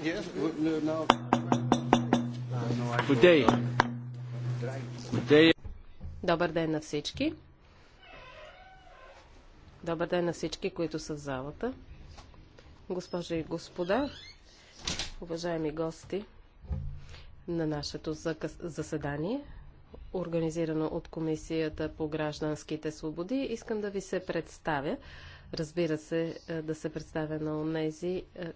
Yes, Good day. Good day. Добър ден на всички. Добър ден на всички, които са в залата. Госпожи и господа, уважаеми гости на нашето заседание, организирано от Комисията по гражданските свободи, искам да ви се представя разбира се, е, да се представя на онези, е,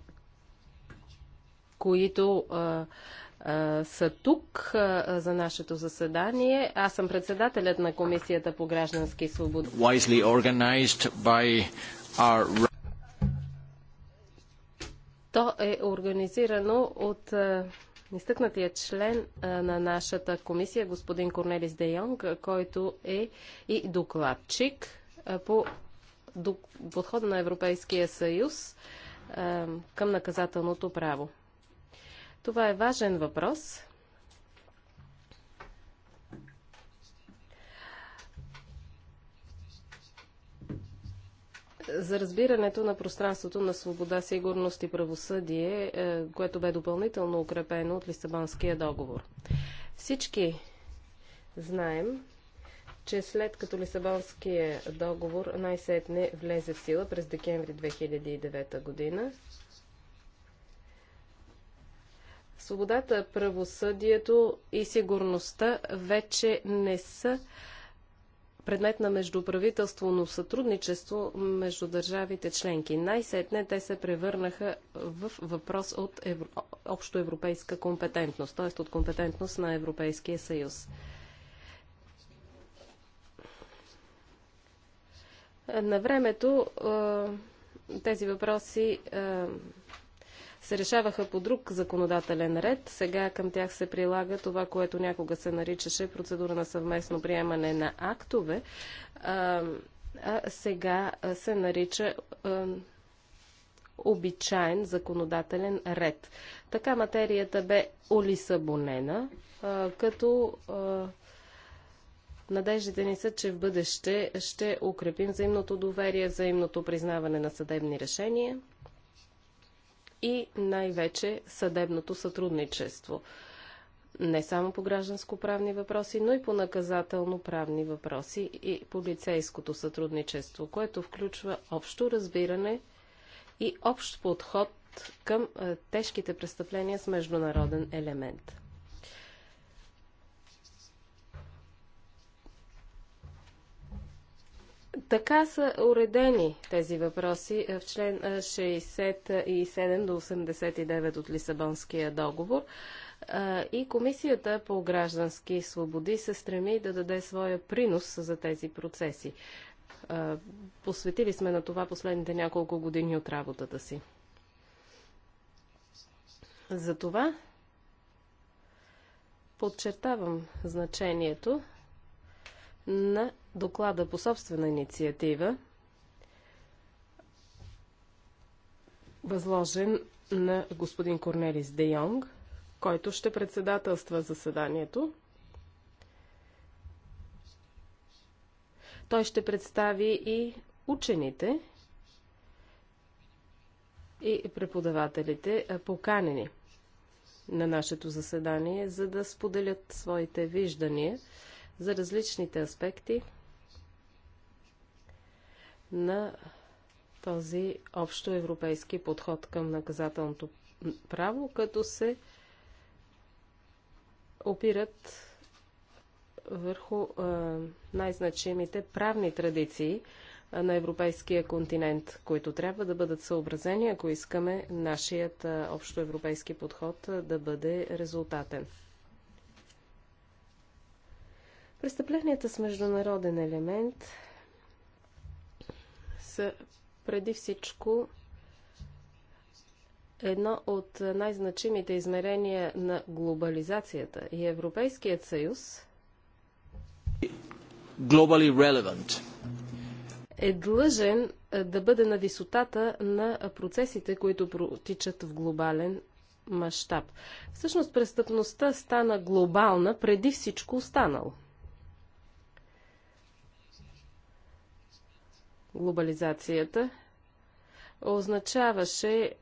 които а, а, са тук а, за нашето заседание. Аз съм председателят на Комисията по граждански свободи. Our... То е организирано от изтъкнатия член на нашата комисия, господин Корнелис Де Йонг, който е и докладчик по подхода на Европейския съюз към наказателното право. Това е важен въпрос. За разбирането на пространството на свобода, сигурност и правосъдие, е, което бе допълнително укрепено от Лисабонския договор. Всички знаем, че след като Лисабонския договор най-сетне влезе в сила през декември 2009 година, Свободата, правосъдието и сигурността вече не са предмет на междуправителствено сътрудничество между държавите членки. Най-сетне те се превърнаха в въпрос от евро... общоевропейска компетентност, т.е. от компетентност на Европейския съюз. На времето тези въпроси се решаваха по друг законодателен ред. Сега към тях се прилага това, което някога се наричаше процедура на съвместно приемане на актове. А, а сега се нарича обичайен законодателен ред. Така материята бе олисабонена, като Надеждите ни са, че в бъдеще ще укрепим взаимното доверие, взаимното признаване на съдебни решения, и най-вече съдебното сътрудничество. Не само по гражданско-правни въпроси, но и по наказателно-правни въпроси и полицейското сътрудничество, което включва общо разбиране и общ подход към е, тежките престъпления с международен елемент. Така са уредени тези въпроси е, в член 67 е, до 89 от Лисабонския договор. Е, и Комисията по граждански свободи се стреми да даде своя принос за тези процеси. Посветили сме на това последните няколко години от работата си. Затова подчертавам значението на доклада по собствена инициатива, възложен на господин Корнелис Де Йонг, който ще председателства заседанието. Той ще представи и учените и преподавателите, поканени на нашето заседание, за да споделят своите виждания за различните аспекти на този общо европейски подход към наказателното право, като се опират върху най-значимите правни традиции на европейския континент, които трябва да бъдат съобразени, ако искаме нашият общо европейски подход да бъде резултатен. Престъпленията с международен елемент – са преди всичко едно от най-значимите измерения на глобализацията и Европейският съюз е длъжен е, да бъде на висотата на процесите, които протичат в глобален мащаб. Всъщност престъпността стана глобална преди всичко останало. глобализацията означаваше,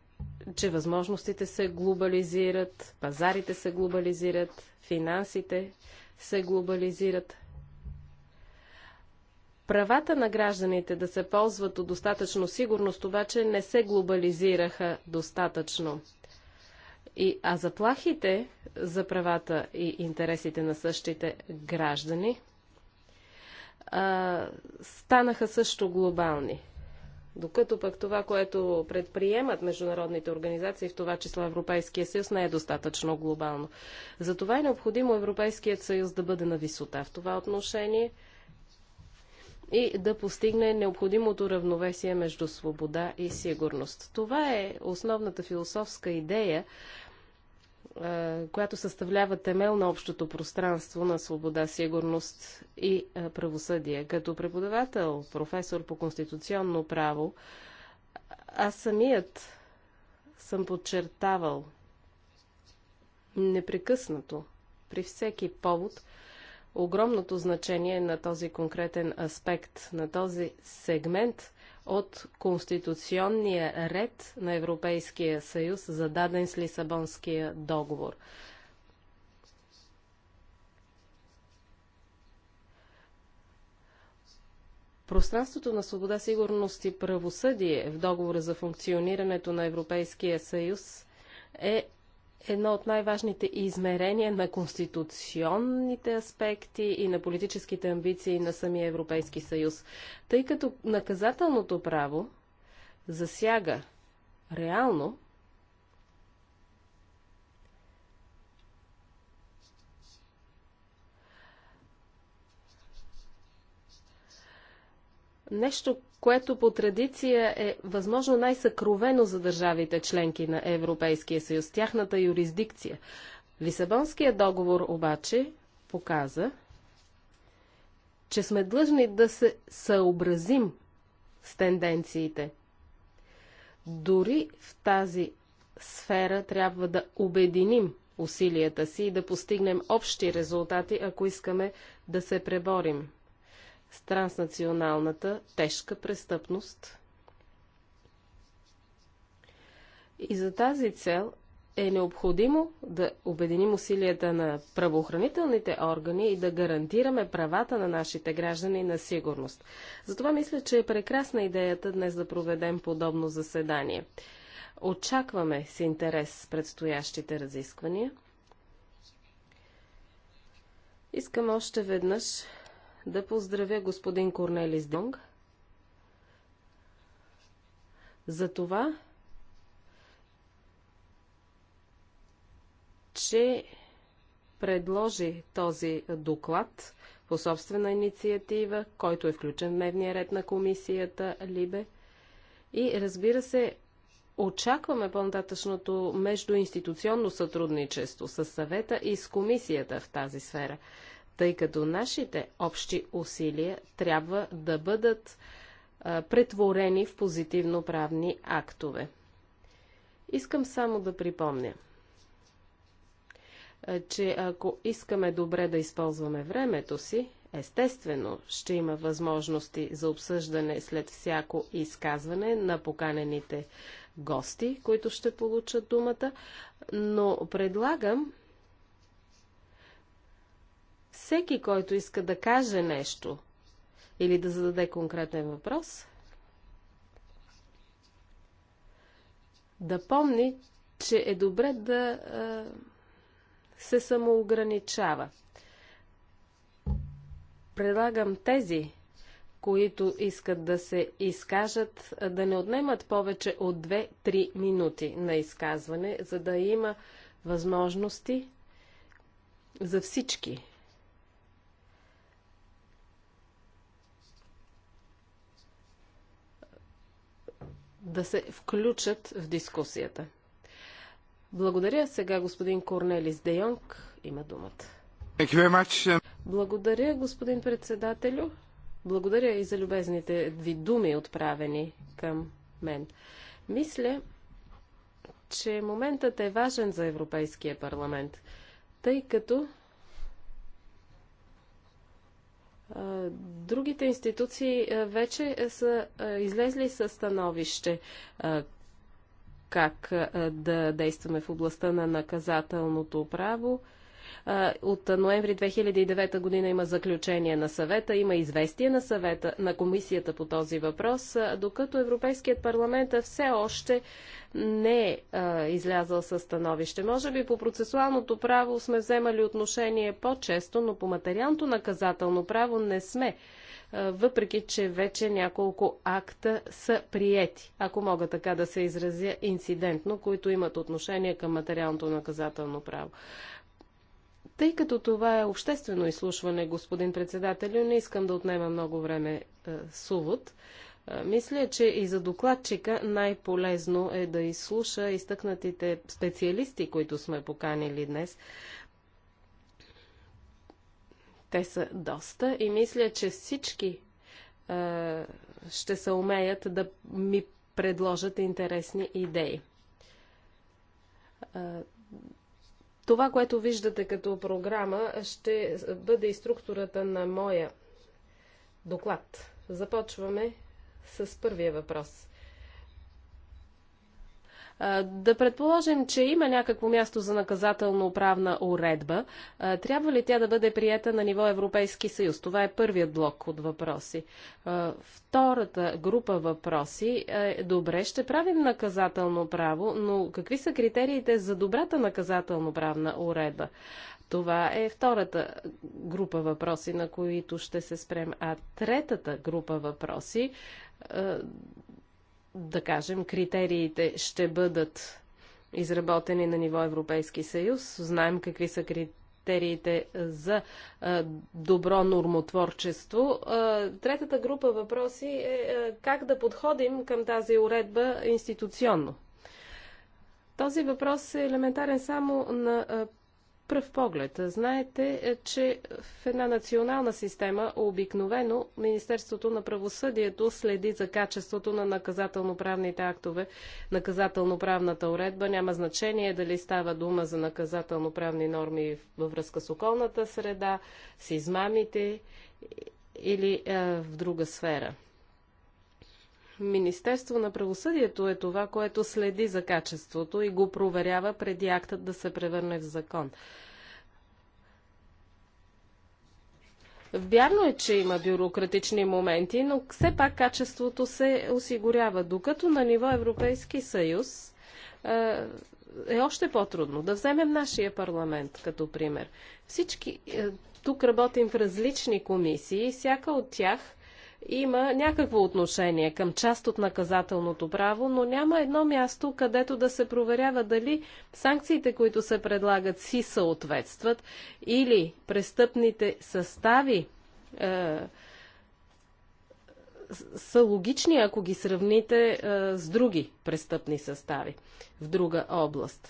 че възможностите се глобализират, пазарите се глобализират, финансите се глобализират. Правата на гражданите да се ползват от достатъчно сигурност обаче не се глобализираха достатъчно. И, а заплахите за правата и интересите на същите граждани – а, станаха също глобални. Докато пък това, което предприемат международните организации, в това число Европейския съюз, не е достатъчно глобално. Затова е необходимо Европейският съюз да бъде на висота в това отношение и да постигне необходимото равновесие между свобода и сигурност. Това е основната философска идея която съставлява темел на общото пространство на свобода, сигурност и правосъдие. Като преподавател, професор по конституционно право, аз самият съм подчертавал непрекъснато, при всеки повод, огромното значение на този конкретен аспект, на този сегмент от конституционния ред на Европейския съюз, зададен с Лисабонския договор. Пространството на свобода, сигурност и правосъдие в договора за функционирането на Европейския съюз е едно от най-важните измерения на конституционните аспекти и на политическите амбиции на самия Европейски съюз. Тъй като наказателното право засяга реално нещо, което по традиция е възможно най-съкровено за държавите членки на Европейския съюз, тяхната юрисдикция. Лисабонския договор обаче показа, че сме длъжни да се съобразим с тенденциите. Дори в тази сфера трябва да обединим усилията си и да постигнем общи резултати, ако искаме да се преборим с транснационалната тежка престъпност. И за тази цел е необходимо да обединим усилията на правоохранителните органи и да гарантираме правата на нашите граждани на сигурност. Затова мисля, че е прекрасна идеята днес да проведем подобно заседание. Очакваме с интерес предстоящите разисквания. Искам още веднъж да поздравя господин Корнелис Донг за това, че предложи този доклад по собствена инициатива, който е включен в дневния ред на комисията Либе. И разбира се, очакваме по-нататъчното междуинституционно сътрудничество с съвета и с комисията в тази сфера тъй като нашите общи усилия трябва да бъдат претворени в позитивно правни актове. Искам само да припомня, че ако искаме добре да използваме времето си, естествено ще има възможности за обсъждане след всяко изказване на поканените гости, които ще получат думата, но предлагам всеки, който иска да каже нещо или да зададе конкретен въпрос, да помни, че е добре да а, се самоограничава. Предлагам тези, които искат да се изкажат, да не отнемат повече от 2-3 минути на изказване, за да има възможности за всички да се включат в дискусията. Благодаря сега господин Корнелис Де Йонг. Има думата. Благодаря, господин председателю. Благодаря и за любезните ви думи, отправени към мен. Мисля, че моментът е важен за Европейския парламент, тъй като Другите институции вече е, са излезли със становище как да действаме в областта на наказателното право. От ноември 2009 година има заключение на съвета, има известие на съвета, на комисията по този въпрос, докато Европейският парламент все още не е излязъл със становище. Може би по процесуалното право сме вземали отношение по-често, но по материалното наказателно право не сме въпреки че вече няколко акта са приети, ако мога така да се изразя инцидентно, които имат отношение към материалното наказателно право. Тъй като това е обществено изслушване, господин председателю, не искам да отнема много време е, с увод. Е, мисля, че и за докладчика най-полезно е да изслуша изтъкнатите специалисти, които сме поканили днес. Те са доста и мисля, че всички е, ще се умеят да ми предложат интересни идеи е, това, което виждате като програма, ще бъде и структурата на моя доклад. Започваме с първия въпрос. Да предположим, че има някакво място за наказателно-правна уредба. Трябва ли тя да бъде приета на ниво Европейски съюз? Това е първият блок от въпроси. Втората група въпроси е добре, ще правим наказателно право, но какви са критериите за добрата наказателно-правна уредба? Това е втората група въпроси, на които ще се спрем. А третата група въпроси да кажем, критериите ще бъдат изработени на ниво Европейски съюз. Знаем какви са критериите за добро нормотворчество. Третата група въпроси е как да подходим към тази уредба институционно. Този въпрос е елементарен само на пръв поглед. Знаете, е, че в една национална система обикновено Министерството на правосъдието следи за качеството на наказателно-правните актове. Наказателно-правната уредба няма значение дали става дума за наказателно-правни норми във връзка с околната среда, с измамите или е, в друга сфера. Министерство на правосъдието е това, което следи за качеството и го проверява преди актът да се превърне в закон. Вярно е, че има бюрократични моменти, но все пак качеството се осигурява, докато на ниво Европейски съюз е още по-трудно. Да вземем нашия парламент като пример. Всички е, тук работим в различни комисии, всяка от тях – има някакво отношение към част от наказателното право, но няма едно място, където да се проверява дали санкциите, които се предлагат, си съответстват или престъпните състави е, са логични, ако ги сравните е, с други престъпни състави в друга област.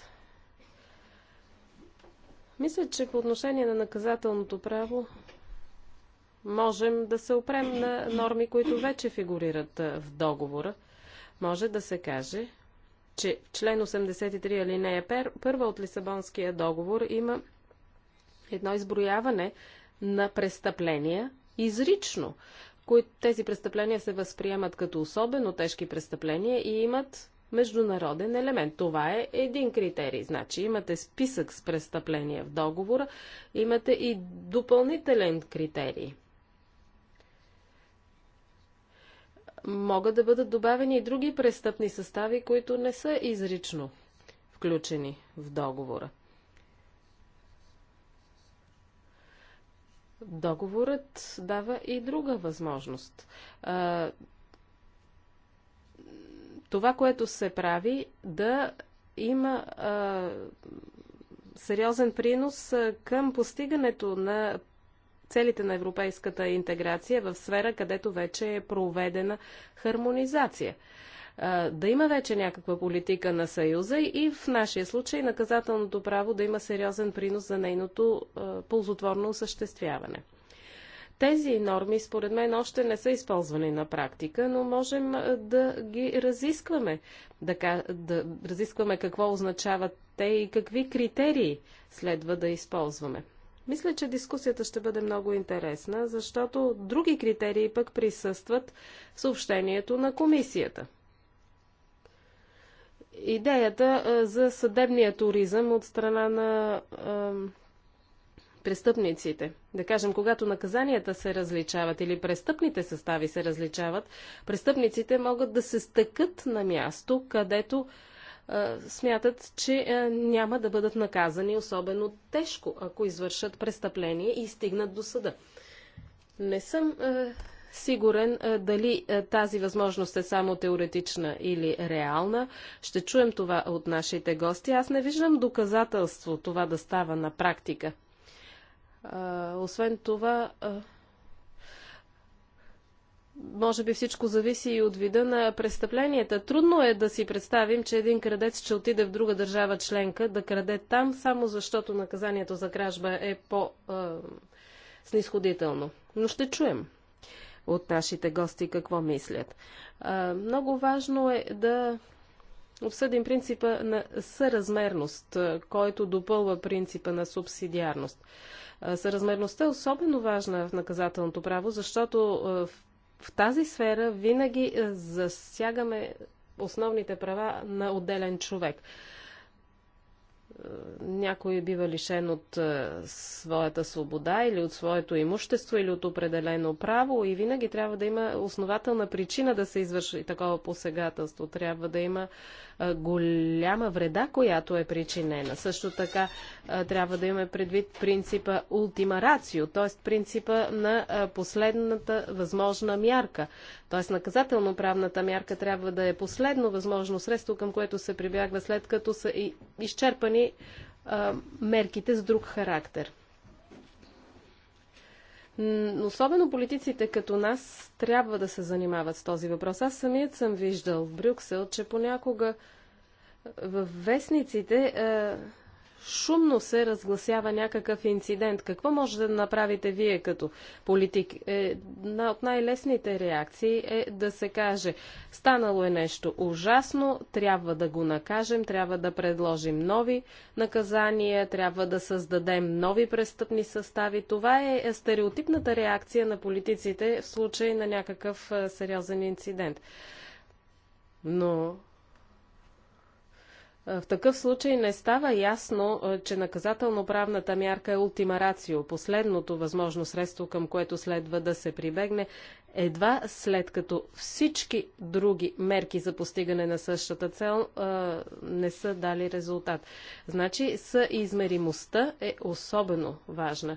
Мисля, че по отношение на наказателното право можем да се опрем на норми, които вече фигурират в договора. Може да се каже, че в член 83 алинея първа от Лисабонския договор има едно изброяване на престъпления изрично, които тези престъпления се възприемат като особено тежки престъпления и имат международен елемент. Това е един критерий. Значи имате списък с престъпления в договора, имате и допълнителен критерий. могат да бъдат добавени и други престъпни състави, които не са изрично включени в договора. Договорът дава и друга възможност. Това, което се прави, да има сериозен принос към постигането на целите на европейската интеграция в сфера, където вече е проведена хармонизация. Да има вече някаква политика на Съюза и в нашия случай наказателното право да има сериозен принос за нейното ползотворно осъществяване. Тези норми, според мен, още не са използвани на практика, но можем да ги разискваме. Да, да разискваме какво означават те и какви критерии следва да използваме. Мисля, че дискусията ще бъде много интересна, защото други критерии пък присъстват в съобщението на комисията. Идеята за съдебния туризъм от страна на престъпниците. Да кажем, когато наказанията се различават или престъпните състави се различават, престъпниците могат да се стъкат на място, където смятат, че няма да бъдат наказани особено тежко, ако извършат престъпление и стигнат до съда. Не съм сигурен дали тази възможност е само теоретична или реална. Ще чуем това от нашите гости. Аз не виждам доказателство това да става на практика. Освен това, може би всичко зависи и от вида на престъпленията. Трудно е да си представим, че един крадец ще отиде в друга държава членка, да краде там, само защото наказанието за кражба е по-снисходително. Е, Но ще чуем от нашите гости какво мислят. много важно е да обсъдим принципа на съразмерност, който допълва принципа на субсидиарност. Съразмерността е особено важна в наказателното право, защото в в тази сфера винаги е, засягаме основните права на отделен човек. Е, някой бива лишен от е, своята свобода или от своето имущество или от определено право и винаги трябва да има основателна причина да се извърши такова посегателство. Трябва да има голяма вреда, която е причинена. Също така трябва да имаме предвид принципа ултима рацио, т.е. принципа на последната възможна мярка. Т.е. наказателно-правната мярка трябва да е последно възможно средство, към което се прибягва след като са изчерпани мерките с друг характер. Особено политиците като нас трябва да се занимават с този въпрос. Аз самият съм виждал в Брюксел, че понякога в вестниците е, шумно се разгласява някакъв инцидент. Какво може да направите вие като политик? Една от най-лесните реакции е да се каже, станало е нещо ужасно, трябва да го накажем, трябва да предложим нови наказания, трябва да създадем нови престъпни състави. Това е стереотипната реакция на политиците в случай на някакъв сериозен инцидент. Но е, в такъв случай не става ясно, е, че наказателно-правната мярка е ултима рацио, последното възможно средство, към което следва да се прибегне, едва след като всички други мерки за постигане на същата цел е, не са дали резултат. Значи съизмеримостта е особено важна.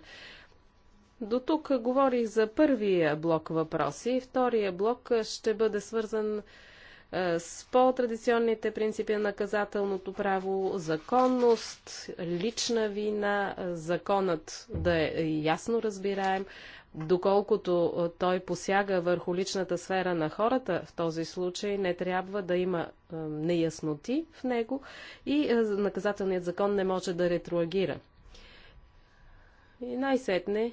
До тук говорих за първия блок въпроси. Втория блок ще бъде свързан с е, с по-традиционните принципи на наказателното право, законност, лична вина, е, законът да е ясно разбираем, доколкото е, той посяга върху личната сфера на хората, в този случай не трябва да има неясноти в него и наказателният закон не може да ретроагира. И най-сетне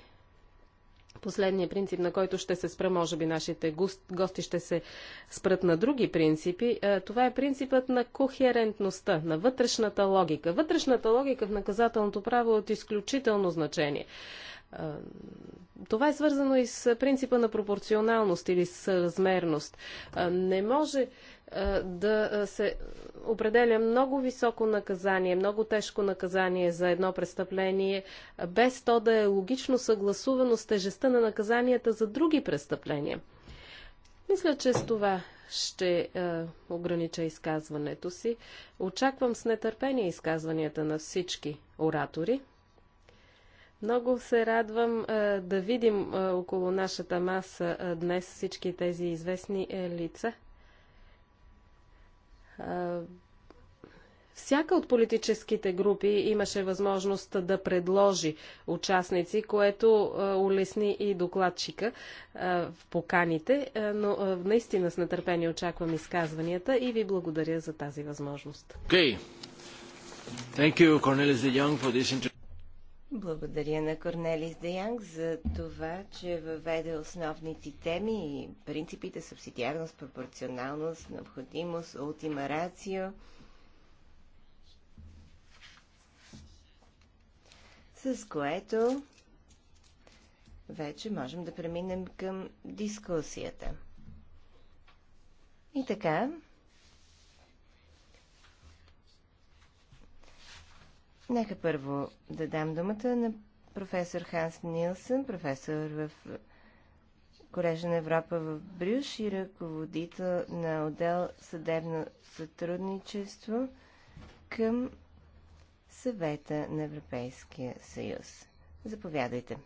Последният принцип, на който ще се спра, може би нашите гости ще се спрат на други принципи, това е принципът на кохерентността, на вътрешната логика. Вътрешната логика в наказателното право е от изключително значение. Това е свързано и с принципа на пропорционалност или съразмерност. Не може да се определя много високо наказание, много тежко наказание за едно престъпление, без то да е логично съгласувано с тежестта на наказанията за други престъпления. Мисля, че с това ще е, огранича изказването си. Очаквам с нетърпение изказванията на всички оратори. Много се радвам да видим около нашата маса днес всички тези известни е, лица. Всяка от политическите групи имаше възможност да предложи участници, което улесни и докладчика в поканите, но наистина с нетърпение очаквам изказванията и ви благодаря за тази възможност. Okay. Thank you, благодаря на Корнелис Деянг за това, че въведе основните теми и принципите субсидиарност, пропорционалност, необходимост, ултима рацио. С което вече можем да преминем към дискусията. И така, Нека първо да дам думата на професор Ханс Нилсън, професор в Колежа на Европа в Брюш и ръководител на отдел съдебно сътрудничество към съвета на Европейския съюз. Заповядайте.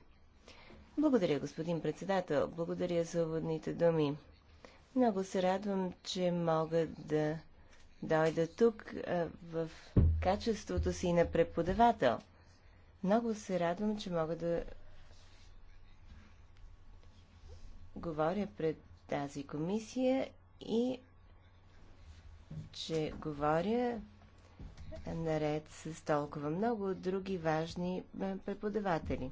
Благодаря, господин председател. Благодаря за уводните думи. Много се радвам, че мога да дойда тук в качеството си на преподавател. Много се радвам, че мога да говоря пред тази комисия и че говоря наред с толкова много други важни е, преподаватели.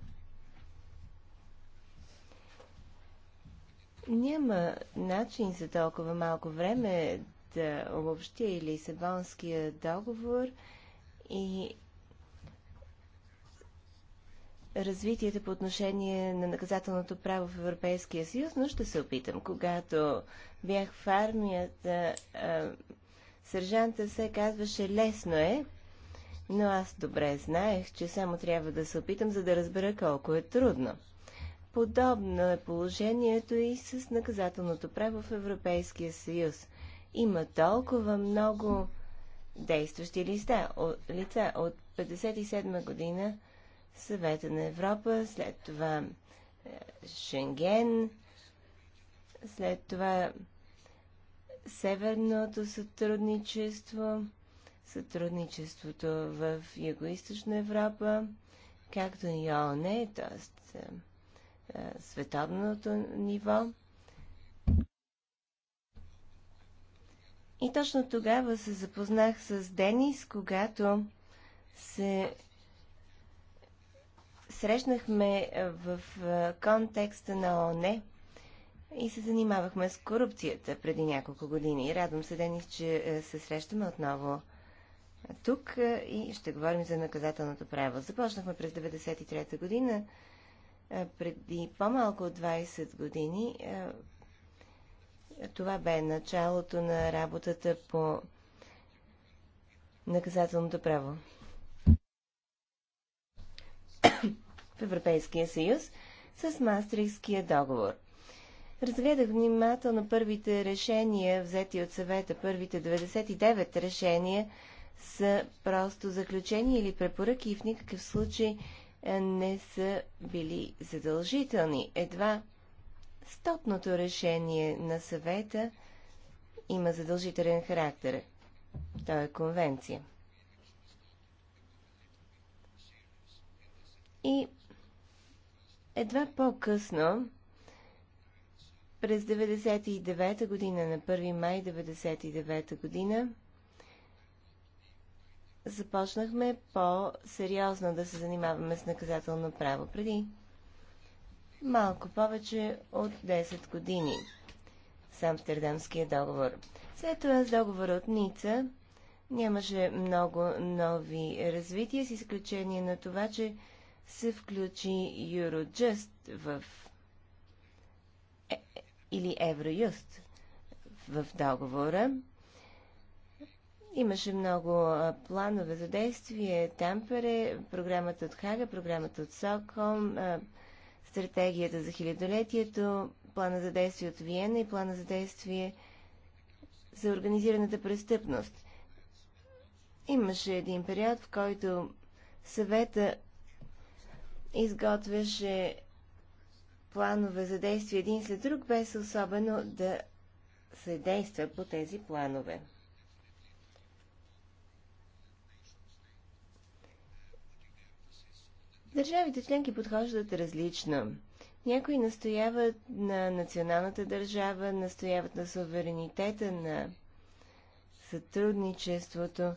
Няма начин за толкова малко време да обобщя или Лисабонския договор – и развитието по отношение на наказателното право в Европейския съюз, но ще се опитам. Когато бях в армията, сержанта се казваше лесно е, но аз добре знаех, че само трябва да се опитам, за да разбера колко е трудно. Подобно е положението и с наказателното право в Европейския съюз. Има толкова много действащи листа, от, лица от 57 година Съвета на Европа, след това е, Шенген, след това Северното сътрудничество, сътрудничеството в Юго-Источна Европа, както и ООН, т.е. Е, е, световното ниво. И точно тогава се запознах с Денис, когато се срещнахме в контекста на ОНЕ и се занимавахме с корупцията преди няколко години. Радвам се, Денис, че се срещаме отново тук и ще говорим за наказателното право. Започнахме през 1993 година, преди по-малко от 20 години това бе началото на работата по наказателното право в Европейския съюз с Мастрихския договор. Разгледах внимателно първите решения, взети от съвета. Първите 99 решения са просто заключения или препоръки и в никакъв случай е, не са били задължителни. Едва Стотното решение на съвета има задължителен характер. Той е конвенция. И едва по-късно, през 99-та година, на 1 май 99-та година, започнахме по-сериозно да се занимаваме с наказателно право. Преди малко повече от 10 години с Амстердамския договор. След това с договора от Ница нямаше много нови развития, с изключение на това, че се включи Eurojust в е, или Евроюст в договора. Имаше много планове за действие. Тампере, програмата от Хага, програмата от Сокхолм, стратегията за хилядолетието, плана за действие от Виена и плана за действие за организираната престъпност. Имаше един период, в който съвета изготвяше планове за действие един след друг, без особено да се действа по тези планове. Държавите членки подхождат различно. Някои настояват на националната държава, настояват на суверенитета, на сътрудничеството.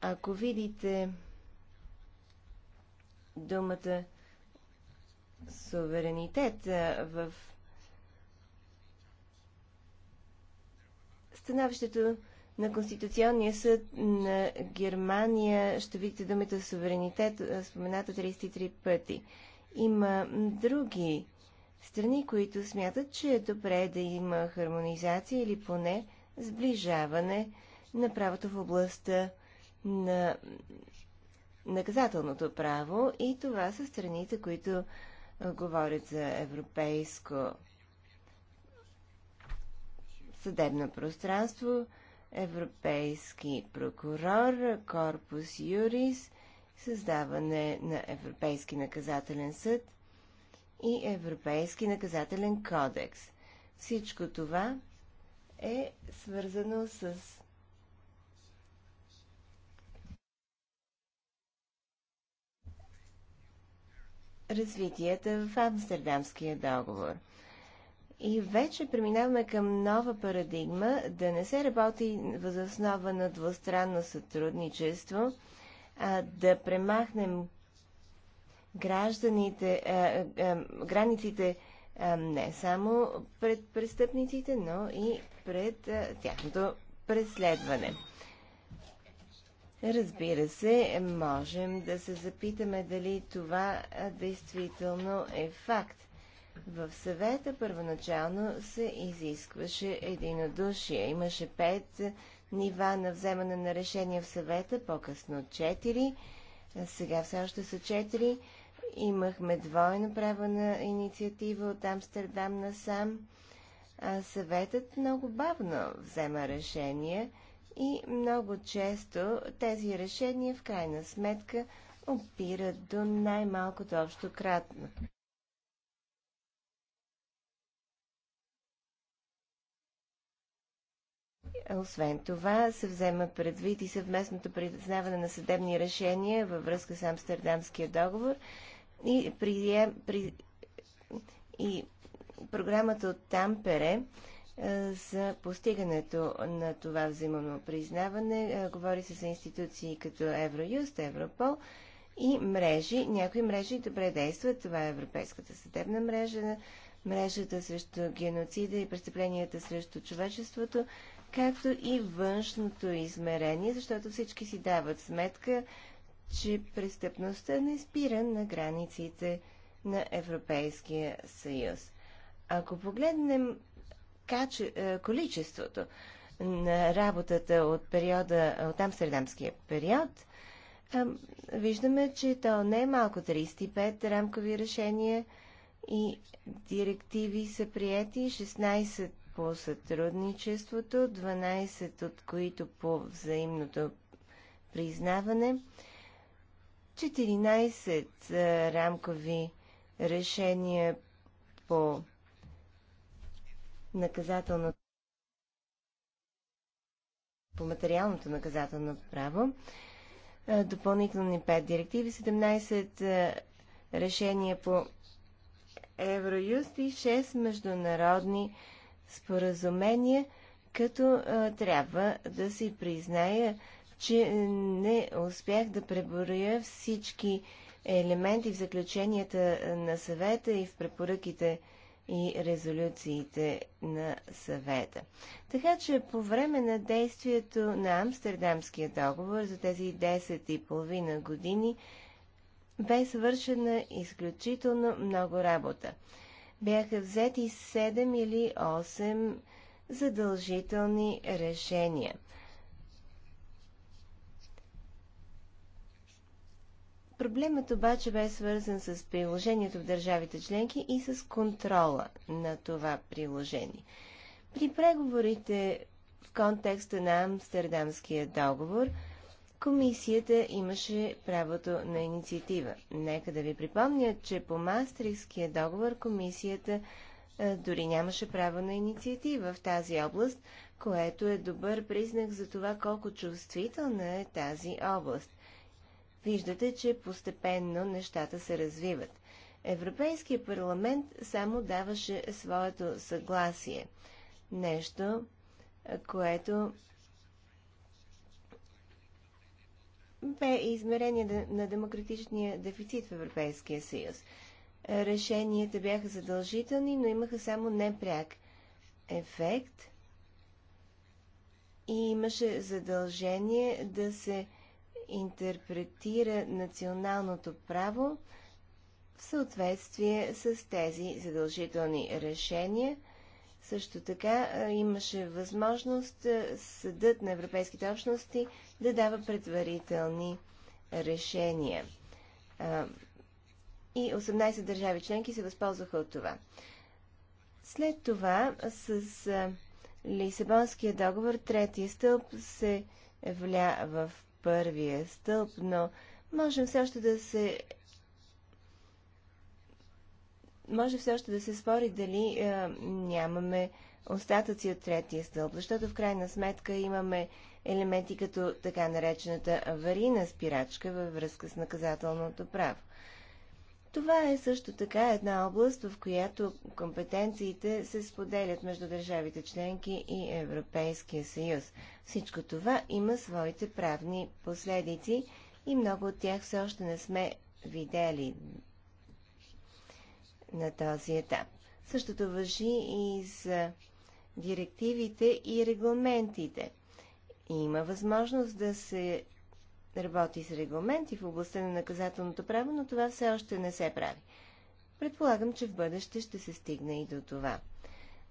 Ако видите думата суверенитет в становището на Конституционния съд на Германия ще видите думата суверенитет, спомената 33 пъти. Има други страни, които смятат, че е добре да има хармонизация или поне сближаване на правото в областта на наказателното право и това са страните, които говорят за европейско съдебно пространство, европейски прокурор, корпус юрис, създаване на Европейски наказателен съд и Европейски наказателен кодекс. Всичко това е свързано с развитията в Амстердамския договор – и вече преминаваме към нова парадигма да не се работи основа на двустранно сътрудничество, а да премахнем гражданите, а, а, границите а, не само пред престъпниците, но и пред а, тяхното преследване. Разбира се, можем да се запитаме дали това действително е факт. В съвета първоначално се изискваше единодушие. Имаше пет нива на вземане на решения в съвета, по-късно четири. Сега все още са четири. Имахме двойно право на инициатива от Амстердам насам. А съветът много бавно взема решения и много често тези решения в крайна сметка опират до най-малкото общо кратно. Освен това, се взема предвид и съвместното признаване на съдебни решения във връзка с Амстердамския договор и, при, при, и програмата от Тампере за постигането на това взаимно признаване. Говори се за институции като Евроюст, Европол и мрежи. Някои мрежи добре действат. Това е Европейската съдебна мрежа, мрежата срещу геноцида и престъпленията срещу човечеството, както и външното измерение, защото всички си дават сметка, че престъпността не спира на границите на Европейския съюз. Ако погледнем каче, е, количеството на работата от периода, от Амстердамския период, е, виждаме, че то не е малко 35 рамкови решения и директиви са приети, 16 по сътрудничеството, 12 от които по взаимното признаване, 14 рамкови решения по наказателно по материалното наказателно право, допълнителни 5 директиви, 17 решения по Евроюст и 6 международни споразумения, като а, трябва да си призная, че не успях да преборя всички елементи в заключенията на съвета и в препоръките и резолюциите на съвета. Така че по време на действието на Амстердамския договор за тези 10 и половина години бе свършена изключително много работа бяха взети 7 или 8 задължителни решения. Проблемът обаче бе свързан с приложението в държавите членки и с контрола на това приложение. При преговорите в контекста на Амстердамския договор – комисията имаше правото на инициатива. Нека да ви припомня, че по Мастрихския договор комисията дори нямаше право на инициатива в тази област, което е добър признак за това колко чувствителна е тази област. Виждате, че постепенно нещата се развиват. Европейския парламент само даваше своето съгласие. Нещо, което бе измерение на демократичния дефицит в Европейския съюз. Решенията бяха задължителни, но имаха само непряк ефект и имаше задължение да се интерпретира националното право в съответствие с тези задължителни решения. Също така имаше възможност съдът на европейските общности да дава предварителни решения. И 18 държави членки се възползваха от това. След това с Лисабонския договор третия стълб се вля в първия стълб, но можем все още да се може все още да се спори дали е, нямаме остатъци от третия стълб, защото в крайна сметка имаме елементи като така наречената аварийна спирачка във връзка с наказателното право. Това е също така една област, в която компетенциите се споделят между държавите членки и Европейския съюз. Всичко това има своите правни последици и много от тях все още не сме видели на този етап. Същото въжи и за директивите и регламентите. Има възможност да се работи с регламенти в областта на наказателното право, но това все още не се прави. Предполагам, че в бъдеще ще се стигне и до това.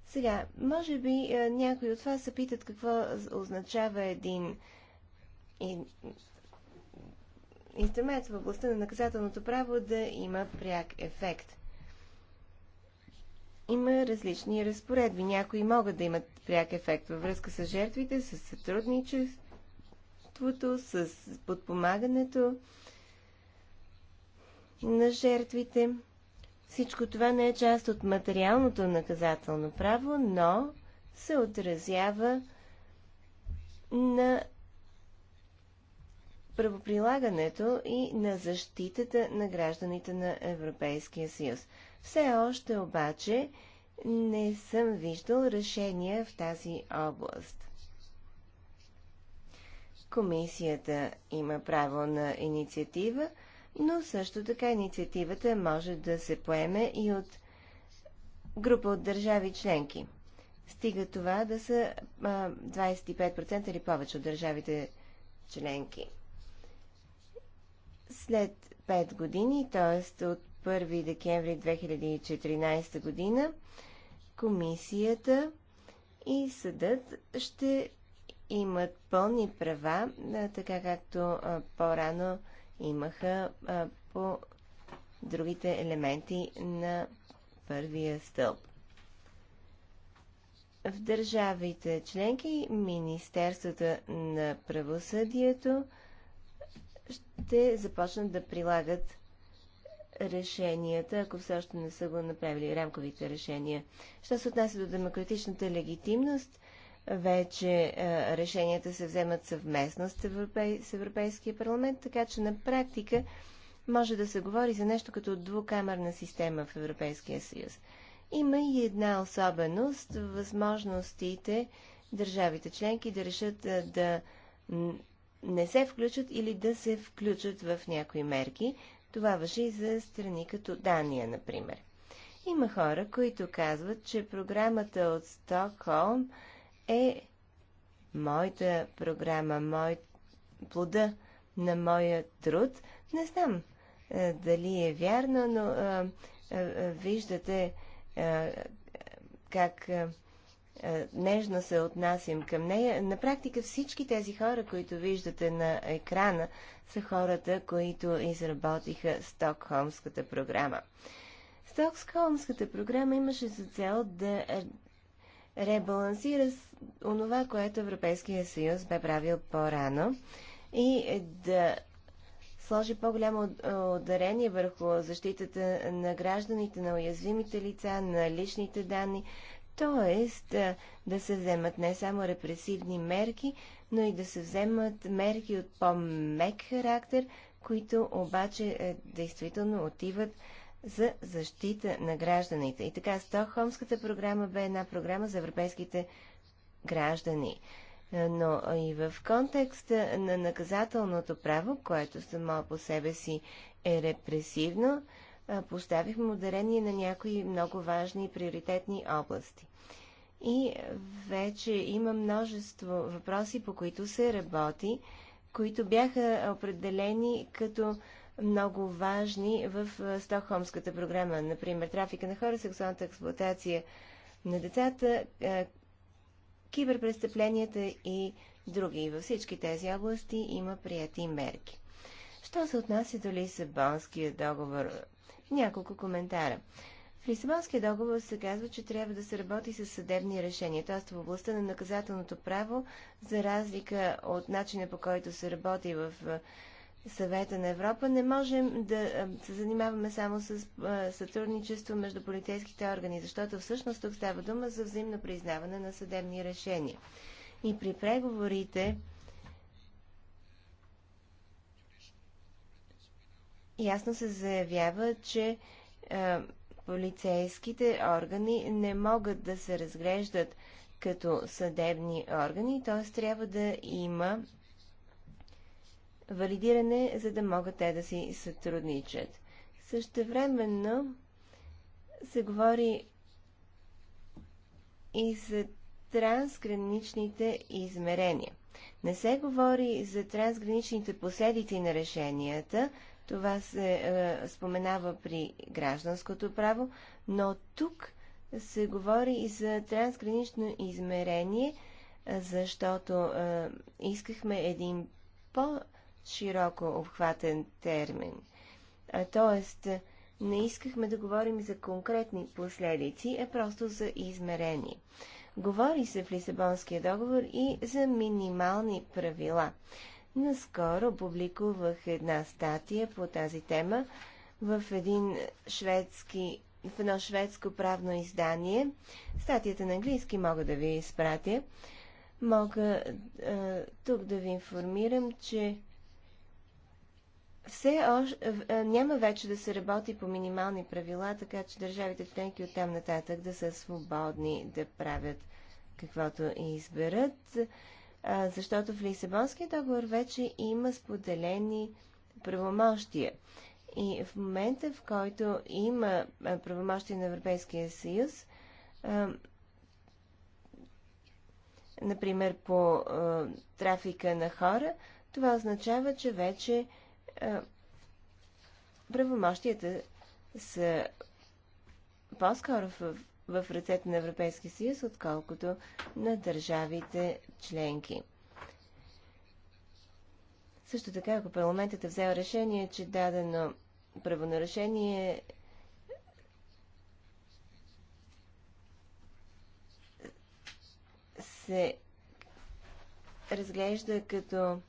Сега, може би е, някои от вас се питат какво означава един инструмент в областта на наказателното право да има пряк ефект има различни разпоредби. Някои могат да имат пряк ефект във връзка с жертвите, с сътрудничеството, с подпомагането на жертвите. Всичко това не е част от материалното наказателно право, но се отразява на правоприлагането и на защитата на гражданите на Европейския съюз. Все още обаче не съм виждал решения в тази област. Комисията има право на инициатива, но също така инициативата може да се поеме и от група от държави членки. Стига това да са 25% или повече от държавите членки. След 5 години, т.е. от 1 декември 2014 година, комисията и съдът ще имат пълни права, така както по-рано имаха по другите елементи на първия стълб. В държавите членки Министерството на правосъдието ще започнат да прилагат решенията, ако все още не са го направили рамковите решения. Що се отнася до демократичната легитимност, вече решенията се вземат съвместно с, Европей, с Европейския парламент, така че на практика може да се говори за нещо като двукамерна система в Европейския съюз. Има и една особеност възможностите държавите членки да решат да не се включат или да се включат в някои мерки. Това въжи и за страни като Дания, например. Има хора, които казват, че програмата от Стокхолм е моята програма, мой... плода на моя труд. Не знам е, дали е вярно, но е, е, е виждате е, е, как нежно се отнасям към нея. На практика всички тези хора, които виждате на екрана, са хората, които изработиха Стокхолмската програма. Стокхолмската програма имаше за цел да ребалансира онова, което Европейския съюз бе правил по-рано и да сложи по-голямо ударение върху защитата на гражданите, на уязвимите лица, на личните данни, т.е. да се вземат не само репресивни мерки, но и да се вземат мерки от по-мек характер, които обаче е, действително отиват за защита на гражданите. И така, Стокхолмската програма бе една програма за европейските граждани. Е, но и в контекста на наказателното право, което само по себе си е репресивно, е, поставихме ударение на някои много важни и приоритетни области. И вече има множество въпроси, по които се работи, които бяха определени като много важни в Стокхолмската програма. Например, трафика на хора, сексуалната експлуатация на децата, киберпрестъпленията и други. И във всички тези области има прияти мерки. Що се отнася до Лисабонския договор? Няколко коментара. В Лисабонския договор се казва, че трябва да се работи с съдебни решения, т.е. в областта на наказателното право, за разлика от начина по който се работи в съвета на Европа, не можем да се занимаваме само с сътрудничество между полицейските органи, защото всъщност тук става дума за взаимно признаване на съдебни решения. И при преговорите ясно се заявява, че полицейските органи не могат да се разглеждат като съдебни органи, т.е. трябва да има валидиране, за да могат те да си сътрудничат. Същевременно се говори и за трансграничните измерения. Не се говори за трансграничните последици на решенията, това се е, споменава при гражданското право, но тук се говори и за трансгранично измерение, е, защото е, искахме един по-широко обхватен термин. Е, тоест, .е. не искахме да говорим за конкретни последици, а просто за измерение. Говори се в Лисабонския договор и за минимални правила. Наскоро публикувах една статия по тази тема в, един шведски, в едно шведско правно издание. Статията на английски мога да ви изпратя. Мога а, тук да ви информирам, че все още няма вече да се работи по минимални правила, така че държавите членки от там нататък да са свободни да правят каквото и изберат защото в Лисабонския договор вече има споделени правомощия. И в момента, в който има правомощия на Европейския съюз, например по трафика на хора, това означава, че вече правомощията са по-скоро в в ръцете на Европейския съюз, отколкото на държавите членки. Също така, ако парламентът е взел решение, че дадено правонарушение се разглежда като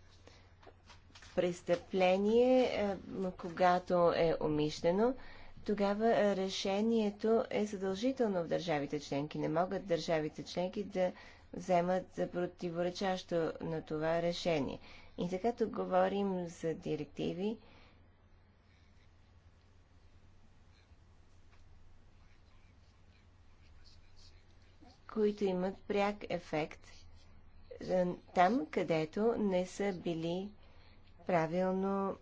престъпление, когато е умишлено, тогава решението е задължително в държавите членки. Не могат държавите членки да вземат противоречащо на това решение. И така тук говорим за директиви, които имат пряк ефект там, където не са били правилно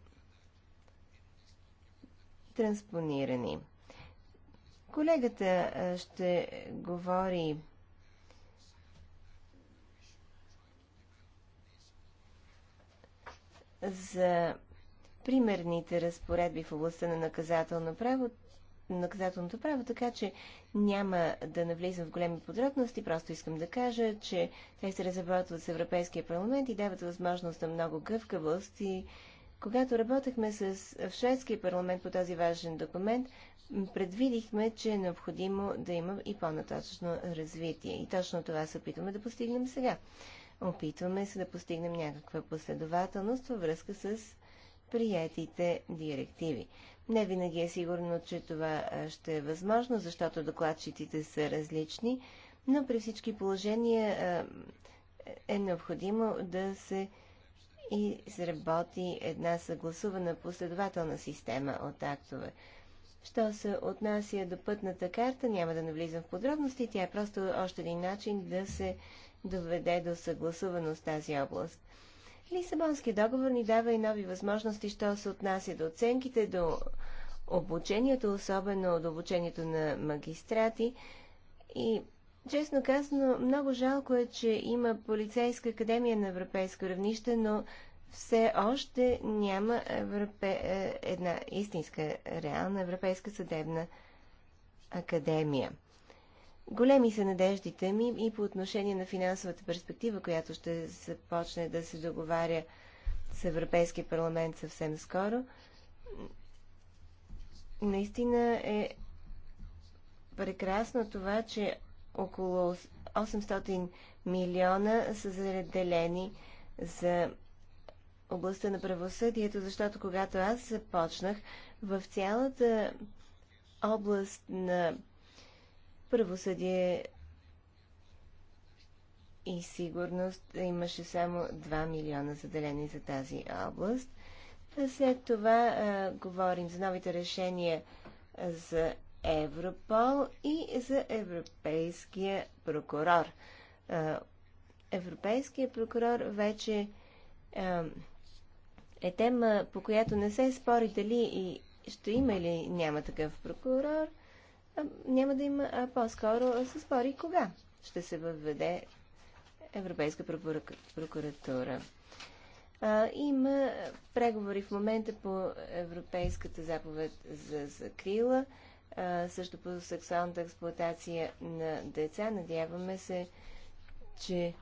транспонирани. Колегата ще говори за примерните разпоредби в областта на наказателно право, наказателното право, така че няма да навлизам в големи подробности, просто искам да кажа, че те се разработват с Европейския парламент и дават възможност на много гъвкавост и когато работехме с, в шведския парламент по този важен документ, предвидихме, че е необходимо да има и по-нататъчно развитие. И точно това се опитваме да постигнем сега. Опитваме се да постигнем някаква последователност във връзка с приятите директиви. Не винаги е сигурно, че това ще е възможно, защото докладчиците са различни, но при всички положения е необходимо да се и сработи една съгласувана последователна система от актове. Що се отнася до пътната карта, няма да навлизам в подробности, тя е просто още един начин да се доведе до съгласуваност тази област. Лисабонския договор ни дава и нови възможности, що се отнася до оценките, до обучението, особено до обучението на магистрати и Честно казано, много жалко е, че има полицейска академия на европейско равнище, но все още няма европе... Е, една истинска, реална европейска съдебна академия. Големи са надеждите ми и по отношение на финансовата перспектива, която ще започне да се договаря с Европейския парламент съвсем скоро. Наистина е прекрасно това, че около 800 милиона са заделени за областта на правосъдието, защото когато аз започнах в цялата област на правосъдие и сигурност имаше само 2 милиона заделени за тази област. След това а, говорим за новите решения за Европол и за Европейския прокурор. Европейския прокурор вече е тема, по която не се спори дали и ще има или няма такъв прокурор, няма да има, а по-скоро се спори кога ще се въведе Европейска прокуратура. А, има преговори в момента по Европейската заповед за закрила също по сексуалната експлуатация на деца. Надяваме се, че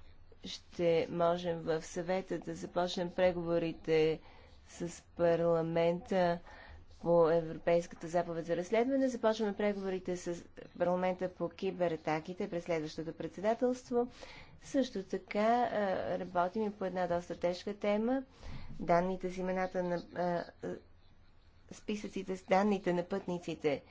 ще можем в съвета да започнем преговорите с парламента по Европейската заповед за разследване. Започваме преговорите с парламента по кибератаките през следващото председателство. Също така работим и по една доста тежка тема. Данните с имената на списъците с данните на пътниците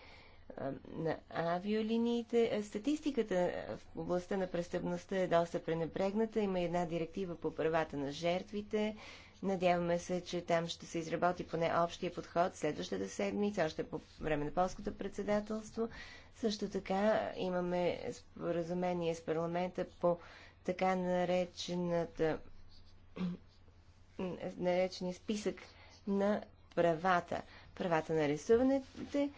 на авиолиниите. Статистиката в областта на престъпността е доста пренебрегната. Има една директива по правата на жертвите. Надяваме се, че там ще се изработи поне общия подход следващата седмица, още по време на полското председателство. Също така имаме споразумение с парламента по така наречената наречения списък на правата. Правата на рисуването,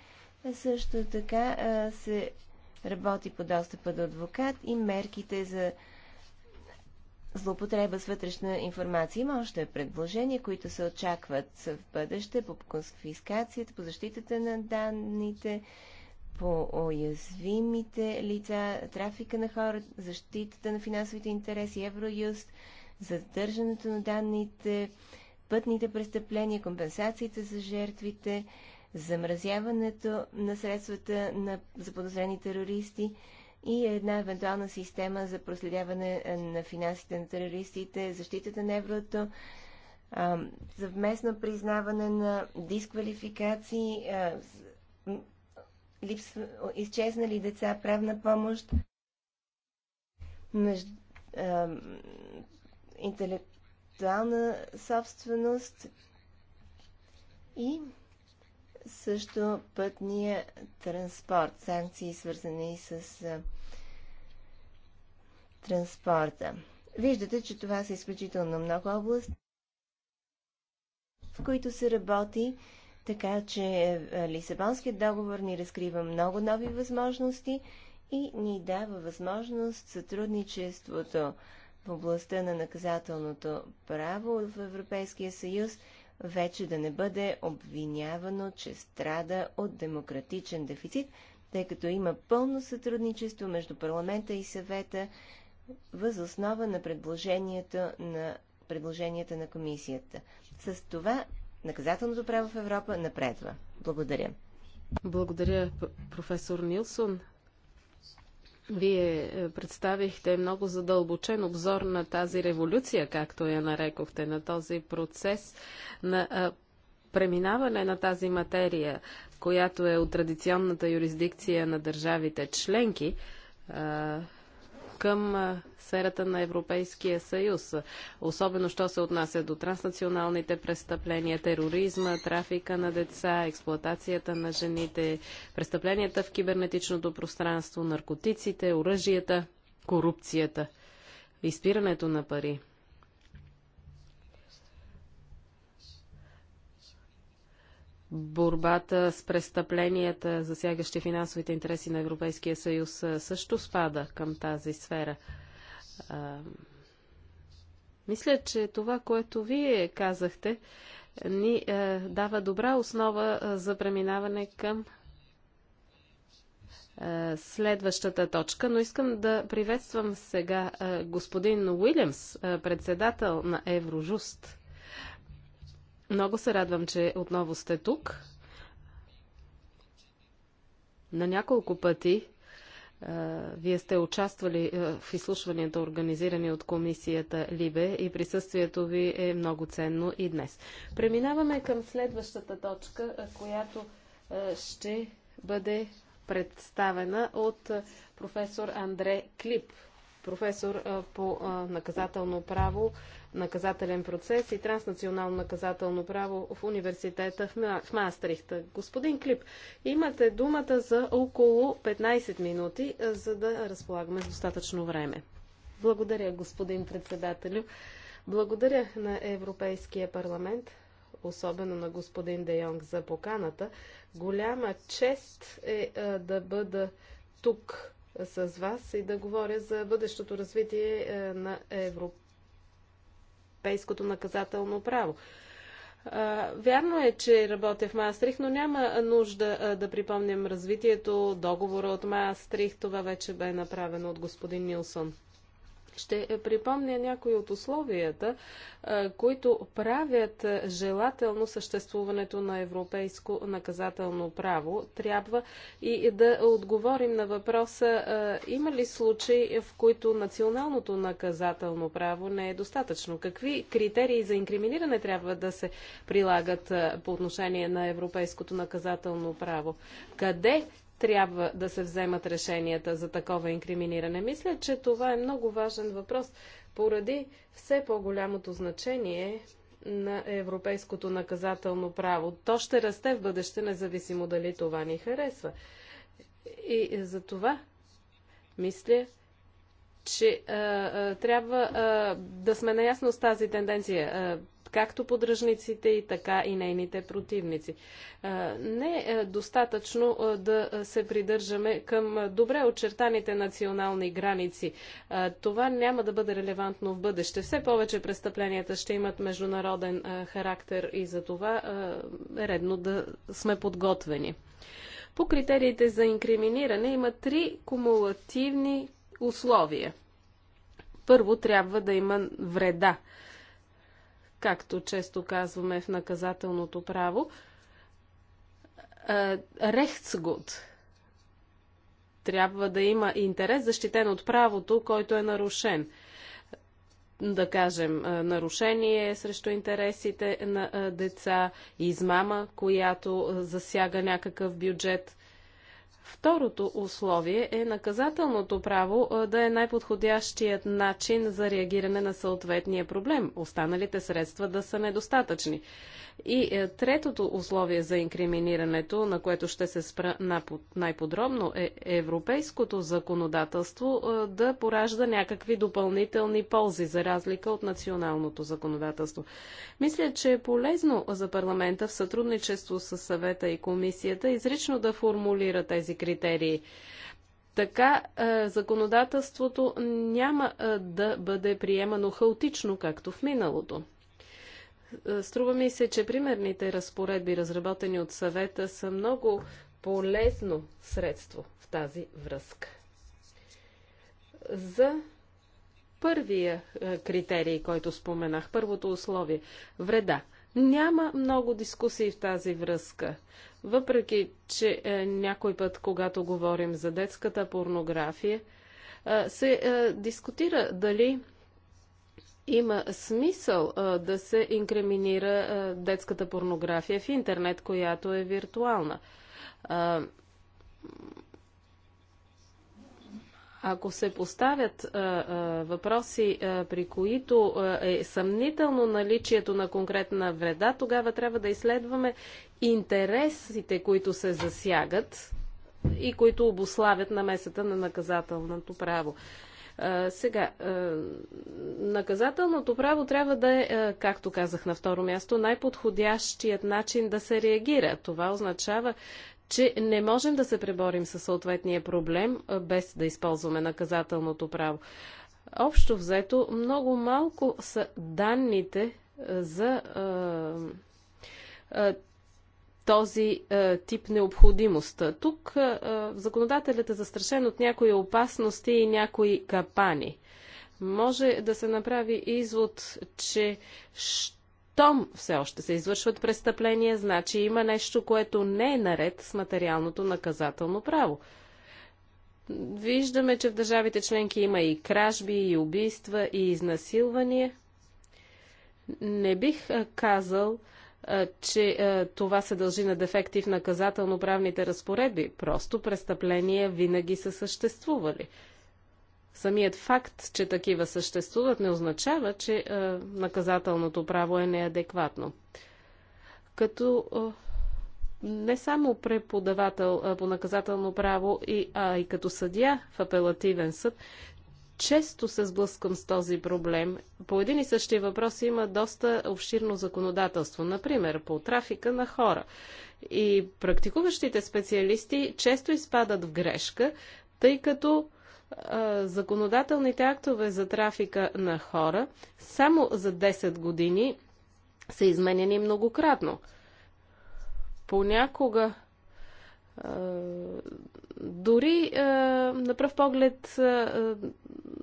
също така се работи по достъпа до адвокат и мерките за злоупотреба с вътрешна информация. Има още предложения, които се очакват в бъдеще по конфискацията, по защитата на данните, по уязвимите лица, трафика на хора, защитата на финансовите интереси, Евроюст, задържането на данните, пътните престъпления, компенсациите за жертвите, замразяването на средствата на заподозрени терористи и една евентуална система за проследяване е, на финансите на терористите, защитата на еврото, съвместно признаване на дисквалификации, липсва, изчезнали деца, правна помощ, интелектуална собственост и също пътния транспорт, санкции свързани с транспорта. Виждате, че това са изключително много области, в които се работи, така че Лисабонският договор ни разкрива много нови възможности и ни дава възможност сътрудничеството в областта на наказателното право в Европейския съюз – вече да не бъде обвинявано, че страда от демократичен дефицит, тъй като има пълно сътрудничество между парламента и съвета въз основа на предложенията на, предложенията на комисията. С това наказателното право в Европа напредва. Благодаря. Благодаря, професор Нилсон. Вие е, представихте много задълбочен обзор на тази революция, както я нарекохте, на този процес на преминаване на тази материя, която е от традиционната юрисдикция на държавите членки, към сферата на Европейския съюз. Особено, що се отнася до транснационалните престъпления, тероризма, трафика на деца, експлоатацията на жените, престъпленията в кибернетичното пространство, наркотиците, оръжията, корупцията, изпирането на пари. борбата с престъпленията, засягащи финансовите интереси на Европейския съюз, също спада към тази сфера. А, мисля, че това, което вие казахте, ни е, дава добра основа е, за преминаване към е, следващата точка, но искам да приветствам сега господин Уилямс, председател на Еврожуст. Много се радвам, че отново сте тук. На няколко пъти вие сте участвали в изслушванията, организирани от комисията Либе и присъствието ви е много ценно и днес. Преминаваме към следващата точка, която ще бъде представена от професор Андре Клип, професор по наказателно право наказателен процес и транснационално наказателно право в университета в, Маастрихт. Господин Клип, имате думата за около 15 минути, за да разполагаме с достатъчно време. Благодаря, господин председателю. Благодаря на Европейския парламент, особено на господин Де Йонг за поканата. Голяма чест е а, да бъда тук с вас и да говоря за бъдещото развитие а, на Европа европейското наказателно право. Вярно е, че работя в Маастрих, но няма нужда да припомням развитието, договора от Маастрих. Това вече бе направено от господин Нилсон. Ще припомня някои от условията, които правят желателно съществуването на европейско наказателно право. Трябва и да отговорим на въпроса има ли случаи, в които националното наказателно право не е достатъчно? Какви критерии за инкриминиране трябва да се прилагат по отношение на европейското наказателно право? Къде трябва да се вземат решенията за такова инкриминиране. Мисля, че това е много важен въпрос поради все по-голямото значение на европейското наказателно право. То ще расте в бъдеще, независимо дали това ни харесва. И за това мисля, че а, а, трябва а, да сме наясно с тази тенденция. А, както подръжниците и така и нейните противници. Не е достатъчно да се придържаме към добре очертаните национални граници. Това няма да бъде релевантно в бъдеще. Все повече престъпленията ще имат международен характер и за това е редно да сме подготвени. По критериите за инкриминиране има три кумулативни условия. Първо трябва да има вреда както често казваме в наказателното право, е, рехцгуд. Трябва да има интерес, защитен от правото, който е нарушен. Да кажем, е, нарушение срещу интересите на е, деца, измама, която засяга някакъв бюджет – Второто условие е наказателното право да е най-подходящият начин за реагиране на съответния проблем, останалите средства да са недостатъчни. И е, третото условие за инкриминирането, на което ще се спра най-подробно, е европейското законодателство е, да поражда някакви допълнителни ползи, за разлика от националното законодателство. Мисля, че е полезно за парламента в сътрудничество с съвета и комисията изрично да формулира тези критерии. Така е, законодателството няма да бъде приемано хаотично, както в миналото. Е, струва ми се, че примерните разпоредби, разработени от съвета, са много полезно средство в тази връзка. За първия е, критерий, който споменах, първото условие – вреда. Няма много дискусии в тази връзка. Въпреки, че е, някой път, когато говорим за детската порнография, е, се е, дискутира дали има смисъл а, да се инкриминира а, детската порнография в интернет, която е виртуална. А, ако се поставят а, а, въпроси, а, при които а, е съмнително наличието на конкретна вреда, тогава трябва да изследваме интересите, които се засягат и които обославят намесата на наказателното право. Сега, наказателното право трябва да е, както казах на второ място, най-подходящият начин да се реагира. Това означава, че не можем да се преборим със съответния проблем без да използваме наказателното право. Общо взето, много малко са данните за този е, тип необходимост. Тук е, е, законодателят е застрашен от някои опасности и някои капани. Може да се направи извод, че щом все още се извършват престъпления, значи има нещо, което не е наред с материалното наказателно право. Виждаме, че в държавите членки има и кражби, и убийства, и изнасилвания. Не бих е, казал, че това се дължи на дефекти в наказателно-правните разпоредби. Просто престъпления винаги са съществували. Самият факт, че такива съществуват, не означава, че наказателното право е неадекватно. Като не само преподавател по наказателно право, а и като съдя в апелативен съд, често се сблъскам с този проблем. По един и същия въпрос има доста обширно законодателство, например по трафика на хора. И практикуващите специалисти често изпадат в грешка, тъй като а, законодателните актове за трафика на хора само за 10 години са изменени многократно. Понякога дори е, на пръв поглед е, е,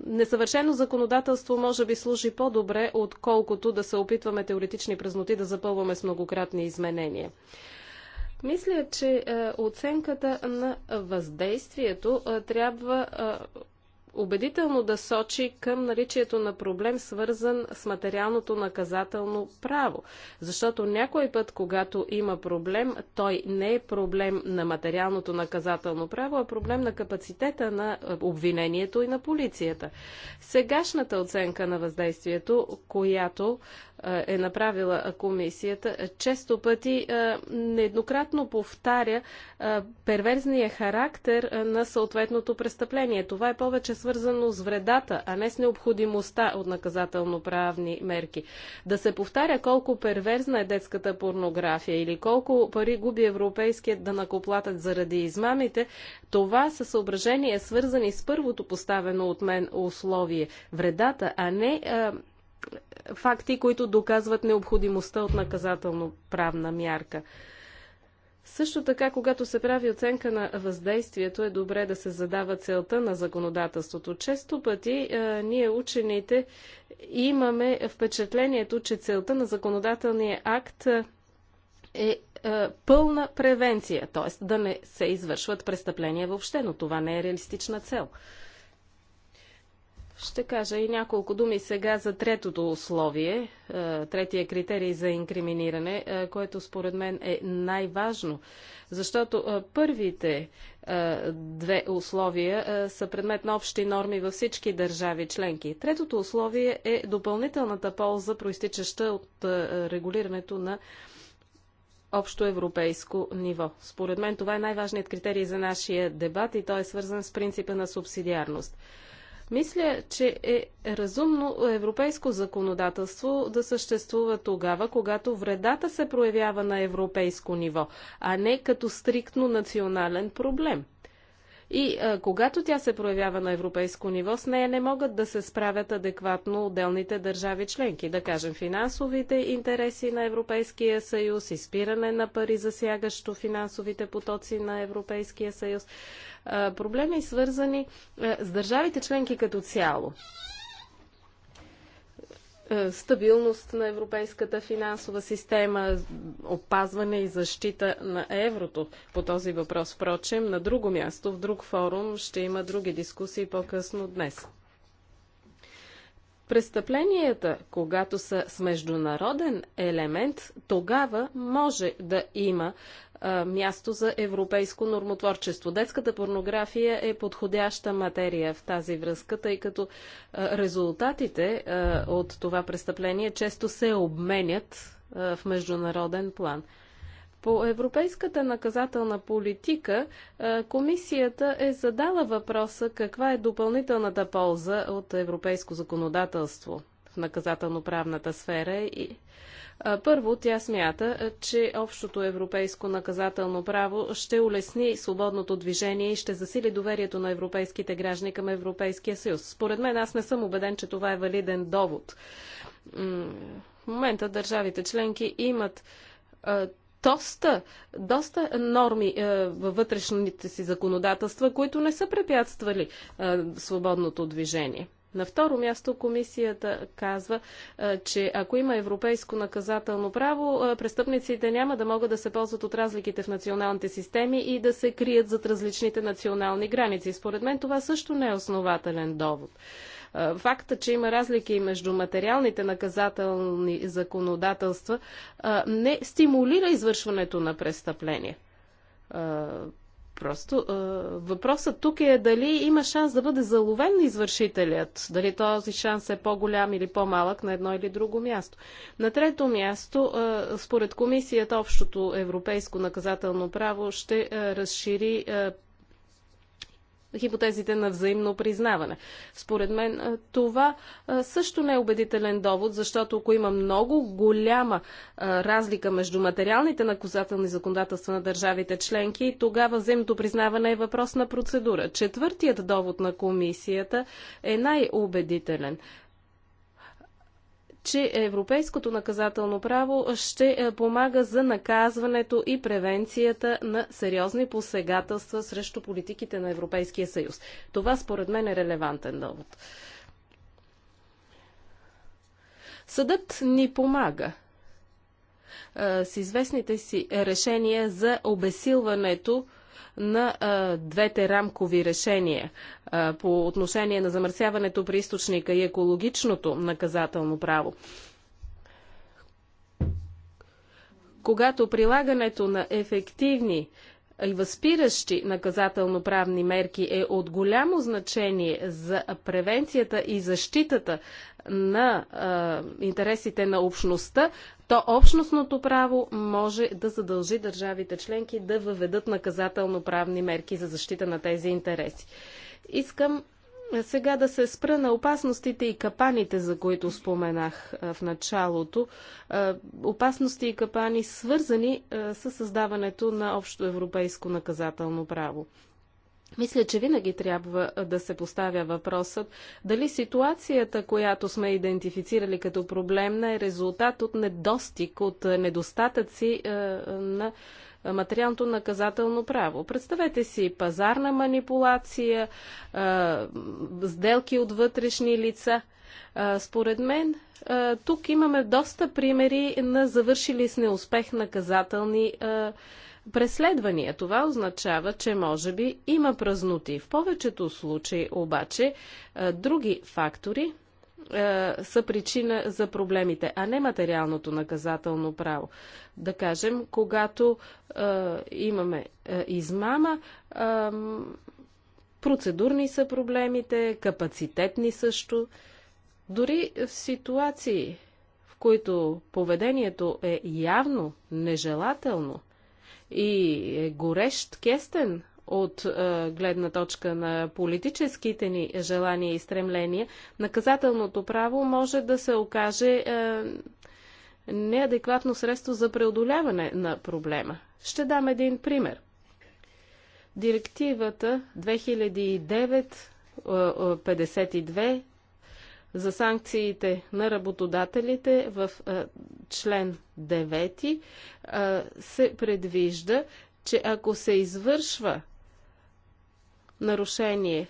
несъвършено законодателство може би служи по-добре, отколкото да се опитваме теоретични празноти да запълваме с многократни изменения. Мисля, че оценката на въздействието трябва убедително да сочи към наличието на проблем, свързан с материалното наказателно право. Защото някой път, когато има проблем, той не е проблем на материалното наказателно право, а проблем на капацитета на обвинението и на полицията. Сегашната оценка на въздействието, която е, е направила комисията, често пъти е, нееднократно повтаря е, перверзния характер на съответното престъпление. Това е повече свързано с вредата, а не с необходимостта от наказателно-правни мерки. Да се повтаря колко перверзна е детската порнография или колко пари губи европейският данакоплатът заради измамите, това са съображения свързани с първото поставено от мен условие – вредата, а не факти, които доказват необходимостта от наказателно-правна мярка. Също така, когато се прави оценка на въздействието, е добре да се задава целта на законодателството. Често пъти а, е, ние, учените, имаме впечатлението, че целта на законодателния акт е, а, е, е, пълна превенция, т.е. да не се извършват престъпления въобще, но това не е реалистична цел. Ще кажа и няколко думи сега за третото условие, е, третия критерий за инкриминиране, е, което според мен е най-важно, защото е, първите две условия са предмет на общи норми във всички държави членки. Третото условие е допълнителната полза, проистичаща от регулирането на общо европейско ниво. Според мен това е най-важният критерий за нашия дебат и той е свързан с принципа на субсидиарност. Мисля, че е разумно европейско законодателство да съществува тогава, когато вредата се проявява на европейско ниво, а не като стриктно национален проблем – и а, когато тя се проявява на европейско ниво, с нея не могат да се справят адекватно отделните държави членки. Да кажем, финансовите интереси на Европейския съюз, изпиране на пари, засягащо финансовите потоци на Европейския съюз. А, проблеми свързани а, с държавите членки като цяло. Е, стабилност на европейската финансова система, опазване и защита на еврото. По този въпрос, впрочем, на друго място, в друг форум, ще има други дискусии по-късно днес. Престъпленията, когато са с международен елемент, тогава може да има място за европейско нормотворчество. Детската порнография е подходяща материя в тази връзка, тъй като резултатите от това престъпление често се обменят в международен план. По европейската наказателна политика комисията е задала въпроса каква е допълнителната полза от европейско законодателство в наказателно-правната сфера и първо, тя смята, че общото европейско наказателно право ще улесни свободното движение и ще засили доверието на европейските граждани към Европейския съюз. Според мен аз не съм убеден, че това е валиден довод. В момента държавите членки имат доста, доста норми е, във вътрешните си законодателства, които не са препятствали е, свободното движение. На второ място комисията казва, че ако има европейско наказателно право, престъпниците няма да могат да се ползват от разликите в националните системи и да се крият зад различните национални граници. Според мен това също не е основателен довод. Факта, че има разлики между материалните наказателни законодателства, не стимулира извършването на престъпления. Просто е, въпросът тук е дали има шанс да бъде заловен извършителят, дали този шанс е по-голям или по-малък на едно или друго място. На трето място, е, според комисията, общото европейско наказателно право ще е, разшири е, хипотезите на взаимно признаване. Според мен това също не е убедителен довод, защото ако има много голяма разлика между материалните наказателни законодателства на държавите членки, тогава взаимното признаване е въпрос на процедура. Четвъртият довод на комисията е най-убедителен че европейското наказателно право ще е, помага за наказването и превенцията на сериозни посегателства срещу политиките на Европейския съюз. Това според мен е релевантен довод. Съдът ни помага е, с известните си решения за обесилването на а, двете рамкови решения а, по отношение на замърсяването при източника и екологичното наказателно право. Когато прилагането на ефективни и възпиращи наказателно-правни мерки е от голямо значение за превенцията и защитата на а, интересите на общността, то общностното право може да задължи държавите членки да въведат наказателно-правни мерки за защита на тези интереси. Искам сега да се спра на опасностите и капаните, за които споменах в началото. Опасности и капани свързани с създаването на общо европейско наказателно право. Мисля, че винаги трябва да се поставя въпросът дали ситуацията, която сме идентифицирали като проблемна е резултат от недостиг, от недостатъци е, на материалното наказателно право. Представете си пазарна манипулация, е, сделки от вътрешни лица. Е, според мен, тук имаме доста примери на завършили с неуспех наказателни преследвания. Това означава, че може би има празноти. В повечето случаи обаче е, други фактори е, са причина за проблемите, а не материалното наказателно право. Да кажем, когато е, имаме е, измама, е, процедурни са проблемите, капацитетни също. Дори в ситуации, в които поведението е явно нежелателно – и е горещ кестен от е, гледна точка на политическите ни желания и стремления, наказателното право може да се окаже е, неадекватно средство за преодоляване на проблема. Ще дам един пример. Директивата 2009-52 за санкциите на работодателите в член 9 се предвижда, че ако се извършва нарушение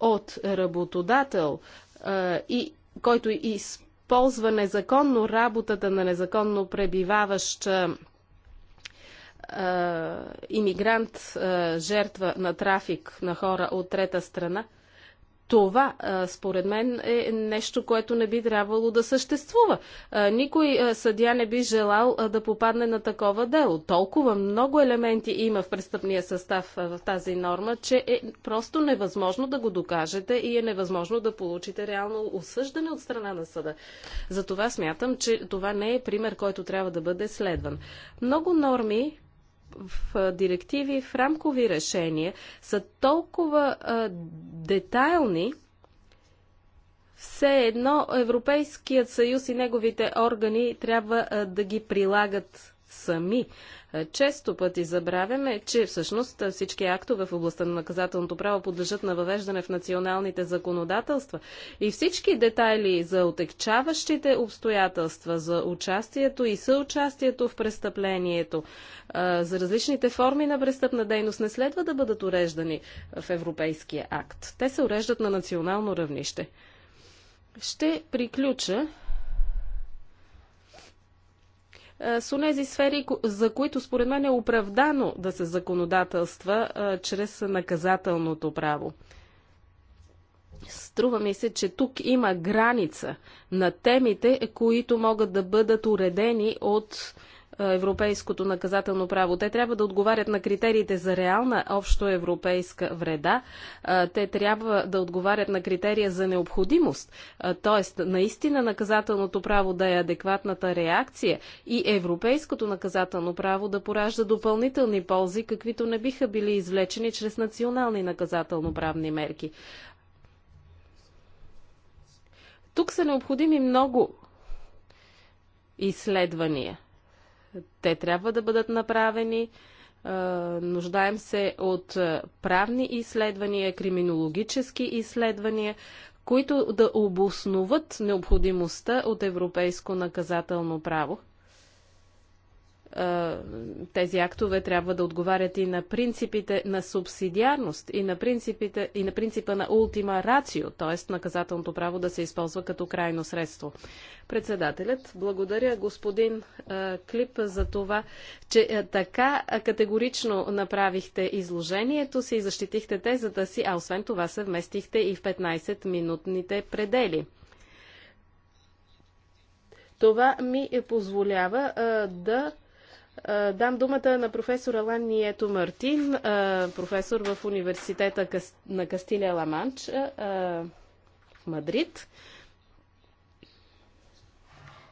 от работодател и който използва незаконно работата на незаконно пребиваващ иммигрант, жертва на трафик на хора от трета страна, това, според мен, е нещо, което не би трябвало да съществува. Никой съдя не би желал да попадне на такова дело. Толкова много елементи има в престъпния състав в тази норма, че е просто невъзможно да го докажете и е невъзможно да получите реално осъждане от страна на съда. Затова смятам, че това не е пример, който трябва да бъде следван. Много норми в директиви, в рамкови решения са толкова а, детайлни, все едно Европейският съюз и неговите органи трябва а, да ги прилагат сами. Е, често пъти забравяме, че всъщност всички актове в областта на наказателното право подлежат на въвеждане в националните законодателства и всички детайли за отекчаващите обстоятелства, за участието и съучастието в престъплението, е, за различните форми на престъпна дейност не следва да бъдат уреждани в европейския акт. Те се уреждат на национално равнище. Ще приключа е, с тези сфери, за които според мен е оправдано да се законодателства е, чрез наказателното право. Струва ми се, че тук има граница на темите, които могат да бъдат уредени от европейското наказателно право. Те трябва да отговарят на критериите за реална общоевропейска вреда. Те трябва да отговарят на критерия за необходимост. Тоест, наистина наказателното право да е адекватната реакция и европейското наказателно право да поражда допълнителни ползи, каквито не биха били извлечени чрез национални наказателно-правни мерки. Тук са необходими много изследвания. Те трябва да бъдат направени. Е, нуждаем се от правни изследвания, криминологически изследвания, които да обосноват необходимостта от европейско наказателно право тези актове трябва да отговарят и на принципите на субсидиарност и на, принципите, и на принципа на ултима рацио, т.е. наказателното право да се използва като крайно средство. Председателят, благодаря господин а, Клип за това, че а, така категорично направихте изложението си и защитихте тезата си, а освен това се вместихте и в 15-минутните предели. Това ми е позволява а, да дам думата на професор Алан Нието Мартин, професор в университета на Кастилия Ламанч в Мадрид.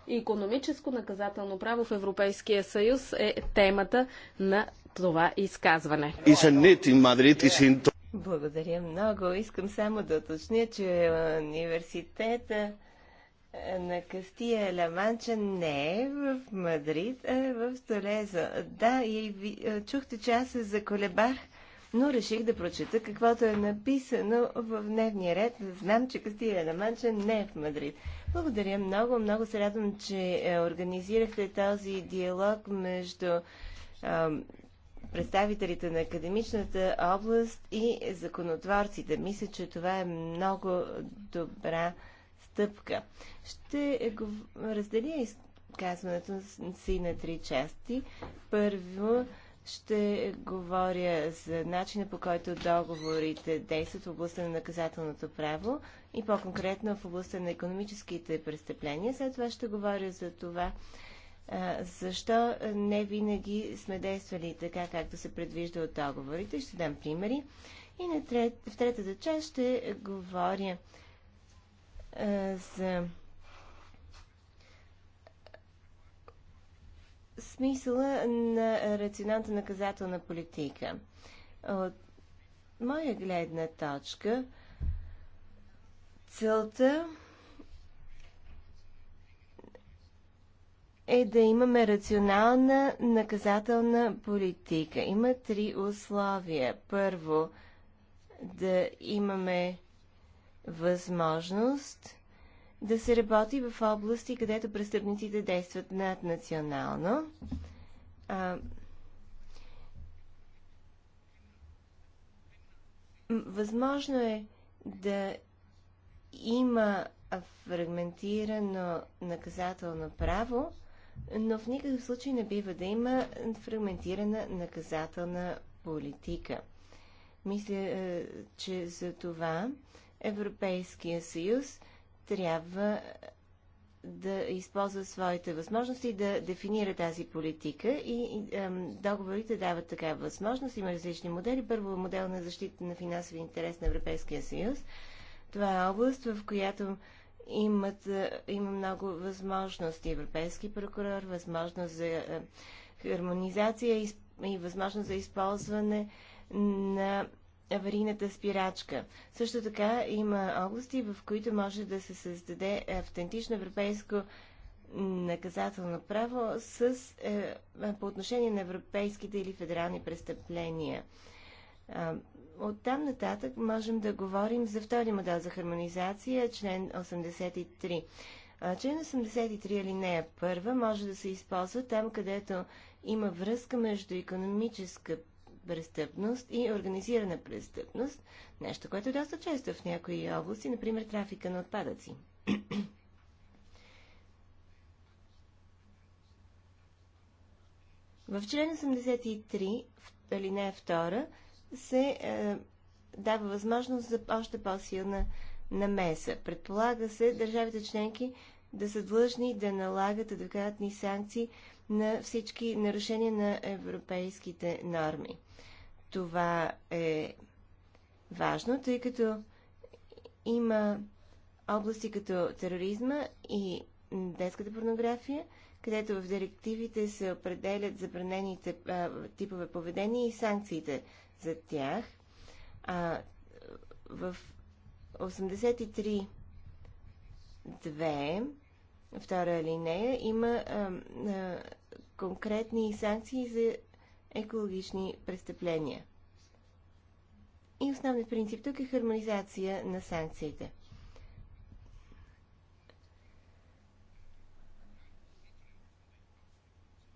Економическо наказателно право в Европейския съюз е темата на това изказване. Благодаря много. Искам само да уточня, че университета на Кастия Ламанча не е в Мадрид, а е в Толезо. Да, и ви, чухте, че аз се заколебах, но реших да прочета каквото е написано в дневния ред. Знам, че Кастия Ламанча не е в Мадрид. Благодаря много, много се радвам, че е, организирахте този диалог между представителите на академичната област и законотворците. Мисля, че това е много добра стъпка. Ще го разделя изказването си на три части. Първо ще говоря за начина по който договорите действат в областта на наказателното право и по-конкретно в областта на економическите престъпления. След това ще говоря за това, защо не винаги сме действали така, както се предвижда от договорите. Ще дам примери. И на трет... в третата част ще говоря е, за смисъла на рационалната наказателна политика. От моя гледна точка, целта е да имаме рационална наказателна политика. Има три условия. Първо, да имаме възможност да се работи в области, където престъпниците действат наднационално. А, възможно е да има фрагментирано наказателно право, но в никакъв случай не бива да има фрагментирана наказателна политика. Мисля, е, че за това Европейския съюз трябва да използва своите възможности да дефинира тази политика и, договорите дават такава възможност. Има различни модели. Първо модел на защита на финансови интерес на Европейския съюз. Това е област, в която имат, има много възможности. Европейски прокурор, възможност за хармонизация и възможност за използване на аварийната спирачка. Също така има области, в които може да се създаде автентично европейско наказателно право с, е, по отношение на европейските или федерални престъпления. От там нататък можем да говорим за втори модел за хармонизация, член 83. Член 83 алинея първа може да се използва там, където има връзка между економическа престъпност и организирана престъпност, нещо, което е доста често в някои области, например трафика на отпадъци. в член 83, алинея 2, се е, дава възможност за още по-силна намеса. Предполага се държавите членки да са длъжни да налагат адекватни санкции на всички нарушения на европейските норми. Това е важно, тъй като има области като тероризма и детската порнография, където в директивите се определят забранените а, типове поведение и санкциите за тях. А, в 2 втора алинея, има а, а, конкретни санкции за екологични престъпления. И основният принцип тук е хармонизация на санкциите.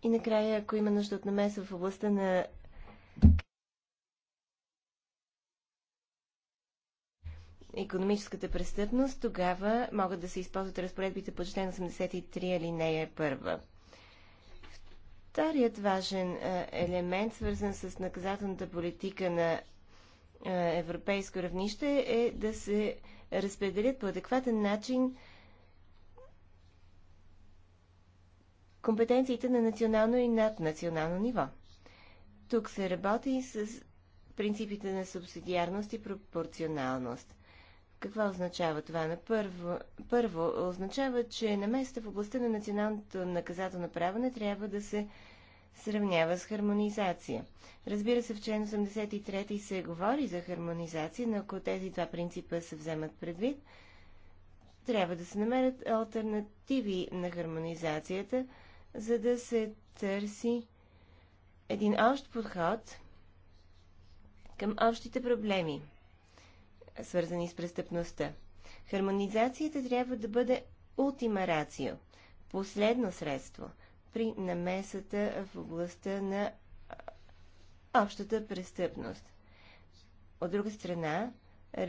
И накрая, ако има нужда от намеса в областта на економическата престъпност, тогава могат да се използват разпоредбите по член 83 алинея 1. Вторият важен елемент, свързан с наказателната политика на европейско равнище, е да се разпределят по адекватен начин компетенциите на национално и наднационално ниво. Тук се работи и с принципите на субсидиарност и пропорционалност. Какво означава това? На първо, първо означава, че наместа в областта на националното наказателно право не трябва да се сравнява с хармонизация. Разбира се, в член 83 се говори за хармонизация, но ако тези два принципа се вземат предвид, трябва да се намерят альтернативи на хармонизацията, за да се търси един общ подход към общите проблеми свързани с престъпността. Хармонизацията трябва да бъде ултима рацио, последно средство при намесата в областта на общата престъпност. От друга страна,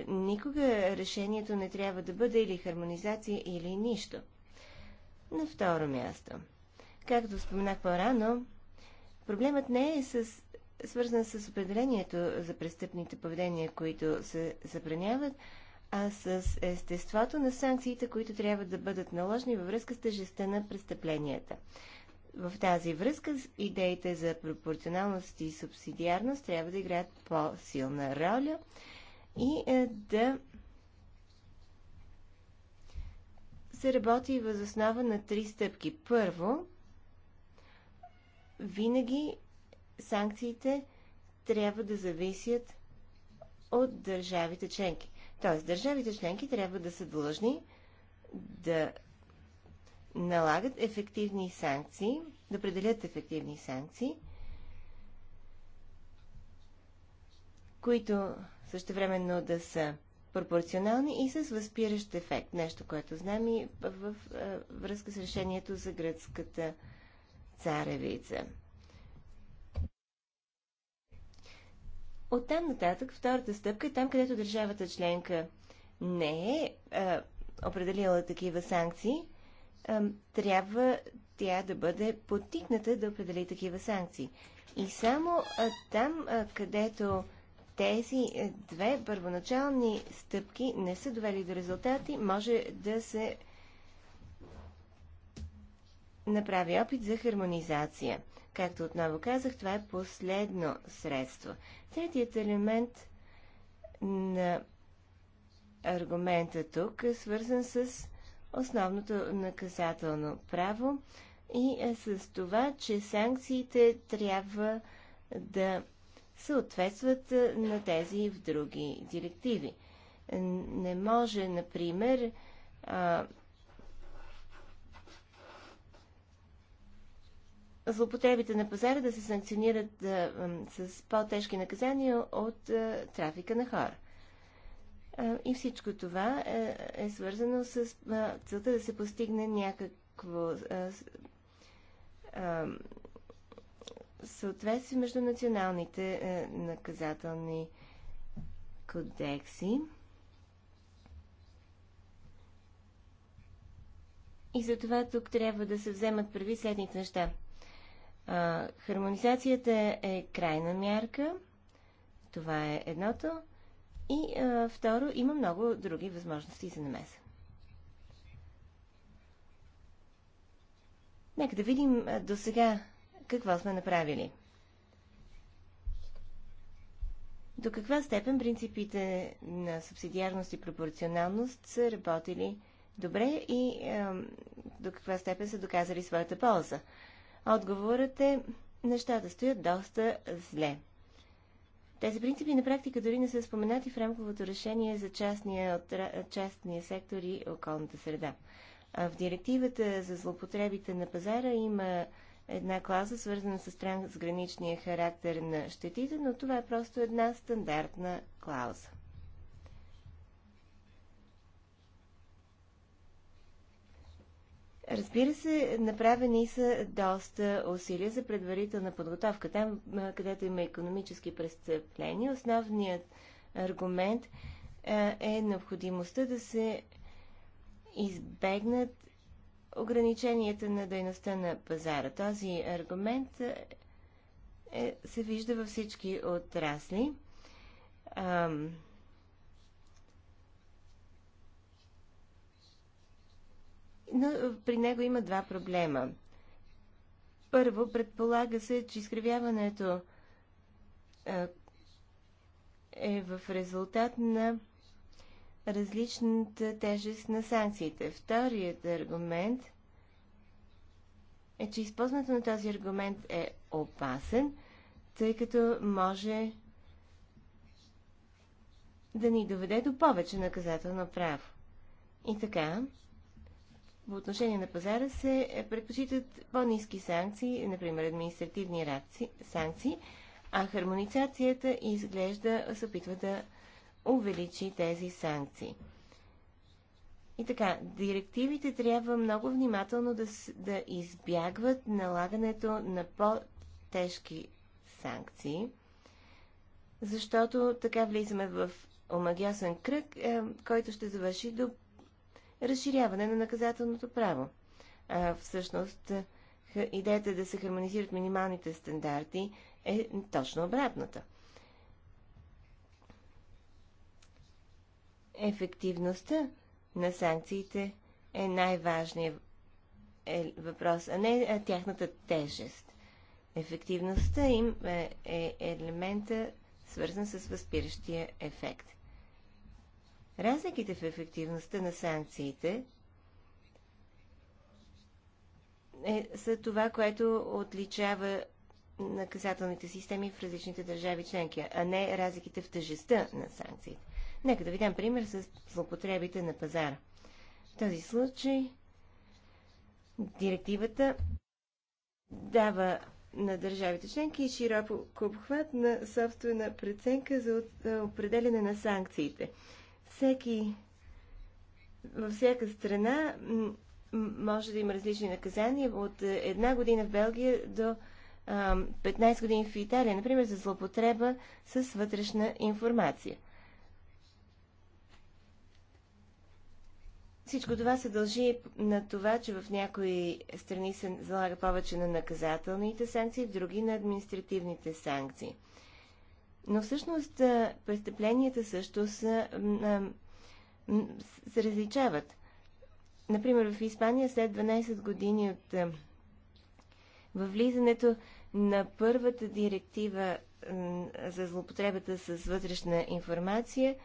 никога решението не трябва да бъде или хармонизация, или нищо. На второ място. Както споменах по-рано, проблемът не е с свързан с определението за престъпните поведения, които се забраняват, а с естеството на санкциите, които трябва да бъдат наложени във връзка с тежестта на престъпленията. В тази връзка идеите за пропорционалност и субсидиарност трябва да играят по-силна роля и е, да се работи въз основа на три стъпки. Първо, винаги санкциите трябва да зависят от държавите членки. Тоест, държавите членки трябва да са длъжни да налагат ефективни санкции, да определят ефективни санкции, които същевременно да са пропорционални и с възпиращ ефект. Нещо, което знам и във връзка с решението за гръцката царевица. Оттам нататък втората стъпка е там, където държавата членка не е а, определила такива санкции, а, трябва тя да бъде потикната да определи такива санкции. И само а, там, а, където тези две първоначални стъпки не са довели до резултати, може да се направи опит за хармонизация. Както отново казах, това е последно средство. Третият елемент на аргумента тук е свързан с основното наказателно право и е с това, че санкциите трябва да съответстват е, на тези в други директиви. Не може, например, злопотребите на пазара да се санкционират а, с по-тежки наказания от а, трафика на хора. А, и всичко това е, е свързано с а, целта да се постигне някакво а, а, съответствие между националните а, е, наказателни кодекси. И затова тук трябва да се вземат преди следните неща – а, хармонизацията е крайна мярка. Това е едното. И а, второ, има много други възможности за намеса. Нека да видим до сега какво сме направили. До каква степен принципите на субсидиарност и пропорционалност са работили добре и а, до каква степен са доказали своята полза. Отговорът е, нещата стоят доста зле. Тези принципи на практика дори не са споменати в рамковото решение за частния, частния сектор и околната среда. А в директивата за злопотребите на пазара има една клауза, свързана с трансграничния характер на щетите, но това е просто една стандартна клауза. Разбира се, направени са доста усилия за предварителна подготовка. Там, където има економически престъпления, основният аргумент е необходимостта да се избегнат ограниченията на дейността на пазара. Този аргумент е, се вижда във всички отрасли. Ам, Но при него има два проблема. Първо, предполага се, че изкривяването е в резултат на различната тежест на санкциите. Вторият аргумент е, че използването на този аргумент е опасен, тъй като може да ни доведе до повече наказателно право. И така, по отношение на пазара се е, предпочитат по-низки санкции, например административни санкции, а хармонизацията изглежда се опитва да увеличи тези санкции. И така, директивите трябва много внимателно да, да избягват налагането на по-тежки санкции, защото така влизаме в омагиосен кръг, е, който ще завърши до разширяване на наказателното право. А, всъщност, идеята да се хармонизират минималните стандарти е точно обратната. Ефективността на санкциите е най-важният е, въпрос, а не тяхната тежест. Ефективността им е, е елемента, свързан с възпиращия ефект. Разликите в ефективността на санкциите е, са това, което отличава наказателните системи в различните държави членки, а не разликите в тъжестта на санкциите. Нека да ви дам пример с злопотребите на пазара. В този случай директивата дава на държавите членки широко обхват на собствена преценка за е, определене на санкциите всеки, във всяка страна може да има различни наказания от една година в Белгия до 15 години в Италия, например, за злопотреба с вътрешна информация. Всичко това се дължи на това, че в някои страни се залага повече на наказателните санкции, в други на административните санкции. Но всъщност престъпленията също са, се различават. Например, в Испания след 12 години от влизането на първата директива за злопотребата с вътрешна информация,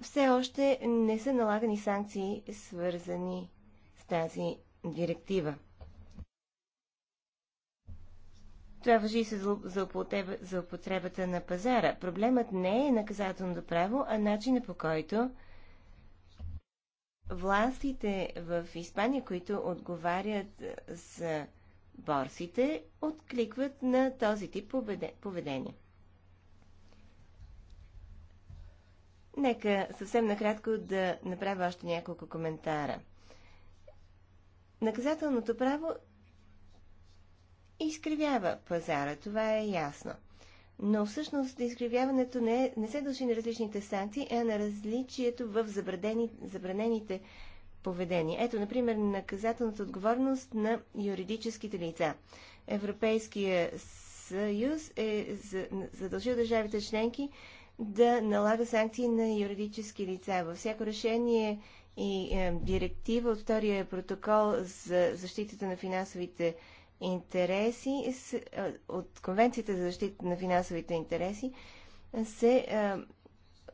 все още не са налагани санкции, свързани с тази директива. Това въжи и за, за употребата на пазара. Проблемът не е наказателното право, а начина по който властите в Испания, които отговарят за борсите, откликват на този тип поведение. Нека съвсем накратко да направя още няколко коментара. Наказателното право изкривява пазара, това е ясно. Но всъщност изкривяването не, не се дължи на различните санкции, а на различието в забранени, забранените поведения. Ето, например, наказателната отговорност на юридическите лица. Европейския съюз е задължил държавите членки да налага санкции на юридически лица. Във всяко решение и е, директива от втория протокол за защитата на финансовите интереси, от Конвенцията за защита на финансовите интереси, се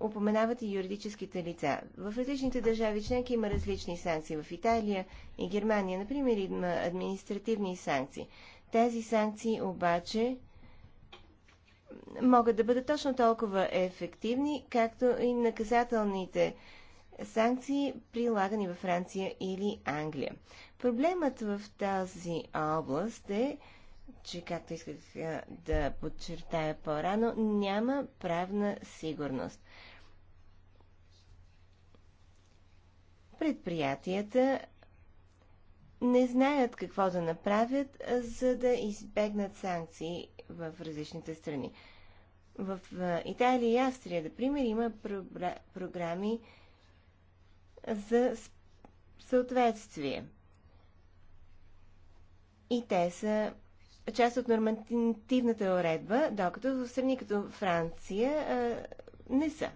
упоменават и юридическите лица. В различните държави членки има различни санкции. В Италия и Германия, например, има административни санкции. Тези санкции обаче могат да бъдат точно толкова ефективни, както и наказателните санкции, прилагани във Франция или Англия. Проблемът в тази област е, че, както исках да подчертая по-рано, няма правна сигурност. Предприятията не знаят какво да направят, за да избегнат санкции в различните страни. В Италия и Австрия, например, има програми за съответствие. И те са част от нормативната уредба, докато в страни като Франция не са.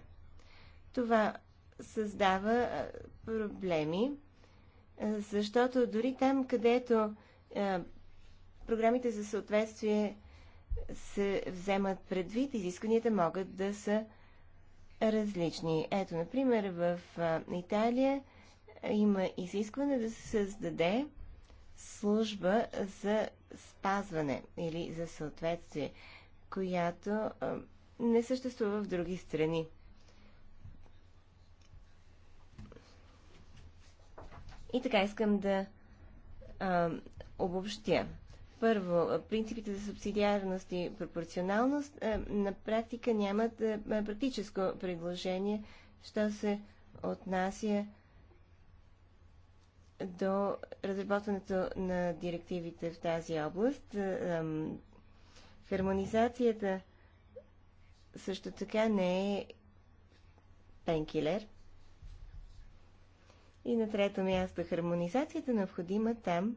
Това създава проблеми, защото дори там, където програмите за съответствие се вземат предвид, изискванията могат да са различни. Ето, например, в Италия има изискване да се създаде служба за спазване или за съответствие, която не съществува в други страни. И така искам да а, обобщя. Първо, принципите за субсидиарност и пропорционалност е, на практика нямат е, е, практическо предложение, що се отнася до разработването на директивите в тази област. Хармонизацията също така не е пенкилер. И на трето място хармонизацията необходима там,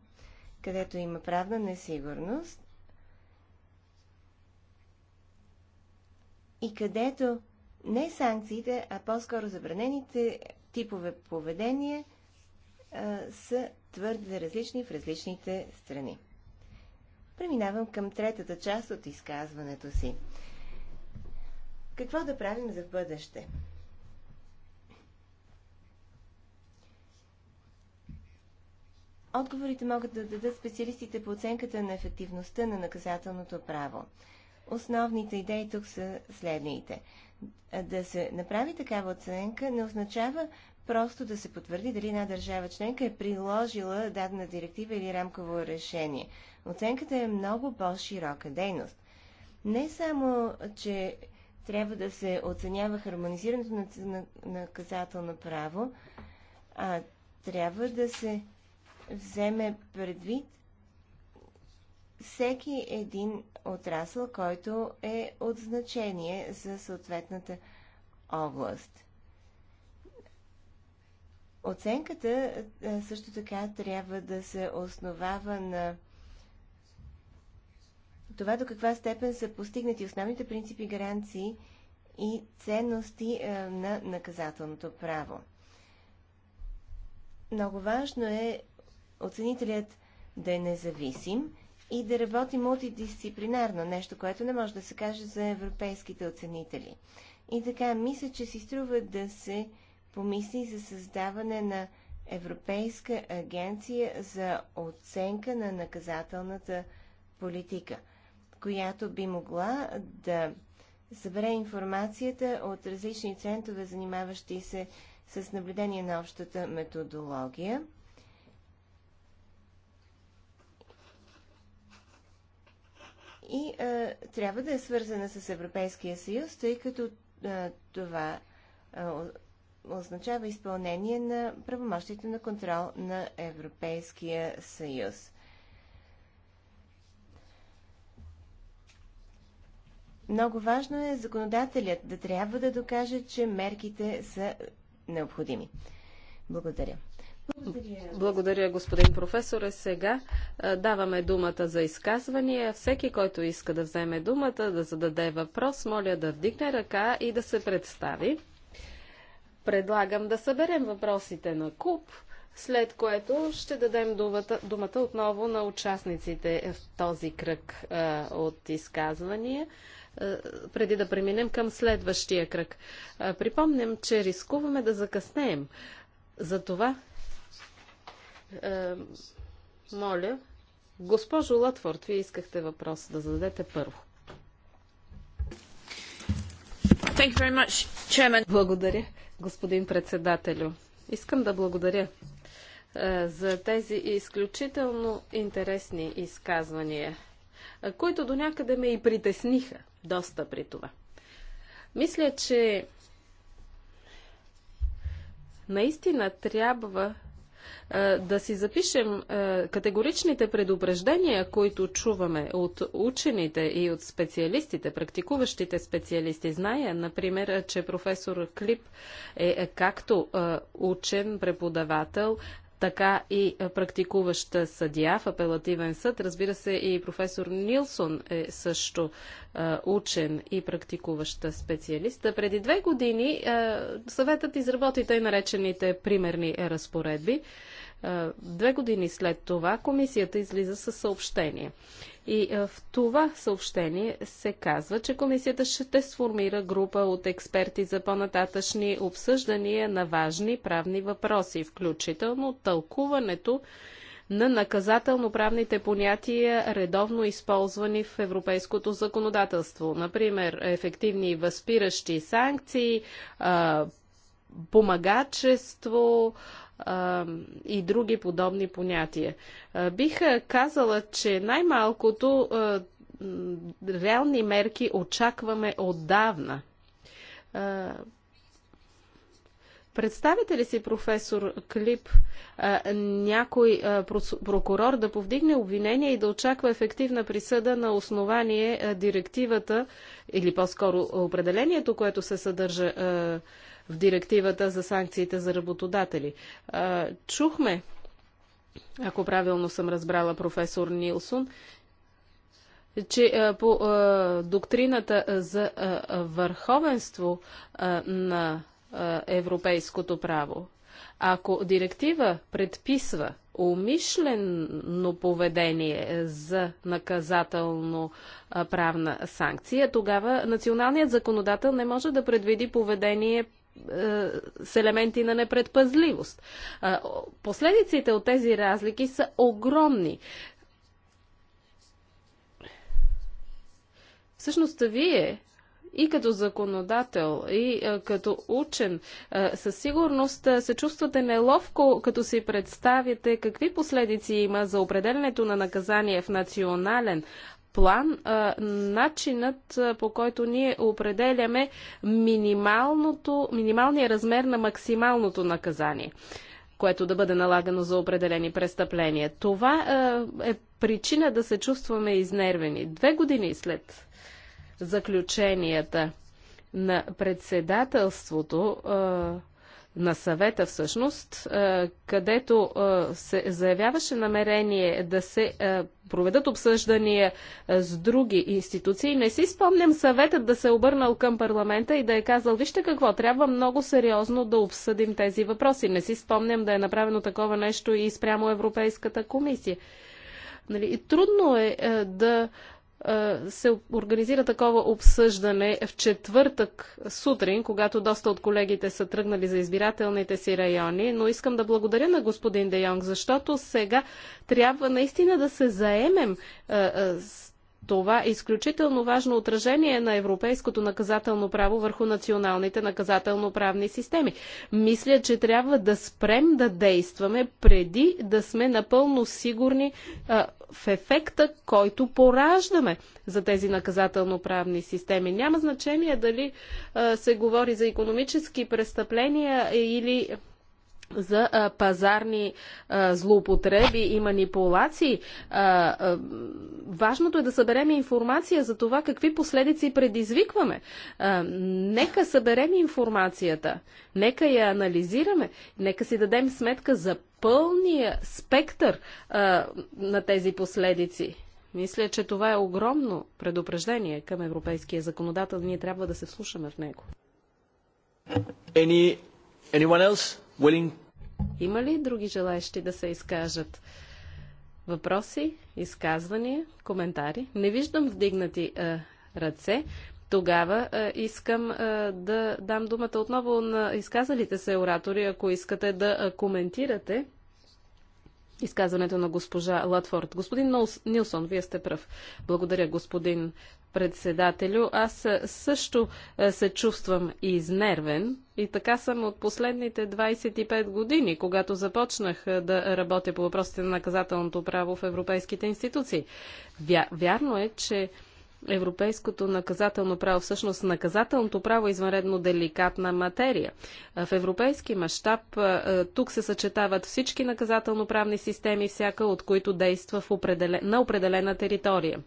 където има правна несигурност и където не санкциите, а по-скоро забранените типове поведение а, са твърде различни в различните страни. Преминавам към третата част от изказването си. Какво да правим за бъдеще? Отговорите могат да дадат специалистите по оценката на ефективността на наказателното право. Основните идеи тук са следните. Да се направи такава оценка не означава просто да се потвърди дали една държава членка е приложила дадена директива или рамково решение. Оценката е много по-широка дейност. Не само, че трябва да се оценява хармонизирането на наказателно право, а трябва да се вземе предвид всеки един отрасъл, който е от значение за съответната област. Оценката също така трябва да се основава на това до каква степен са постигнати основните принципи, гаранции и ценности на наказателното право. Много важно е оценителят да е независим и да работи мултидисциплинарно, нещо, което не може да се каже за европейските оценители. И така, мисля, че си струва да се помисли за създаване на Европейска агенция за оценка на наказателната политика, която би могла да събере информацията от различни центрове, занимаващи се с наблюдение на общата методология – и а, е, трябва да е свързана с Европейския съюз, тъй като а, е, това а, е, означава изпълнение на правомощите на контрол на Европейския съюз. Много важно е законодателят да трябва да докаже, че мерките са необходими. Благодаря. Благодаря, господин професор. Сега даваме думата за изказвания. Всеки, който иска да вземе думата, да зададе въпрос, моля да вдигне ръка и да се представи. Предлагам да съберем въпросите на куп, след което ще дадем думата, думата отново на участниците в този кръг а, от изказвания преди да преминем към следващия кръг. Припомням, че рискуваме да закъснеем. Затова е, моля, госпожо Латфорд, вие искахте въпрос да зададете първо. Much, благодаря, господин председателю. Искам да благодаря е, за тези изключително интересни изказвания, е, които до някъде ме и притесниха доста при това. Мисля, че наистина трябва да си запишем категоричните предупреждения, които чуваме от учените и от специалистите, практикуващите специалисти. Зная, например, че професор Клип е, е както учен преподавател, така и практикуваща съдия в апелативен съд. Разбира се, и професор Нилсон е също учен и практикуващ специалист. Преди две години съветът изработи тъй наречените примерни разпоредби. Е, две години след това комисията излиза със съобщение. И е, в това съобщение се казва, че комисията ще сформира група от експерти за по-нататъчни обсъждания на важни правни въпроси, включително тълкуването на наказателно-правните понятия, редовно използвани в европейското законодателство. Например, ефективни възпиращи санкции, помагачество, и други подобни понятия. Бих казала, че най-малкото реални мерки очакваме отдавна. Представете ли си, професор Клип, някой прокурор да повдигне обвинение и да очаква ефективна присъда на основание директивата или по-скоро определението, което се съдържа в директивата за санкциите за работодатели. Чухме, ако правилно съм разбрала професор Нилсон, че по доктрината за върховенство на европейското право, ако директива предписва умишлено поведение за наказателно правна санкция, тогава националният законодател не може да предвиди поведение е, с елементи на непредпазливост. Последиците от тези разлики са огромни. Всъщност, вие и като законодател, и е, като учен, е, със сигурност се чувствате неловко, като си представите какви последици има за определенето на наказание в национален план начинът по който ние определяме минималното, минималния размер на максималното наказание което да бъде налагано за определени престъпления. Това е причина да се чувстваме изнервени. Две години след заключенията на председателството, на съвета всъщност, е, където е, се заявяваше намерение да се е, проведат обсъждания с други институции. Не си спомням съветът да се обърнал към парламента и да е казал, вижте какво, трябва много сериозно да обсъдим тези въпроси. Не си спомням да е направено такова нещо и спрямо Европейската комисия. Нали, трудно е да се организира такова обсъждане в четвъртък сутрин, когато доста от колегите са тръгнали за избирателните си райони, но искам да благодаря на господин Де Йонг, защото сега трябва наистина да се заемем с това е изключително важно отражение на европейското наказателно право върху националните наказателно-правни системи. Мисля, че трябва да спрем да действаме преди да сме напълно сигурни а, в ефекта, който пораждаме за тези наказателно-правни системи. Няма значение дали а, се говори за економически престъпления или за пазарни злоупотреби и манипулации. важното е да съберем информация за това какви последици предизвикваме. нека съберем информацията, нека я анализираме, нека си дадем сметка за пълния спектър на тези последици. Мисля, че това е огромно предупреждение към европейския законодател. Ние трябва да се вслушаме в него. Any, anyone else? willing... Има ли други желаещи да се изкажат? Въпроси, изказвания, коментари? Не виждам вдигнати а, е, ръце. Тогава а, е, искам а, е, да дам думата отново на изказалите се оратори, ако искате да коментирате изказването на госпожа Латфорд. Господин Нилсон, вие сте прав. Благодаря, господин председателю. Аз също се чувствам изнервен и така съм от последните 25 години, когато започнах да работя по въпросите на наказателното право в европейските институции. Вярно е, че европейското наказателно право. Всъщност наказателното право е извънредно деликатна материя. В европейски мащаб тук се съчетават всички наказателно-правни системи, всяка от които действа в определен... на определена територия.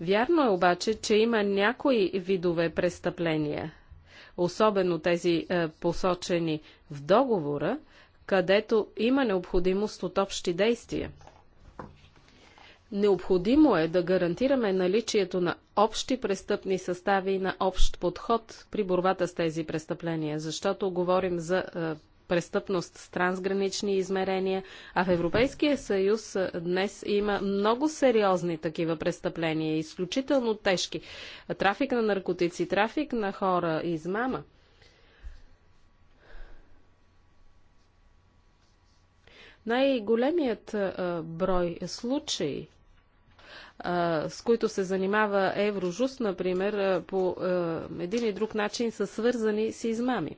Вярно е обаче, че има някои видове престъпления, особено тези посочени в договора, където има необходимост от общи действия. Необходимо е да гарантираме наличието на общи престъпни състави и на общ подход при борбата с тези престъпления, защото говорим за е, престъпност с трансгранични измерения, а в Европейския съюз е, днес има много сериозни такива престъпления, изключително тежки. Трафик на наркотици, трафик на хора, измама. Най-големият е, брой случаи с които се занимава Еврожуст, например, по един и друг начин са свързани с измами.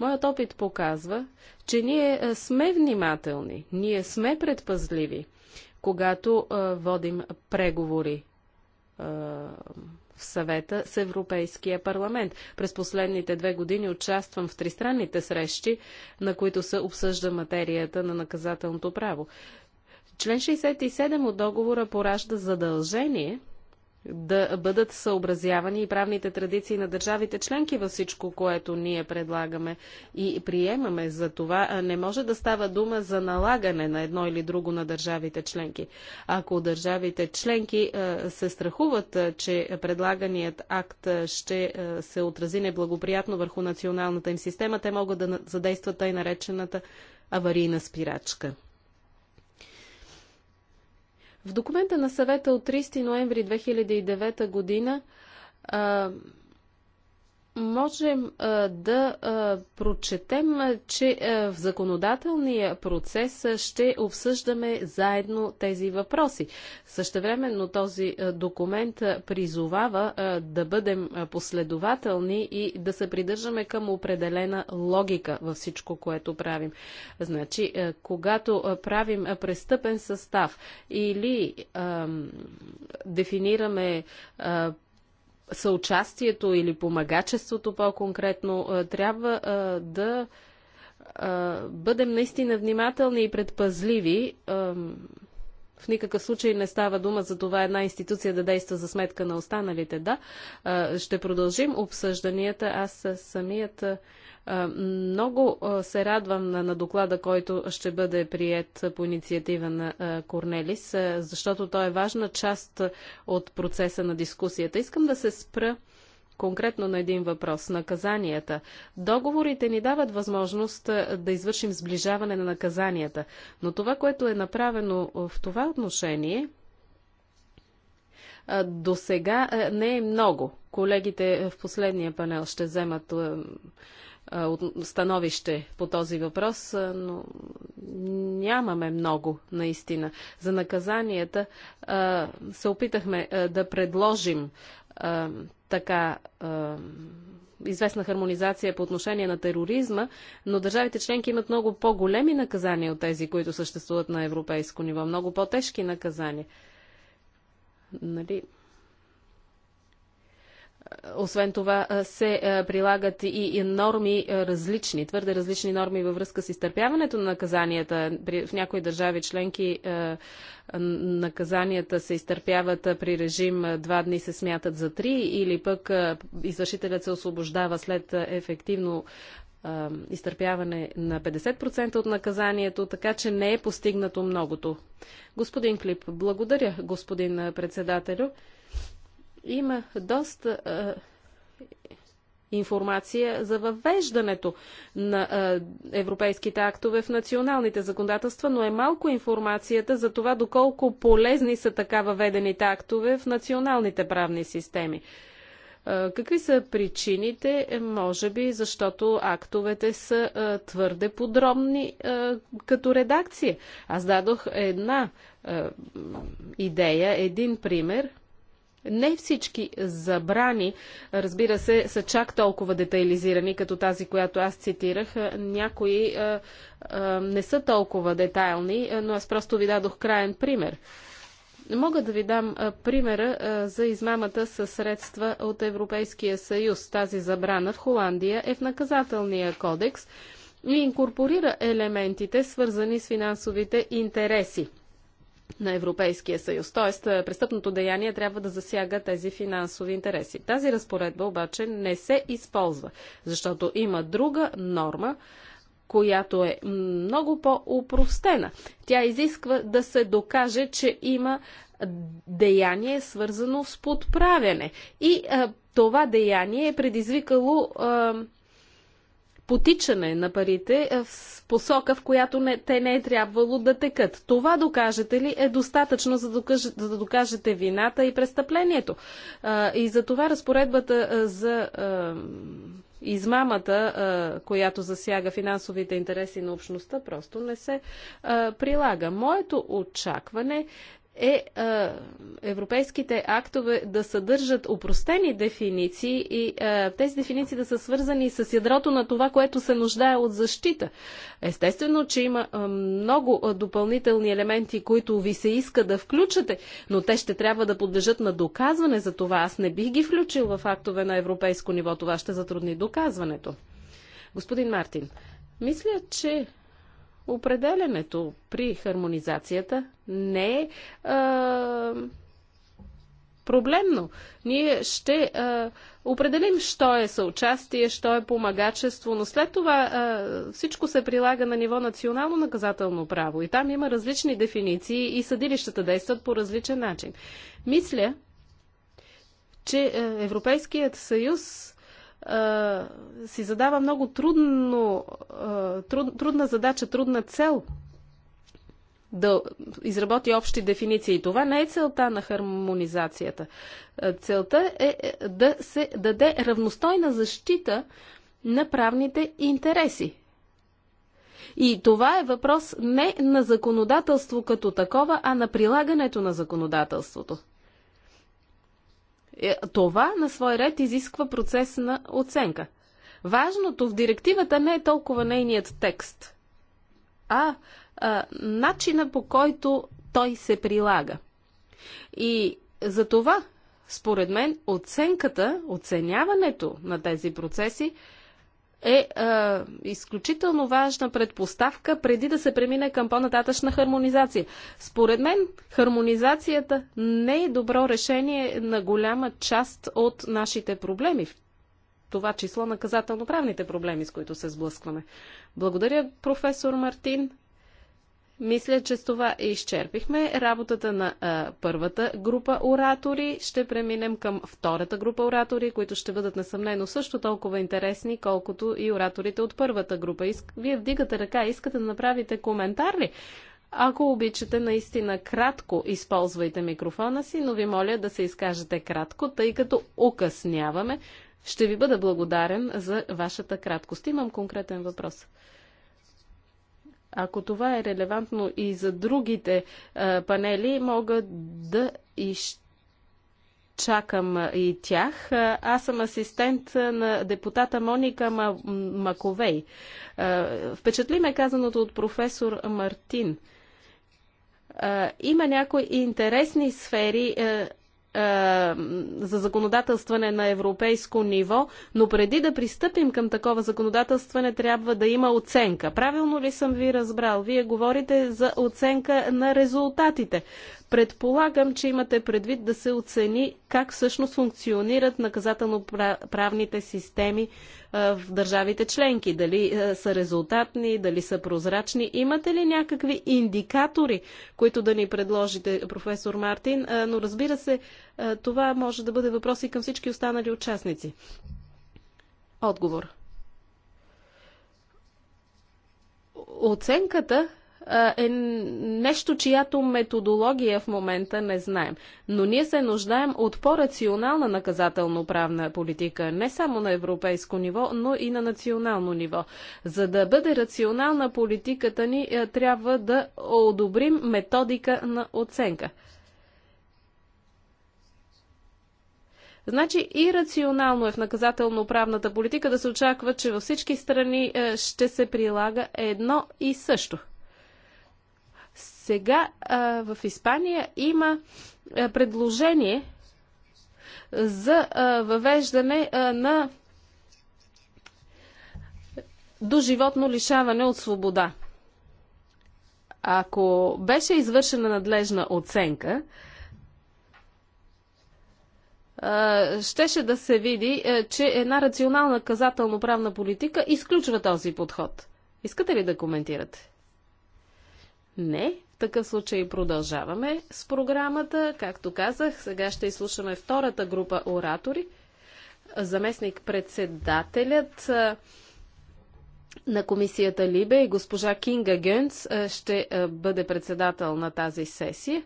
Моят опит показва, че ние сме внимателни, ние сме предпазливи, когато водим преговори в съвета с Европейския парламент. През последните две години участвам в тристранните срещи, на които се обсъжда материята на наказателното право. Член 67 от договора поражда задължение да бъдат съобразявани и правните традиции на държавите членки във всичко, което ние предлагаме и приемаме. За това не може да става дума за налагане на едно или друго на държавите членки. Ако държавите членки се страхуват, че предлаганият акт ще се отрази неблагоприятно върху националната им система, те могат да задействат тъй наречената аварийна спирачка. В документа на съвета от 30 ноември 2009 година можем да прочетем, че в законодателния процес ще обсъждаме заедно тези въпроси. Същевременно този документ призовава да бъдем последователни и да се придържаме към определена логика във всичко, което правим. Значи, когато правим престъпен състав или ам, дефинираме а, съучастието или помагачеството по-конкретно, е, трябва е, да е, бъдем наистина внимателни и предпазливи. В никакъв случай не става дума за това една институция да действа за сметка на останалите. Да, ще продължим обсъжданията. Аз самият много се радвам на, на доклада, който ще бъде прият по инициатива на Корнелис, защото той е важна част от процеса на дискусията. Искам да се спра конкретно на един въпрос – наказанията. Договорите ни дават възможност да извършим сближаване на наказанията, но това, което е направено в това отношение, до сега не е много. Колегите в последния панел ще вземат становище по този въпрос, но нямаме много, наистина. За наказанията се опитахме да предложим така известна хармонизация по отношение на тероризма, но държавите членки имат много по-големи наказания от тези, които съществуват на европейско ниво, много по-тежки наказания. Нали? Освен това се прилагат и норми различни, твърде различни норми във връзка с изтърпяването на наказанията. В някои държави членки наказанията се изтърпяват при режим два дни се смятат за три или пък извършителят се освобождава след ефективно изтърпяване на 50% от наказанието, така че не е постигнато многото. Господин Клип, благодаря, господин председателю. Има доста информация за въвеждането на европейските актове в националните законодателства, но е малко информацията за това доколко полезни са така въведените актове в националните правни системи. какви са причините? Е, може би защото актовете са твърде подробни като редакция. Аз дадох една идея, един пример – не всички забрани, разбира се, са чак толкова детайлизирани, като тази, която аз цитирах. Някои а, е, а, е, не са толкова детайлни, е, но аз просто ви дадох краен пример. Мога да ви дам примера за измамата със средства от Европейския съюз. Тази забрана в Холандия е в наказателния кодекс и инкорпорира елементите, свързани с финансовите интереси на Европейския съюз. Тоест, е, престъпното деяние трябва да засяга тези финансови интереси. Тази разпоредба обаче не се използва, защото има друга норма, която е много по-упростена. Тя изисква да се докаже, че има деяние свързано с подправяне. И а, е, това деяние е предизвикало а, е, потичане на парите в посока, в която не, те не е трябвало да текат. Това докажете ли е достатъчно, за да докажете, за да докажете вината и престъплението? А, и за това разпоредбата а, за а, измамата, а, която засяга финансовите интереси на общността, просто не се а, прилага. Моето очакване е а, е, европейските актове да съдържат упростени дефиниции и а, е, тези дефиниции да са свързани с ядрото на това, което се нуждае от защита. Естествено, че има а, е, много допълнителни елементи, които ви се иска да включате, но те ще трябва да подлежат на доказване за това. Аз не бих ги включил в актове на европейско ниво. Това ще затрудни доказването. Господин Мартин, мисля, че определенето при хармонизацията не е а, проблемно. Ние ще а, определим, що е съучастие, що е помагачество, но след това а, всичко се прилага на ниво национално наказателно право. И там има различни дефиниции и съдилищата действат по различен начин. Мисля, че Европейският съюз си задава много трудно, труд, трудна задача, трудна цел да изработи общи дефиниции. Това не е целта на хармонизацията. Целта е, е да се даде равностойна защита на правните интереси. И това е въпрос не на законодателство като такова, а на прилагането на законодателството. Е, това на свой ред изисква процес на оценка. Важното в директивата не е толкова нейният текст, а, а начина по който той се прилага. И за това, според мен, оценката, оценяването на тези процеси е а, изключително важна предпоставка преди да се премине към по-нататъчна хармонизация. Според мен, хармонизацията не е добро решение на голяма част от нашите проблеми. В това число наказателно-правните проблеми, с които се сблъскваме. Благодаря, професор Мартин. Мисля, че с това изчерпихме работата на а, първата група оратори. Ще преминем към втората група оратори, които ще бъдат несъмнено също толкова интересни, колкото и ораторите от първата група. Иск... Вие вдигате ръка, искате да направите коментар ли? Ако обичате, наистина кратко използвайте микрофона си, но ви моля да се изкажете кратко, тъй като окъсняваме. Ще ви бъда благодарен за вашата краткост. Имам конкретен въпрос. Ако това е релевантно и за другите а, е, панели, мога да изчакам е, и тях. Е, аз съм асистент на депутата Моника Маковей. Впечатли ме казаното от професор Мартин. Има някои интересни сфери, е, за законодателстване на европейско ниво, но преди да пристъпим към такова законодателстване трябва да има оценка. Правилно ли съм ви разбрал? Вие говорите за оценка на резултатите. Предполагам, че имате предвид да се оцени как всъщност функционират наказателно-правните системи в държавите членки. Дали са резултатни, дали са прозрачни. Имате ли някакви индикатори, които да ни предложите, професор Мартин? Но разбира се, това може да бъде въпрос и към всички останали участници. Отговор. Оценката е нещо, чиято методология в момента не знаем. Но ние се нуждаем от по-рационална наказателно-правна политика, не само на европейско ниво, но и на национално ниво. За да бъде рационална политиката ни, трябва да одобрим методика на оценка. Значи и рационално е в наказателно-правната политика да се очаква, че във всички страни ще се прилага едно и също – сега а, в Испания има а, предложение за а, въвеждане а, на доживотно лишаване от свобода. Ако беше извършена надлежна оценка, щеше да се види, че една рационална казателно правна политика изключва този подход. Искате ли да коментирате? Не такъв случай продължаваме с програмата. Както казах, сега ще изслушаме втората група оратори. Заместник председателят на комисията Либе и госпожа Кинга Гюнц ще бъде председател на тази сесия.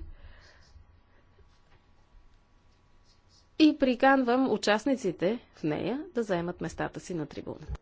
И приканвам участниците в нея да заемат местата си на трибуната.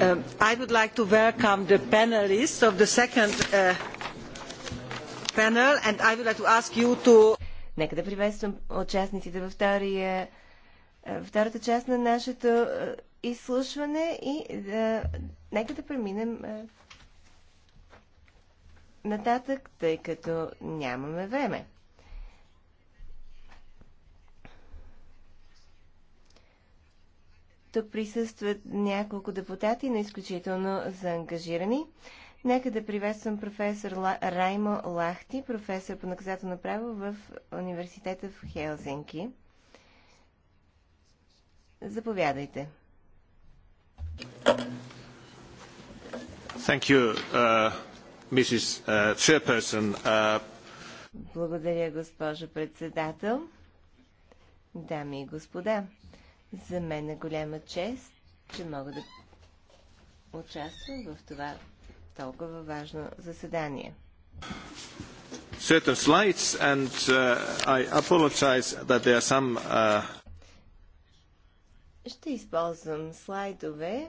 Um, I would like to welcome the panelists of the second uh, panel and I would like to ask you to... Нека да приветствам участниците във втория, е, втората част на нашето е, изслушване и да, е, нека да преминем нататък, тъй като нямаме време. Тук присъстват няколко депутати, но изключително заангажирани. Нека да приветствам професор Раймо Лахти, професор по наказателно право в университета в Хелзинки. Заповядайте. Thank you, uh, Mrs. Uh, Chairperson. Uh... Благодаря, госпожо председател. Дами и господа, за мен е голяма чест, че мога да участвам в това толкова важно заседание. Certain slides and uh, I apologize that there are some uh... Ще използвам слайдове.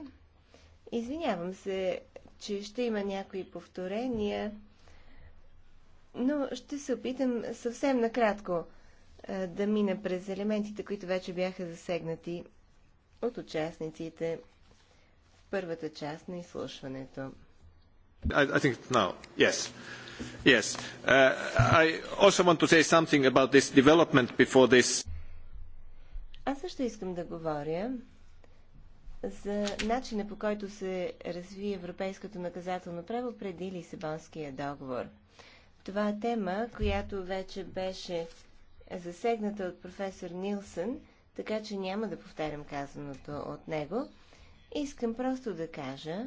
Извинявам се, че ще има някои повторения, но ще се опитам съвсем накратко е, да мина през елементите, които вече бяха засегнати от участниците в първата част на изслушването. I, I think now, yes. Yes. Uh, I also want to say something about this development before this. Аз също искам да говоря за начина по който се разви европейското наказателно право преди Лисабонския договор. Това е тема, която вече беше е засегната от професор Нилсън, така че няма да повтарям казаното от него. Искам просто да кажа,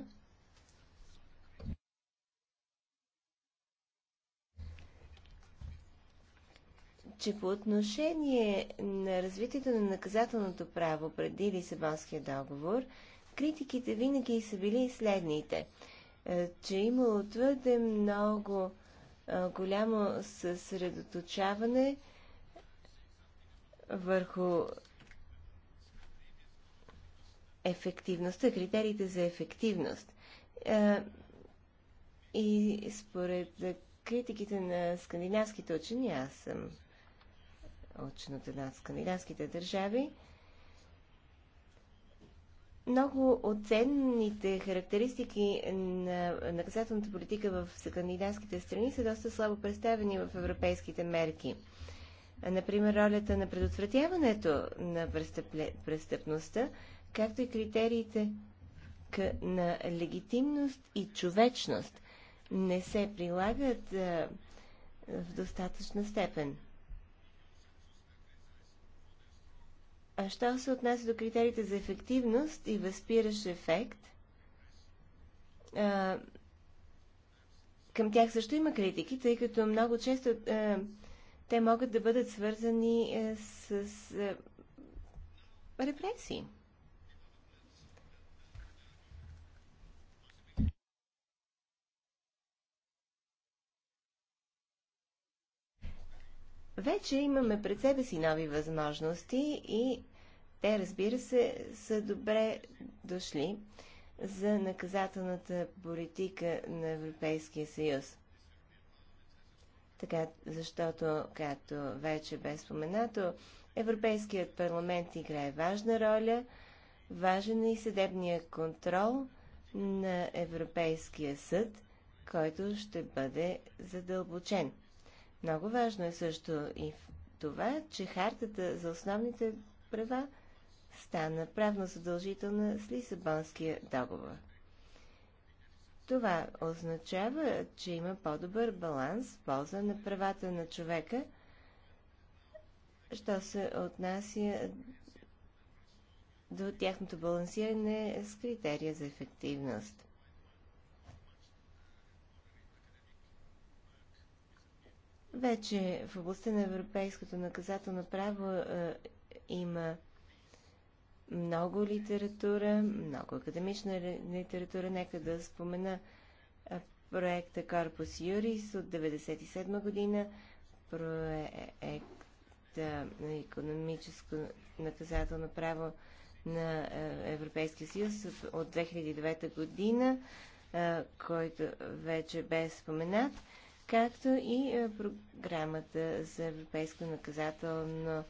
че по отношение на развитието на наказателното право преди Лисабонския договор, критиките винаги са били следните, е, че имало твърде много е, голямо съсредоточаване върху ефективността, критериите за ефективност. Е, и според критиките на скандинавските учени, аз съм учен от една от скандинавските държави, много от ценните характеристики на наказателната политика в скандинавските страни са доста слабо представени в европейските мерки. Е, например, ролята на предотвратяването на престъпността, както и критериите на легитимност и човечност не се прилагат а, е, в достатъчна степен. А що се отнася до критериите за ефективност и възпиращ ефект, а, е, към тях също има критики, тъй като много често а, те могат да бъдат свързани е, с е, репресии. Вече имаме пред себе си нови възможности и те, разбира се, са добре дошли за наказателната политика на Европейския съюз така, защото, както вече бе споменато, Европейският парламент играе важна роля, важен е и съдебния контрол на Европейския съд, който ще бъде задълбочен. Много важно е също и в това, че хартата за основните права стана правно задължителна с Лисабонския договор. Това означава, че има по-добър баланс в полза на правата на човека, що се отнася до тяхното балансиране с критерия за ефективност. Вече в областта на европейското наказателно право е, има много литература, много академична литература. Нека да спомена проекта Корпус Юрис от 1997 година, проекта на економическо наказателно право на Европейския съюз от 2009 година, който вече бе споменат, както и програмата за европейско наказателно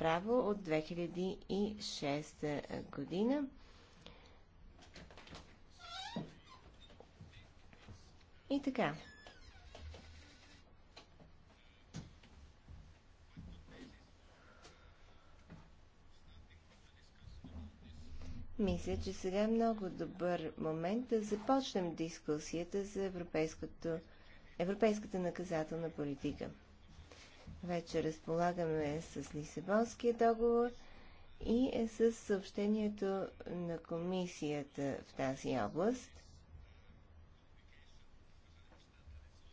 право от 2006 година. И така. Мисля, че сега е много добър момент да започнем дискусията за европейската наказателна политика. Вече разполагаме с Лисабонския договор и е с съобщението на комисията в тази област.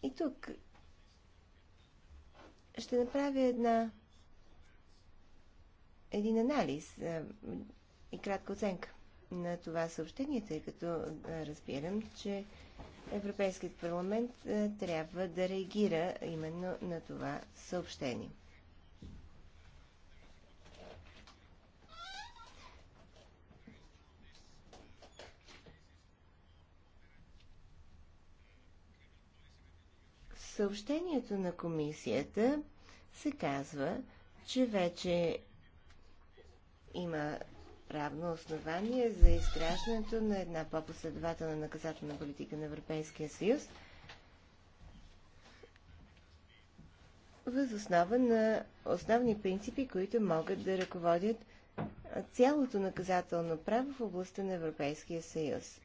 И тук ще направя една един анализ а, и кратка оценка на това съобщение, тъй като разбирам, че Европейският парламент е, трябва да реагира именно на това съобщение. съобщението на комисията се казва, че вече има правно основание за изграждането на една по-последователна наказателна политика на Европейския съюз въз основа на основни принципи, които могат да ръководят цялото наказателно право в областта на Европейския съюз.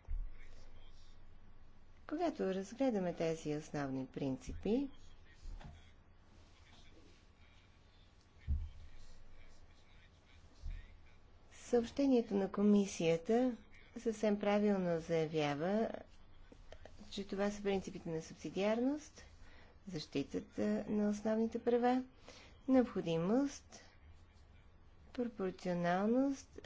Когато разгледаме тези основни принципи, Съобщението на комисията съвсем правилно заявява, че това са принципите на субсидиарност, защитата на основните права, необходимост, пропорционалност,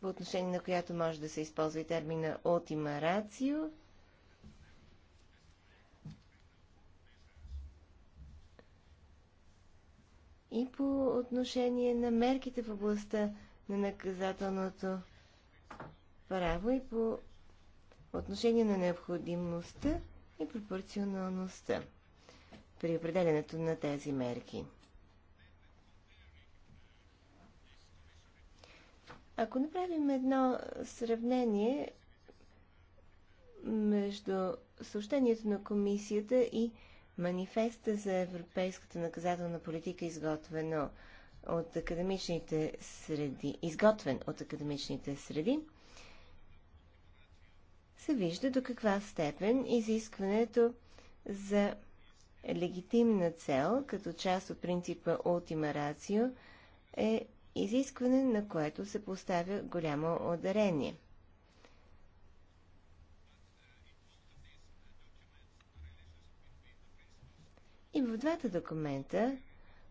по отношение на която може да се използва и термина ultima ratio – и по отношение на мерките в областта на наказателното право и по отношение на необходимостта и пропорционалността при определенето на тези мерки. Ако направим едно сравнение между съобщението на комисията и Манифеста за европейската наказателна политика, изготвено от академичните среди, изготвен от академичните среди, се вижда до каква степен изискването за легитимна цел, като част от принципа Ultima Ratio, е изискване, на което се поставя голямо ударение. в двата документа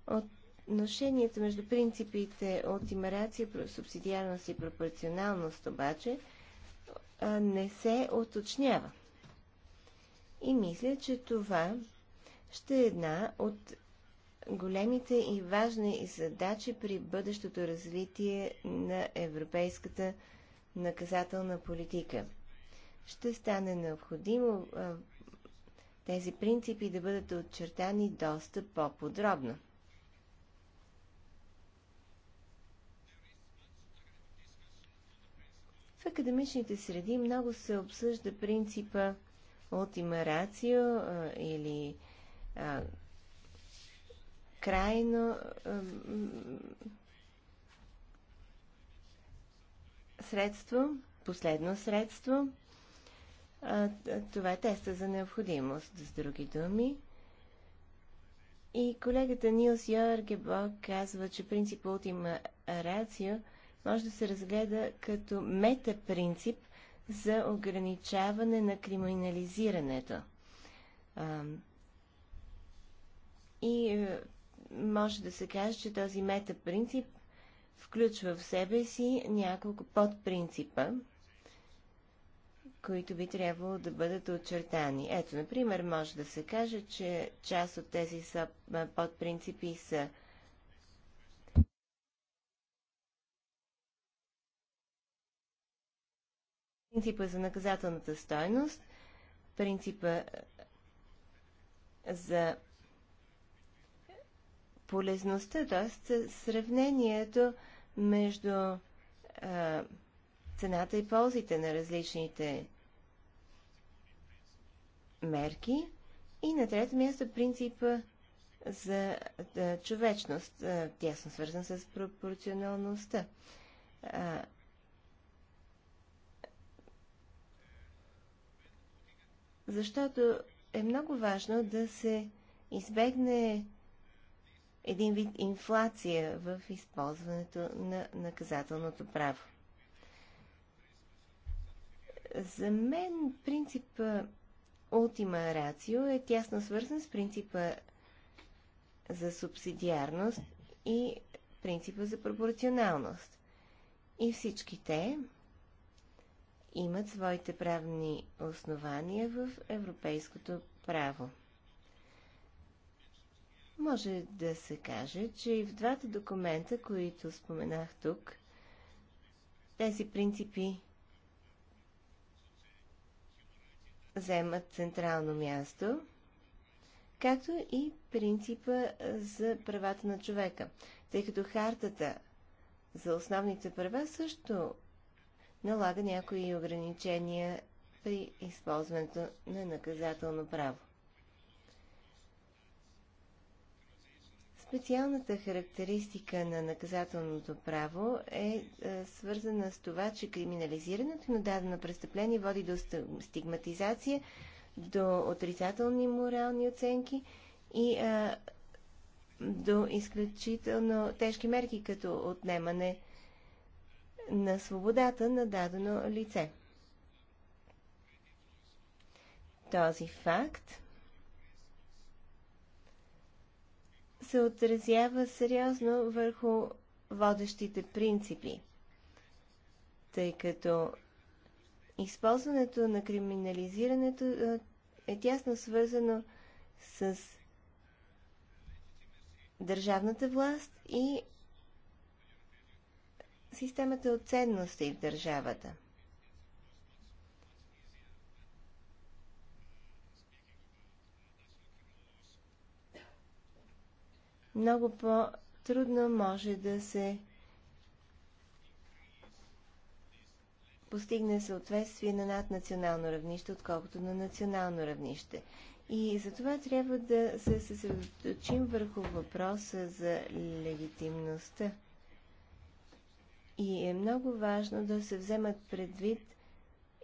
отношението между принципите от имерация, субсидиарност и пропорционалност обаче не се оточнява. И мисля, че това ще е една от големите и важни задачи при бъдещото развитие на европейската наказателна политика. Ще стане необходимо тези принципи да бъдат отчертани доста по-подробно. В академичните среди много се обсъжда принципа ultima ratio или а, крайно а, средство, последно средство – това е теста за необходимост, с други думи. И колегата Нилс Бог казва, че принципа има Ratio може да се разгледа като метапринцип за ограничаване на криминализирането. И е, може да се каже, че този метапринцип включва в себе си няколко подпринципа, които би трябвало да бъдат очертани. Ето, например, може да се каже, че част от тези са, подпринципи са принципа за наказателната стойност, принципа за полезността, т.е. сравнението между цената и ползите на различните мерки. И на трето място принципа за човечност, тясно свързан с пропорционалността. Защото е много важно да се избегне един вид инфлация в използването на наказателното право. За мен принципа ултима рацио е тясно свързан с принципа за субсидиарност и принципа за пропорционалност. И всички те имат своите правни основания в европейското право. Може да се каже, че и в двата документа, които споменах тук, тези принципи вземат централно място, както и принципа за правата на човека, тъй като хартата за основните права също налага някои ограничения при използването на наказателно право. Специалната характеристика на наказателното право е, е, свързана с това, че криминализирането на дадено престъпление води до стигматизация, до отрицателни морални оценки и а, е, до изключително тежки мерки, като отнемане на свободата на дадено лице. Този факт се отразява сериозно върху водещите принципи, тъй като използването на криминализирането е тясно свързано с държавната власт и системата от ценности в държавата. много по-трудно може да се постигне съответствие на наднационално равнище, отколкото на национално равнище. И за това трябва да се съсредоточим върху въпроса за легитимността. И е много важно да се вземат предвид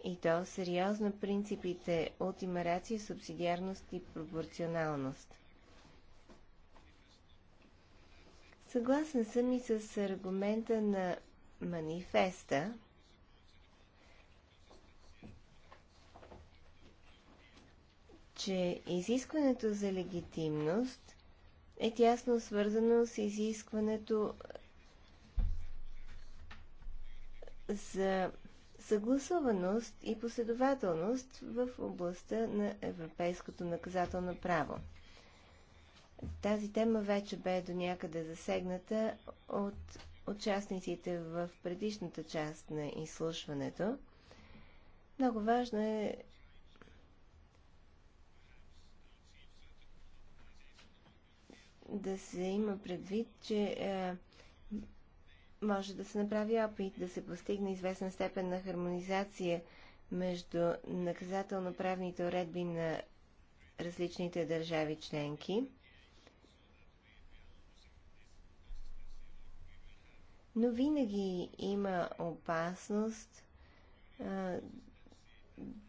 и то сериозно принципите от имарация, субсидиарност и пропорционалност. Съгласна съм и с аргумента на манифеста, че изискването за легитимност е тясно свързано с изискването за съгласуваност и последователност в областта на европейското наказателно право. Тази тема вече бе до някъде засегната от участниците в предишната част на изслушването. Много важно е да се има предвид, че е, може да се направи опит да се постигне известна степен на хармонизация между наказателно-правните уредби на различните държави членки – но винаги има опасност а,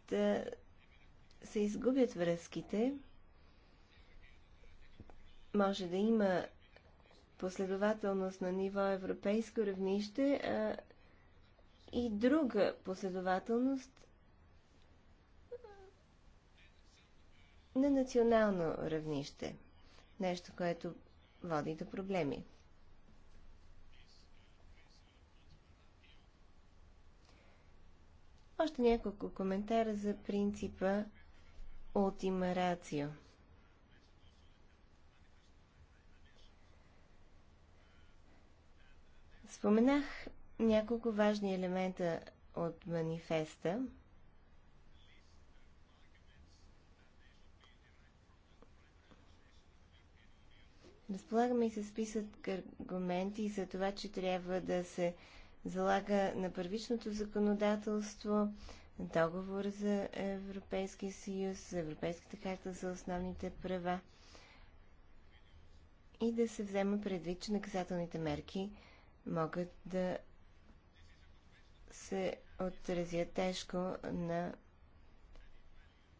да се изгубят връзките. Може да има последователност на ниво европейско равнище а, и друга последователност на национално равнище. Нещо, което води до проблеми. Още няколко коментара за принципа Ultima Ratio. Споменах няколко важни елемента от манифеста. Разполагаме и с списък аргументи за това, че трябва да се залага на първичното законодателство, договор за Европейския съюз, за Европейската харта за основните права и да се взема предвид, че наказателните мерки могат да се отразят тежко на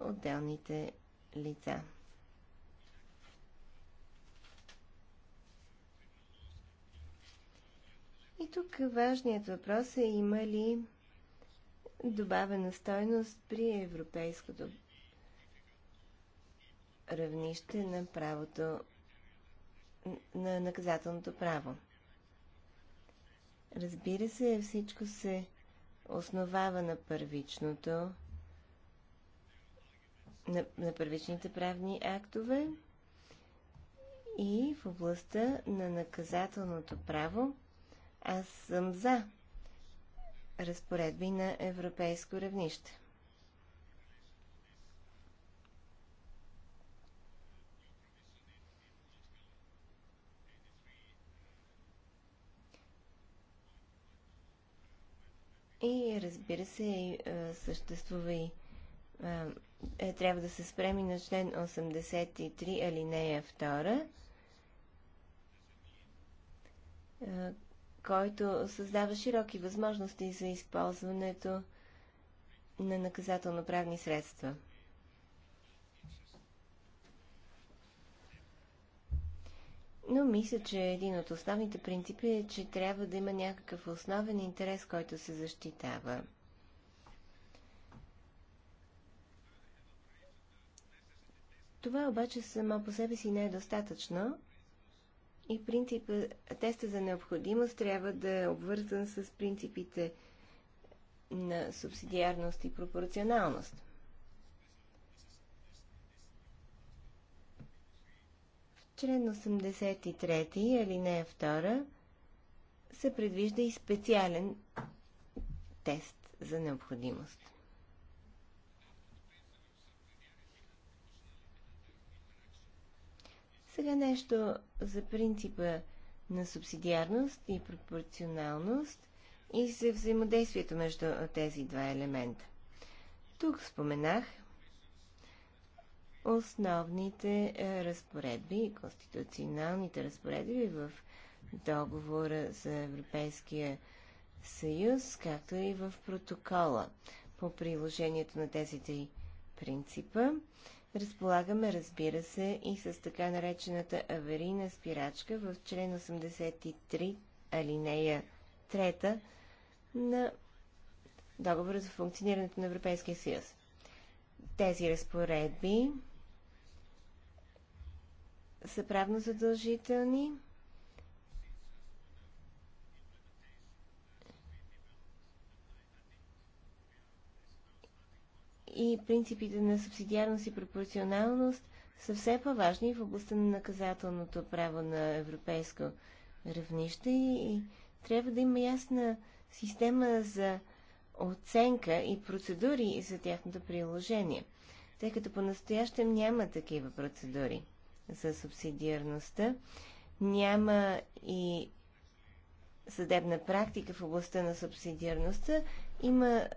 отделните лица. И тук важният въпрос е има ли добавена стойност при европейското равнище на правото на наказателното право. Разбира се, всичко се основава на първичното, на, на първичните правни актове и в областта на наказателното право аз съм за разпоредби на европейско равнище. И разбира се, съществува и е, трябва да се спреми на член 83 алинея 2 който създава широки възможности за използването на наказателно-правни средства. Но мисля, че един от основните принципи е, че трябва да има някакъв основен интерес, който се защитава. Това обаче само по себе си не е достатъчно, и принципа, теста за необходимост трябва да е обвързан с принципите на субсидиарност и пропорционалност. В член 83, алинея 2, се предвижда и специален тест за необходимост. Сега нещо за принципа на субсидиарност и пропорционалност и за взаимодействието между тези два елемента. Тук споменах основните е, разпоредби, конституционалните разпоредби в договора за Европейския съюз, както и в протокола по приложението на тези три принципа. Разполагаме, разбира се, и с така наречената аварийна спирачка в член 83, алинея 3 на договора за функционирането на Европейския съюз. Тези разпоредби са правно задължителни и принципите на субсидиарност и пропорционалност са все по-важни в областта на наказателното право на европейско равнище и трябва да има ясна система за оценка и процедури за тяхното приложение, тъй като по-настоящем няма такива процедури за субсидиарността, няма и съдебна практика в областта на субсидиарността, има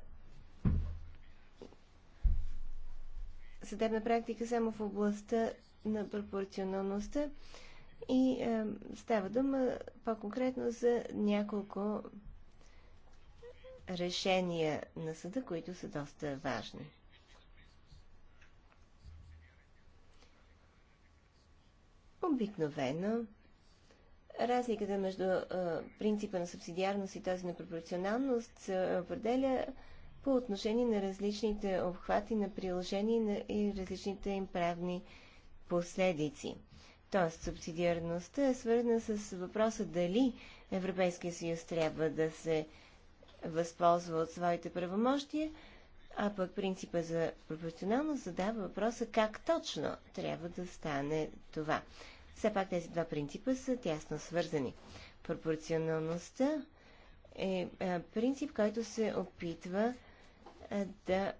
съдебна практика само в областта на пропорционалността и е, става дума по-конкретно за няколко решения на съда, които са доста важни. Обикновено разликата между е, принципа на субсидиарност и този на пропорционалност се определя е, по отношение на различните обхвати на приложение и различните им правни последици. Тоест, субсидиарността е свързана с въпроса дали Европейския съюз трябва да се възползва от своите правомощия, а пък принципа за пропорционалност задава въпроса как точно трябва да стане това. Все пак тези два принципа са тясно свързани. Пропорционалността е принцип, който се опитва да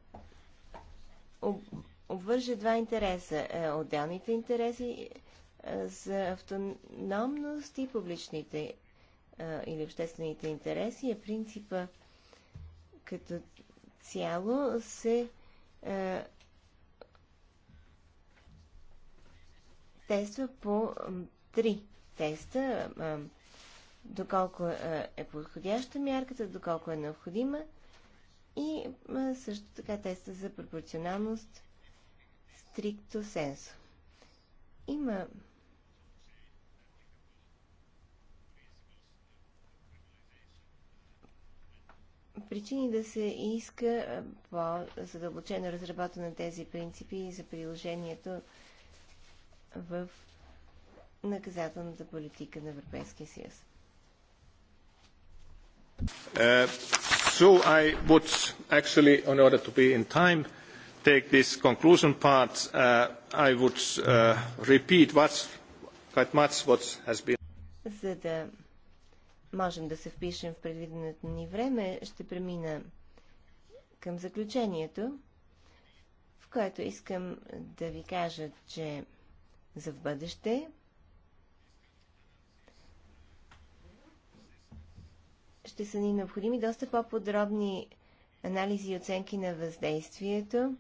обвържа два интереса. Е, отделните интереси е, за автономност и публичните е, или обществените интереси е принципа като цяло се е, тества по три теста. Е, доколко е подходяща мярката, доколко е необходима и също така теста за пропорционалност стрикто сенсо. Има причини да се иска по-задълбочено разработване на тези принципи за приложението в наказателната политика на Европейския съюз. Е, So I would actually, in order to be in time, take this conclusion part. Uh, I would uh, repeat what's, quite much what has been. За да можем да се впишем в предвиденото ни време, ще премина към заключението, в което искам да ви кажа, че за в бъдеще ще са ни необходими доста по-подробни анализи и оценки на въздействието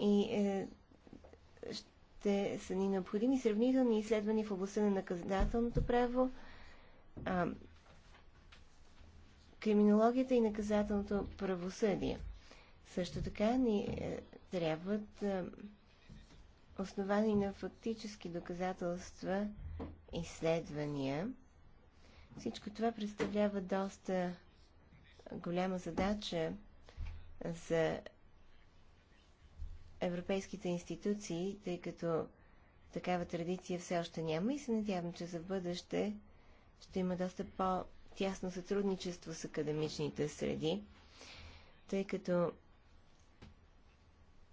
и е, ще са ни необходими сравнителни изследвания в областта на наказателното право, а, криминологията и наказателното правосъдие. Също така ни е, трябват е, основани на фактически доказателства изследвания, всичко това представлява доста голяма задача за европейските институции, тъй като такава традиция все още няма и се надявам, че за бъдеще ще има доста по-тясно сътрудничество с академичните среди, тъй като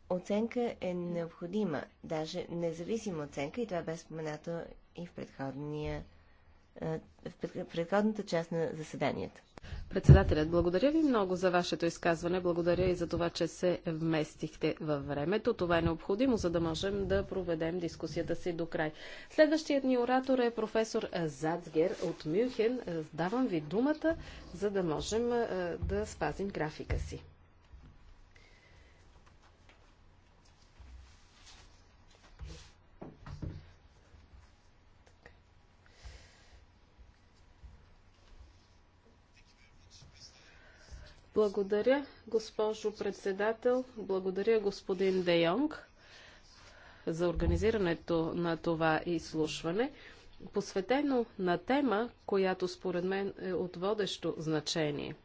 оценка е необходима, даже независима оценка и това бе споменато и в предходния е, в предходната част на заседанието. Председателят, благодаря ви много за вашето изказване. Благодаря и за това, че се вместихте във времето. Това е необходимо, за да можем да проведем дискусията си до край. Следващият ни оратор е професор Зацгер от Мюнхен. Давам ви думата, за да можем е, да спазим графика си. Благодаря, госпожо председател. Благодаря, господин Де Йонг, за организирането на това изслушване, посветено на тема, която според мен е от водещо значение.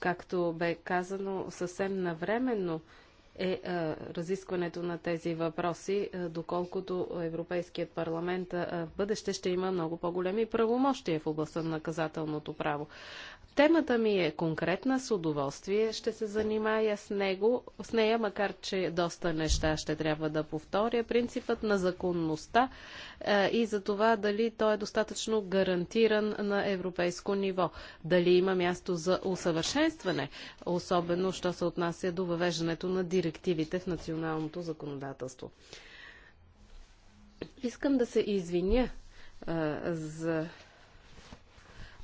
Както бе казано съвсем навременно, е а, разискването на тези въпроси, а, доколкото Европейският парламент а, в бъдеще ще има много по-големи правомощия в областта на наказателното право. Темата ми е конкретна, с удоволствие ще се занимая с, него, с нея, макар че доста неща ще трябва да повторя. Принципът на законността е, и за това дали той е достатъчно гарантиран на европейско ниво. Дали има място за усъвършенстване, особено, що се отнася до въвеждането на директивите в националното законодателство. Искам да се извиня е, за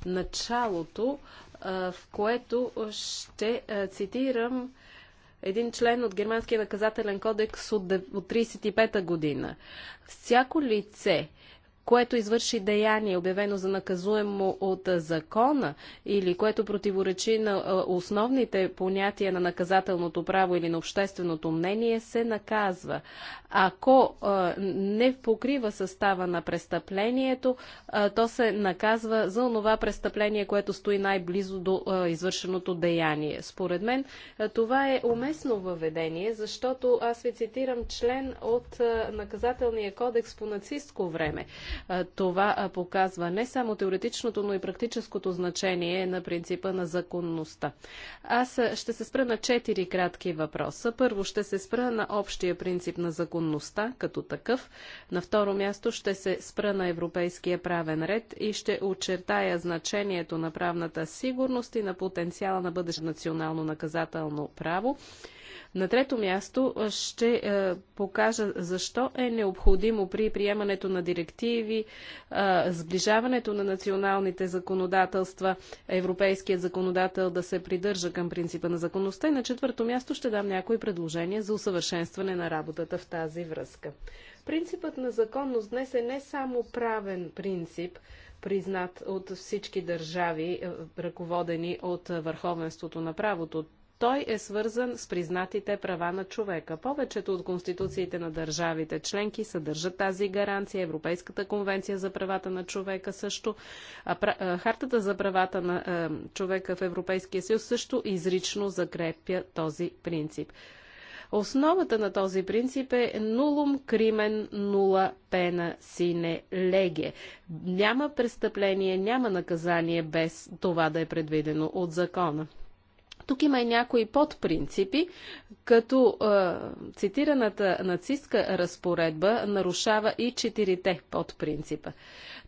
началото, в което ще цитирам един член от Германския наказателен кодекс от 35-та година. Всяко лице, което извърши деяние, обявено за наказуемо от закона или което противоречи на основните понятия на наказателното право или на общественото мнение, се наказва. Ако не покрива състава на престъплението, то се наказва за онова престъпление, което стои най-близо до извършеното деяние. Според мен това е уместно въведение, защото аз ви цитирам член от наказателния кодекс по нацистско време. Това показва не само теоретичното, но и практическото значение на принципа на законността. Аз ще се спра на четири кратки въпроса. Първо ще се спра на общия принцип на законността като такъв. На второ място ще се спра на европейския правен ред и ще очертая значението на правната сигурност и на потенциала на бъдещ национално наказателно право. На трето място ще покажа защо е необходимо при приемането на директиви, сближаването на националните законодателства, европейският законодател да се придържа към принципа на законността и на четвърто място ще дам някои предложения за усъвършенстване на работата в тази връзка. Принципът на законност днес е не само правен принцип, признат от всички държави, ръководени от върховенството на правото той е свързан с признатите права на човека. Повечето от конституциите на държавите членки съдържат тази гаранция. Европейската конвенция за правата на човека също. А, хартата за правата на а, човека в Европейския съюз също изрично закрепя този принцип. Основата на този принцип е нулум кримен нула пена сине леге. Няма престъпление, няма наказание без това да е предвидено от закона. Тук има и някои подпринципи, като е, цитираната нацистка разпоредба нарушава и четирите подпринципа.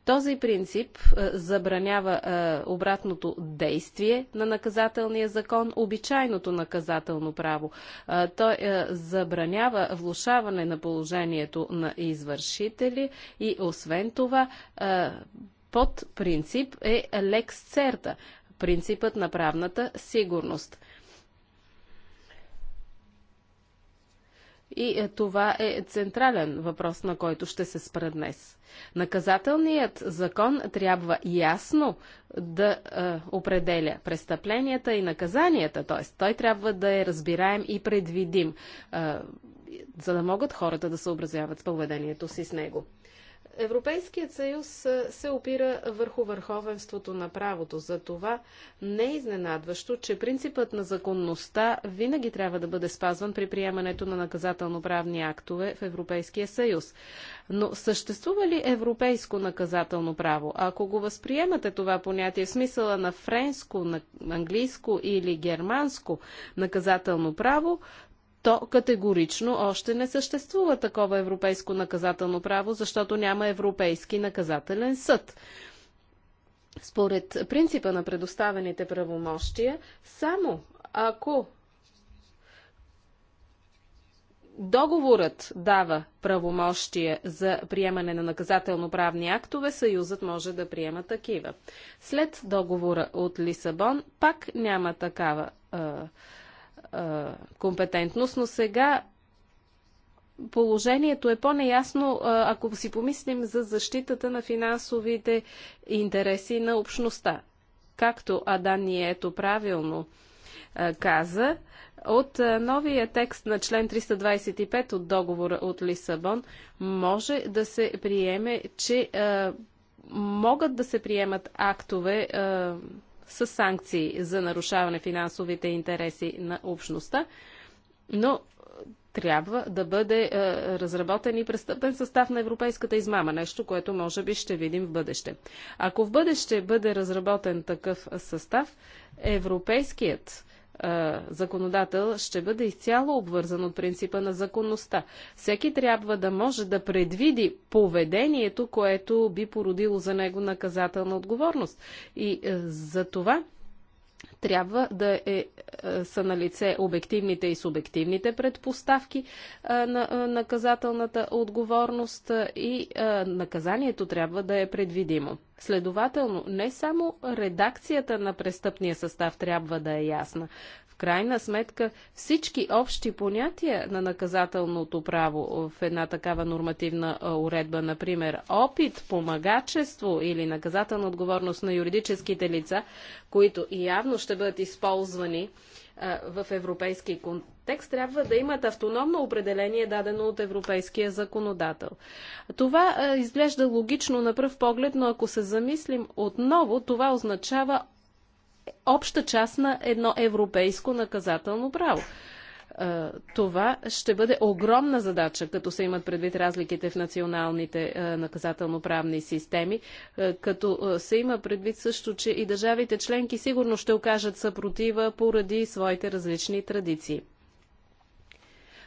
Този принцип е, забранява е, обратното действие на наказателния закон, обичайното наказателно право. Е, той е, забранява влушаване на положението на извършители и освен това е, под принцип е лекс церта принципът на правната сигурност. И е, това е централен въпрос, на който ще се спра днес. Наказателният закон трябва ясно да е, определя престъпленията и наказанията, т.е. той трябва да е разбираем и предвидим, е, за да могат хората да съобразяват с поведението си с него. Европейският съюз се опира върху върховенството на правото. За това не е изненадващо, че принципът на законността винаги трябва да бъде спазван при приемането на наказателно-правни актове в Европейския съюз. Но съществува ли европейско наказателно право? Ако го възприемате това понятие в смисъла на френско, на английско или германско наказателно право, то категорично още не съществува такова европейско наказателно право, защото няма Европейски наказателен съд. Според принципа на предоставените правомощия, само ако договорът дава правомощие за приемане на наказателно-правни актове, Съюзът може да приема такива. След договора от Лисабон пак няма такава е, компетентност, но сега положението е по-неясно, ако си помислим за защитата на финансовите интереси на общността. Както ето правилно каза, от новия текст на член 325 от договора от Лисабон може да се приеме, че могат да се приемат актове а, с санкции за нарушаване финансовите интереси на общността, но трябва да бъде е, разработен и престъпен състав на европейската измама, нещо, което може би ще видим в бъдеще. Ако в бъдеще бъде разработен такъв състав, европейският законодател ще бъде изцяло обвързан от принципа на законността. Всеки трябва да може да предвиди поведението, което би породило за него наказателна отговорност. И е, за това трябва да е е, са на лице обективните и субективните предпоставки е, на е, наказателната отговорност и наказанието трябва да е предвидимо. Следователно, не само редакцията на престъпния състав трябва да е ясна, в крайна сметка всички общи понятия на наказателното право в една такава нормативна уредба, например опит, помагачество или наказателна отговорност на юридическите лица, които явно ще бъдат използвани в европейски контекст, трябва да имат автономно определение, дадено от европейския законодател. Това изглежда логично на пръв поглед, но ако се замислим отново, това означава обща част на едно европейско наказателно право. Това ще бъде огромна задача, като се имат предвид разликите в националните наказателно-правни системи, като се има предвид също, че и държавите членки сигурно ще окажат съпротива поради своите различни традиции.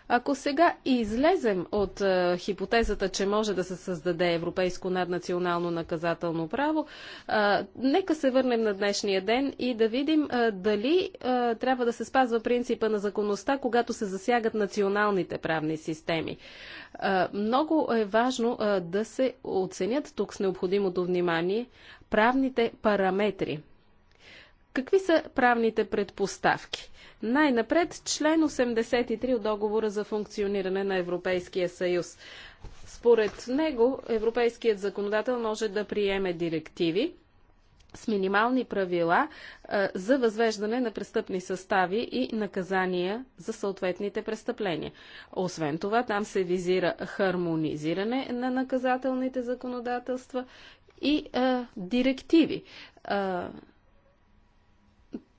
Ако сега излезем от е, хипотезата, че може да се създаде европейско наднационално наказателно право, е, нека се върнем на днешния ден и да видим е, дали е, трябва да се спазва принципа на законността, когато се засягат националните правни системи. Е, много е важно е, да се оценят тук с необходимото внимание правните параметри. Какви са правните предпоставки? Най-напред член 83 от договора за функциониране на Европейския съюз. Според него европейският законодател може да приеме директиви, с минимални правила за възвеждане на престъпни състави и наказания за съответните престъпления. Освен това, там се визира хармонизиране на наказателните законодателства и а, директиви. А,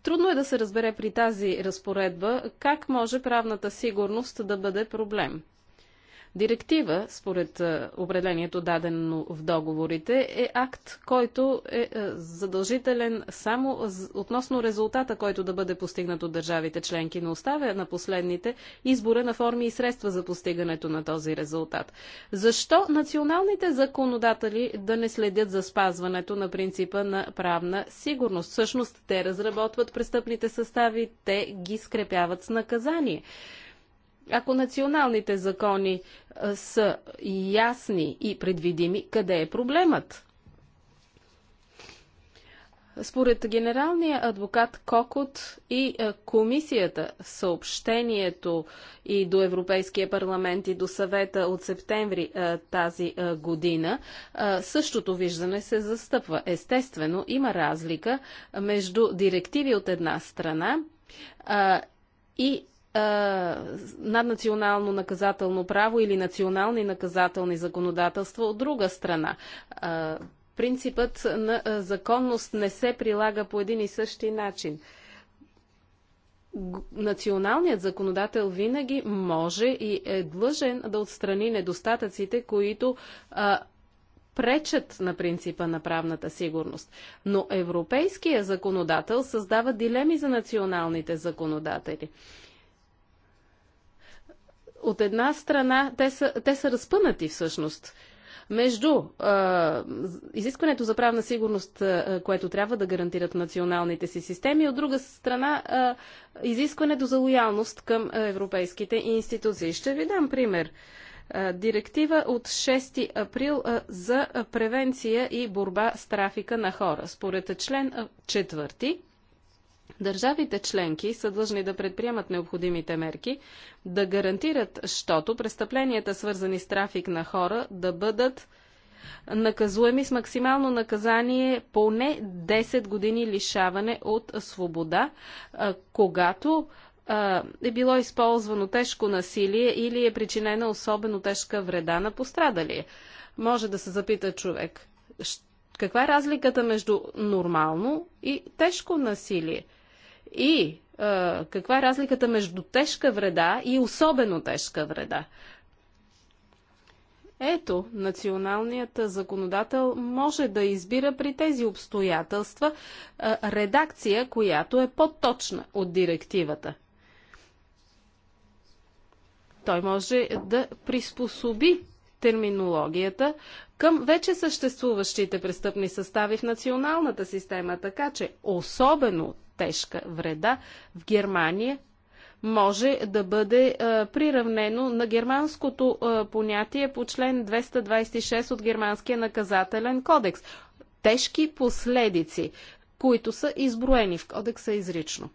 Трудно е да се разбере при тази разпоредба как може правната сигурност да бъде проблем. Директива, според е, определението дадено в договорите, е акт, който е, е задължителен само относно резултата, който да бъде постигнат от държавите членки, но оставя на последните избора на форми и средства за постигането на този резултат. Защо националните законодатели да не следят за спазването на принципа на правна сигурност? Всъщност те разработват престъпните състави, те ги скрепяват с наказание. Ако националните закони са ясни и предвидими, къде е проблемът? Според генералния адвокат Кокот и комисията, съобщението и до Европейския парламент и до съвета от септември тази година, същото виждане се застъпва. Естествено, има разлика между директиви от една страна и наднационално наказателно право или национални наказателни законодателства от друга страна. А, принципът на законност не се прилага по един и същи начин. Националният законодател винаги може и е длъжен да отстрани недостатъците, които а, пречат на принципа на правната сигурност. Но европейският законодател създава дилеми за националните законодатели. От една страна, те са, те са разпънати всъщност между а, изискването за правна сигурност, а, което трябва да гарантират националните си системи, от друга страна а, изискването за лоялност към европейските институции. Ще ви дам пример. А, директива от 6 април а, за превенция и борба с трафика на хора. Според член 4 Държавите членки са длъжни да предприемат необходимите мерки, да гарантират, щото престъпленията, свързани с трафик на хора, да бъдат наказуеми с максимално наказание поне 10 години лишаване от свобода, когато е било използвано тежко насилие или е причинена особено тежка вреда на пострадалия. Може да се запита човек, каква е разликата между нормално и тежко насилие? И а, каква е разликата между тежка вреда и особено тежка вреда? Ето, националният законодател може да избира при тези обстоятелства а, редакция, която е по-точна от директивата. Той може да приспособи терминологията към вече съществуващите престъпни състави в националната система, така че особено тежка вреда в Германия може да бъде а, приравнено на германското а, понятие по член 226 от Германския наказателен кодекс. Тежки последици, които са изброени в кодекса изрично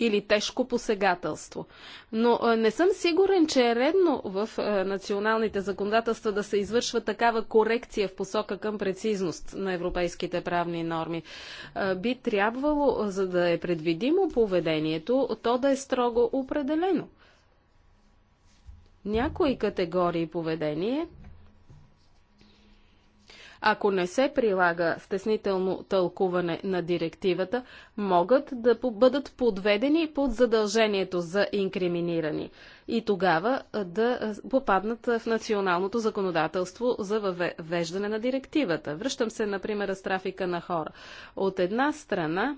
или тежко посегателство. Но не съм сигурен, че е редно в националните законодателства да се извършва такава корекция в посока към прецизност на европейските правни норми. Би трябвало, за да е предвидимо поведението, то да е строго определено. Някои категории поведение – ако не се прилага стеснително тълкуване на директивата, могат да бъдат подведени под задължението за инкриминирани и тогава да попаднат в националното законодателство за въвеждане на директивата. Връщам се, например, с трафика на хора. От една страна,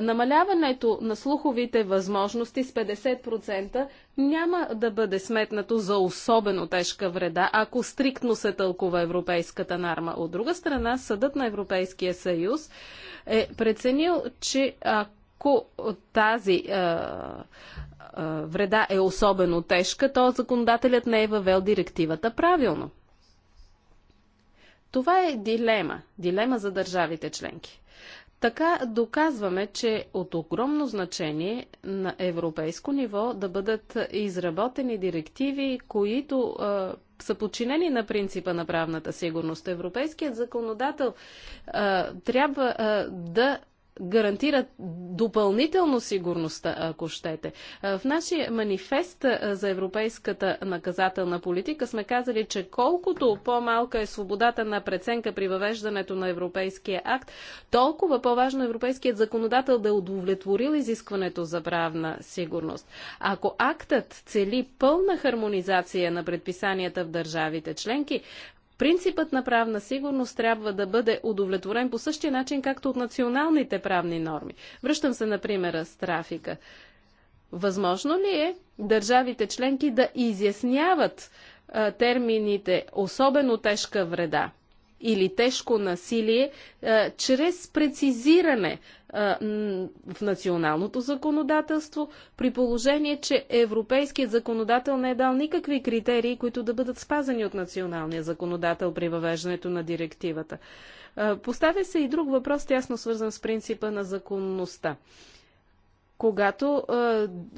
намаляването на слуховите възможности с 50% няма да бъде сметнато за особено тежка вреда, ако стриктно се тълкува европейската норма. От друга страна, Съдът на Европейския съюз е преценил, че ако тази вреда е особено тежка, то законодателят не е въвел директивата правилно. Това е дилема. Дилема за държавите членки. Така доказваме, че от огромно значение на европейско ниво да бъдат изработени директиви, които а, са подчинени на принципа на правната сигурност. Европейският законодател а, трябва а, да гарантират допълнително сигурността, ако щете. В нашия манифест за европейската наказателна политика сме казали, че колкото по-малка е свободата на преценка при въвеждането на европейския акт, толкова по-важно е европейският законодател да е удовлетворил изискването за правна сигурност. Ако актът цели пълна хармонизация на предписанията в държавите членки, Принципът на правна сигурност трябва да бъде удовлетворен по същия начин, както от националните правни норми. Връщам се, например, с трафика. Възможно ли е държавите членки да изясняват а, термините особено тежка вреда или тежко насилие а, чрез прецизиране в националното законодателство, при положение, че европейският законодател не е дал никакви критерии, които да бъдат спазени от националния законодател при въвеждането на директивата. Поставя се и друг въпрос, тясно свързан с принципа на законността когато а,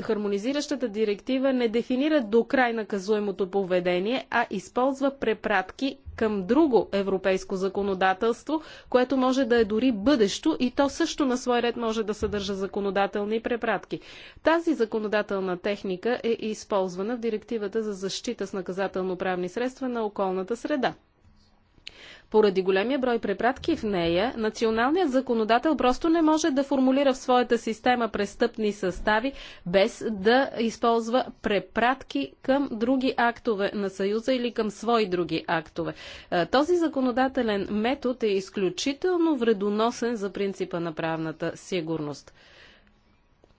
хармонизиращата директива не дефинира до край наказуемото поведение, а използва препратки към друго европейско законодателство, което може да е дори бъдещо и то също на свой ред може да съдържа законодателни препратки. Тази законодателна техника е използвана в директивата за защита с наказателно-правни средства на околната среда. Поради големия брой препратки в нея, националният законодател просто не може да формулира в своята система престъпни състави, без да използва препратки към други актове на Съюза или към свои други актове. Е, този законодателен метод е изключително вредоносен за принципа на правната сигурност.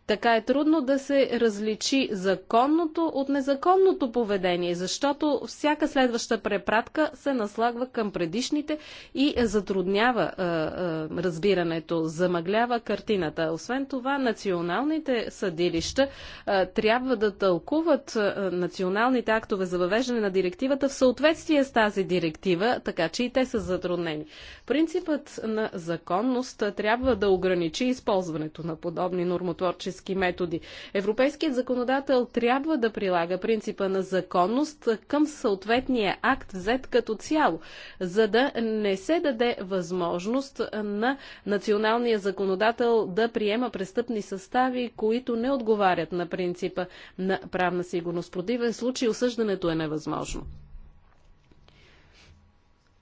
Така е трудно да се различи законното от незаконното поведение, защото всяка следваща препратка се наслагва към предишните и затруднява а, а, разбирането, замъглява картината. Освен това, националните съдилища а, трябва да тълкуват а, националните актове за въвеждане на директивата в съответствие с тази директива, така че и те са затруднени. Принципът на законност трябва да ограничи използването на подобни нормотворчески политически методи. Европейският законодател трябва да прилага принципа на законност към съответния акт взет като цяло, за да не се даде възможност на националния законодател да приема престъпни състави, които не отговарят на принципа на правна сигурност. В противен случай осъждането е невъзможно.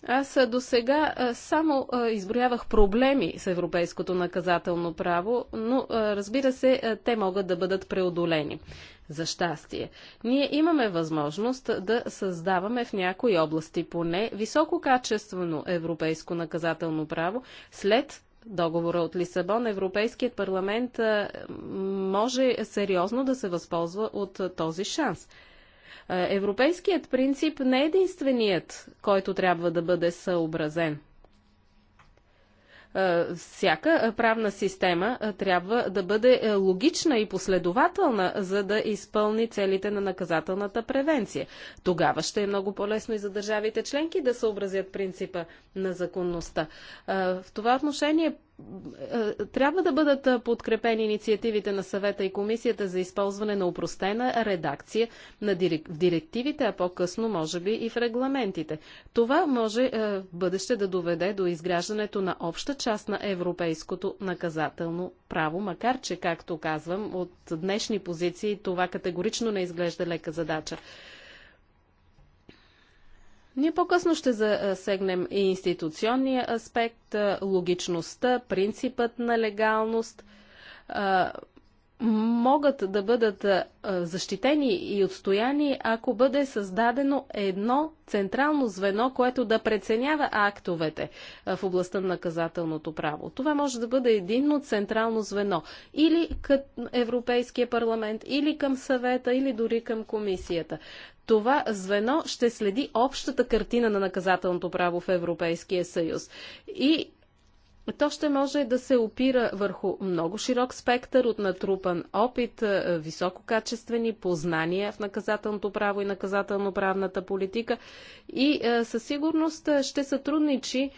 Аз до сега само изброявах проблеми с европейското наказателно право, но разбира се, те могат да бъдат преодолени. За щастие. Ние имаме възможност да създаваме в някои области поне висококачествено европейско наказателно право след договора от Лисабон, Европейският парламент може сериозно да се възползва от този шанс. Е, европейският принцип не е единственият, който трябва да бъде съобразен. Е, всяка правна система е, трябва да бъде логична и последователна, за да изпълни целите на наказателната превенция. Тогава ще е много по-лесно и за държавите членки да съобразят принципа на законността. В това отношение е, е, трябва да бъдат е, подкрепени инициативите на съвета и комисията за използване на упростена редакция на директивите, а по-късно може би и в регламентите. Това може в бъдеще да доведе до изграждането на обща част на европейското наказателно право, макар че, както казвам, от днешни позиции това категорично не изглежда лека задача. Ние по-късно ще засегнем и институционния аспект, логичността, принципът на легалност. Могат да бъдат защитени и отстояни, ако бъде създадено едно централно звено, което да преценява актовете в областта на наказателното право. Това може да бъде единно централно звено или към Европейския парламент, или към съвета, или дори към комисията това звено ще следи общата картина на наказателното право в Европейския съюз. И то ще може да се опира върху много широк спектър от натрупан опит, е, висококачествени познания в наказателното право и наказателно-правната политика и е, със сигурност е, ще сътрудничи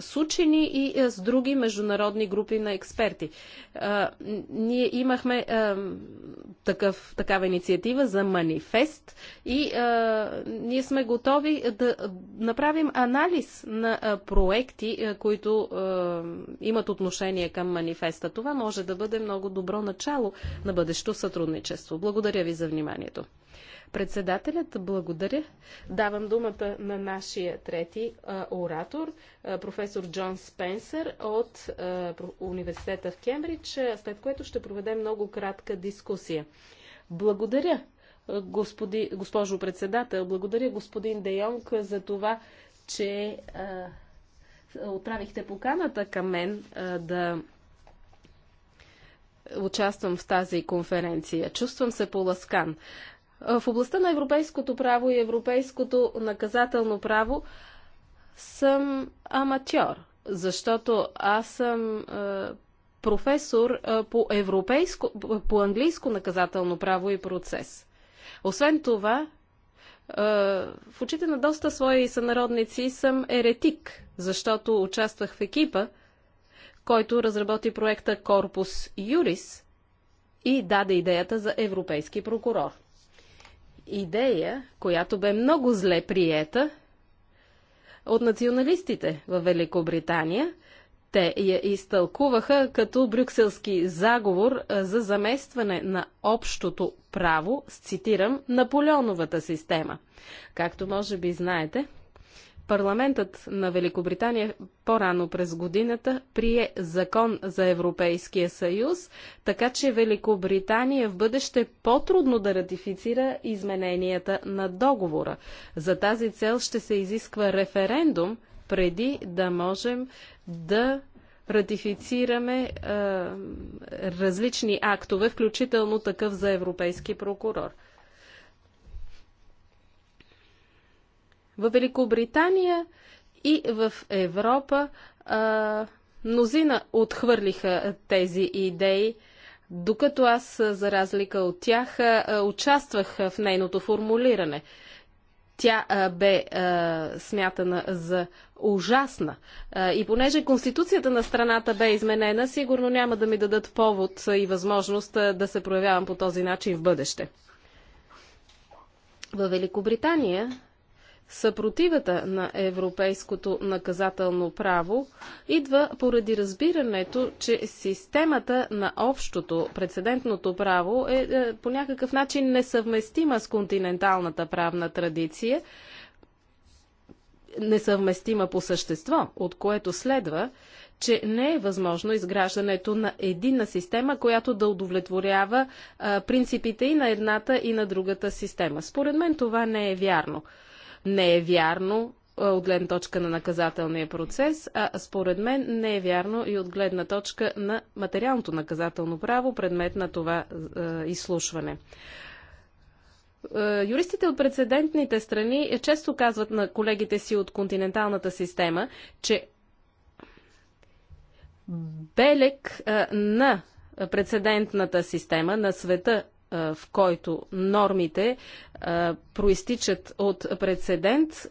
с учени и с други международни групи на експерти. Ние имахме такъв, такава инициатива за манифест и ние сме готови да направим анализ на проекти, които е, имат отношение към манифеста. Това може да бъде много добро начало на бъдещо сътрудничество. Благодаря ви за вниманието. Председателят, благодаря. Давам думата на нашия трети е, оратор, е, професор Джон Спенсър от е, университета в Кембридж, след което ще проведем много кратка дискусия. Благодаря, господи, госпожо председател, благодаря господин Де Йонг за това, че отправихте поканата към мен да участвам в тази конференция. Чувствам се поласкан. В областта на европейското право и европейското наказателно право съм аматьор, защото аз съм професор по, европейско, по английско наказателно право и процес. Освен това, в очите на доста свои сънародници съм еретик защото участвах в екипа, който разработи проекта Корпус Юрис и даде идеята за европейски прокурор. Идея, която бе много зле приета от националистите в Великобритания. Те я изтълкуваха като брюкселски заговор за заместване на общото право, с цитирам, Наполеоновата система. Както може би знаете, Парламентът на Великобритания по-рано през годината прие закон за Европейския съюз, така че Великобритания в бъдеще по-трудно да ратифицира измененията на договора. За тази цел ще се изисква референдум, преди да можем да ратифицираме е, различни актове, включително такъв за европейски прокурор. В Великобритания и в Европа а, мнозина отхвърлиха тези идеи, докато аз, за разлика от тях, участвах в нейното формулиране. Тя а, бе а, смятана за ужасна. А, и понеже Конституцията на страната бе изменена, сигурно няма да ми дадат повод и възможност да се проявявам по този начин в бъдеще. Във Великобритания Съпротивата на европейското наказателно право идва поради разбирането, че системата на общото прецедентното право е, е, по някакъв начин несъвместима с континенталната правна традиция, несъвместима по същество, от което следва, че не е възможно изграждането на единна система, която да удовлетворява принципите и на едната и на другата система. Според мен това не е вярно не е вярно от гледна точка на наказателния процес, а според мен не е вярно и от гледна точка на материалното наказателно право, предмет на това е, изслушване. юристите от прецедентните страни често казват на колегите си от континенталната система, че белек на прецедентната система на света в който нормите проистичат от прецедент,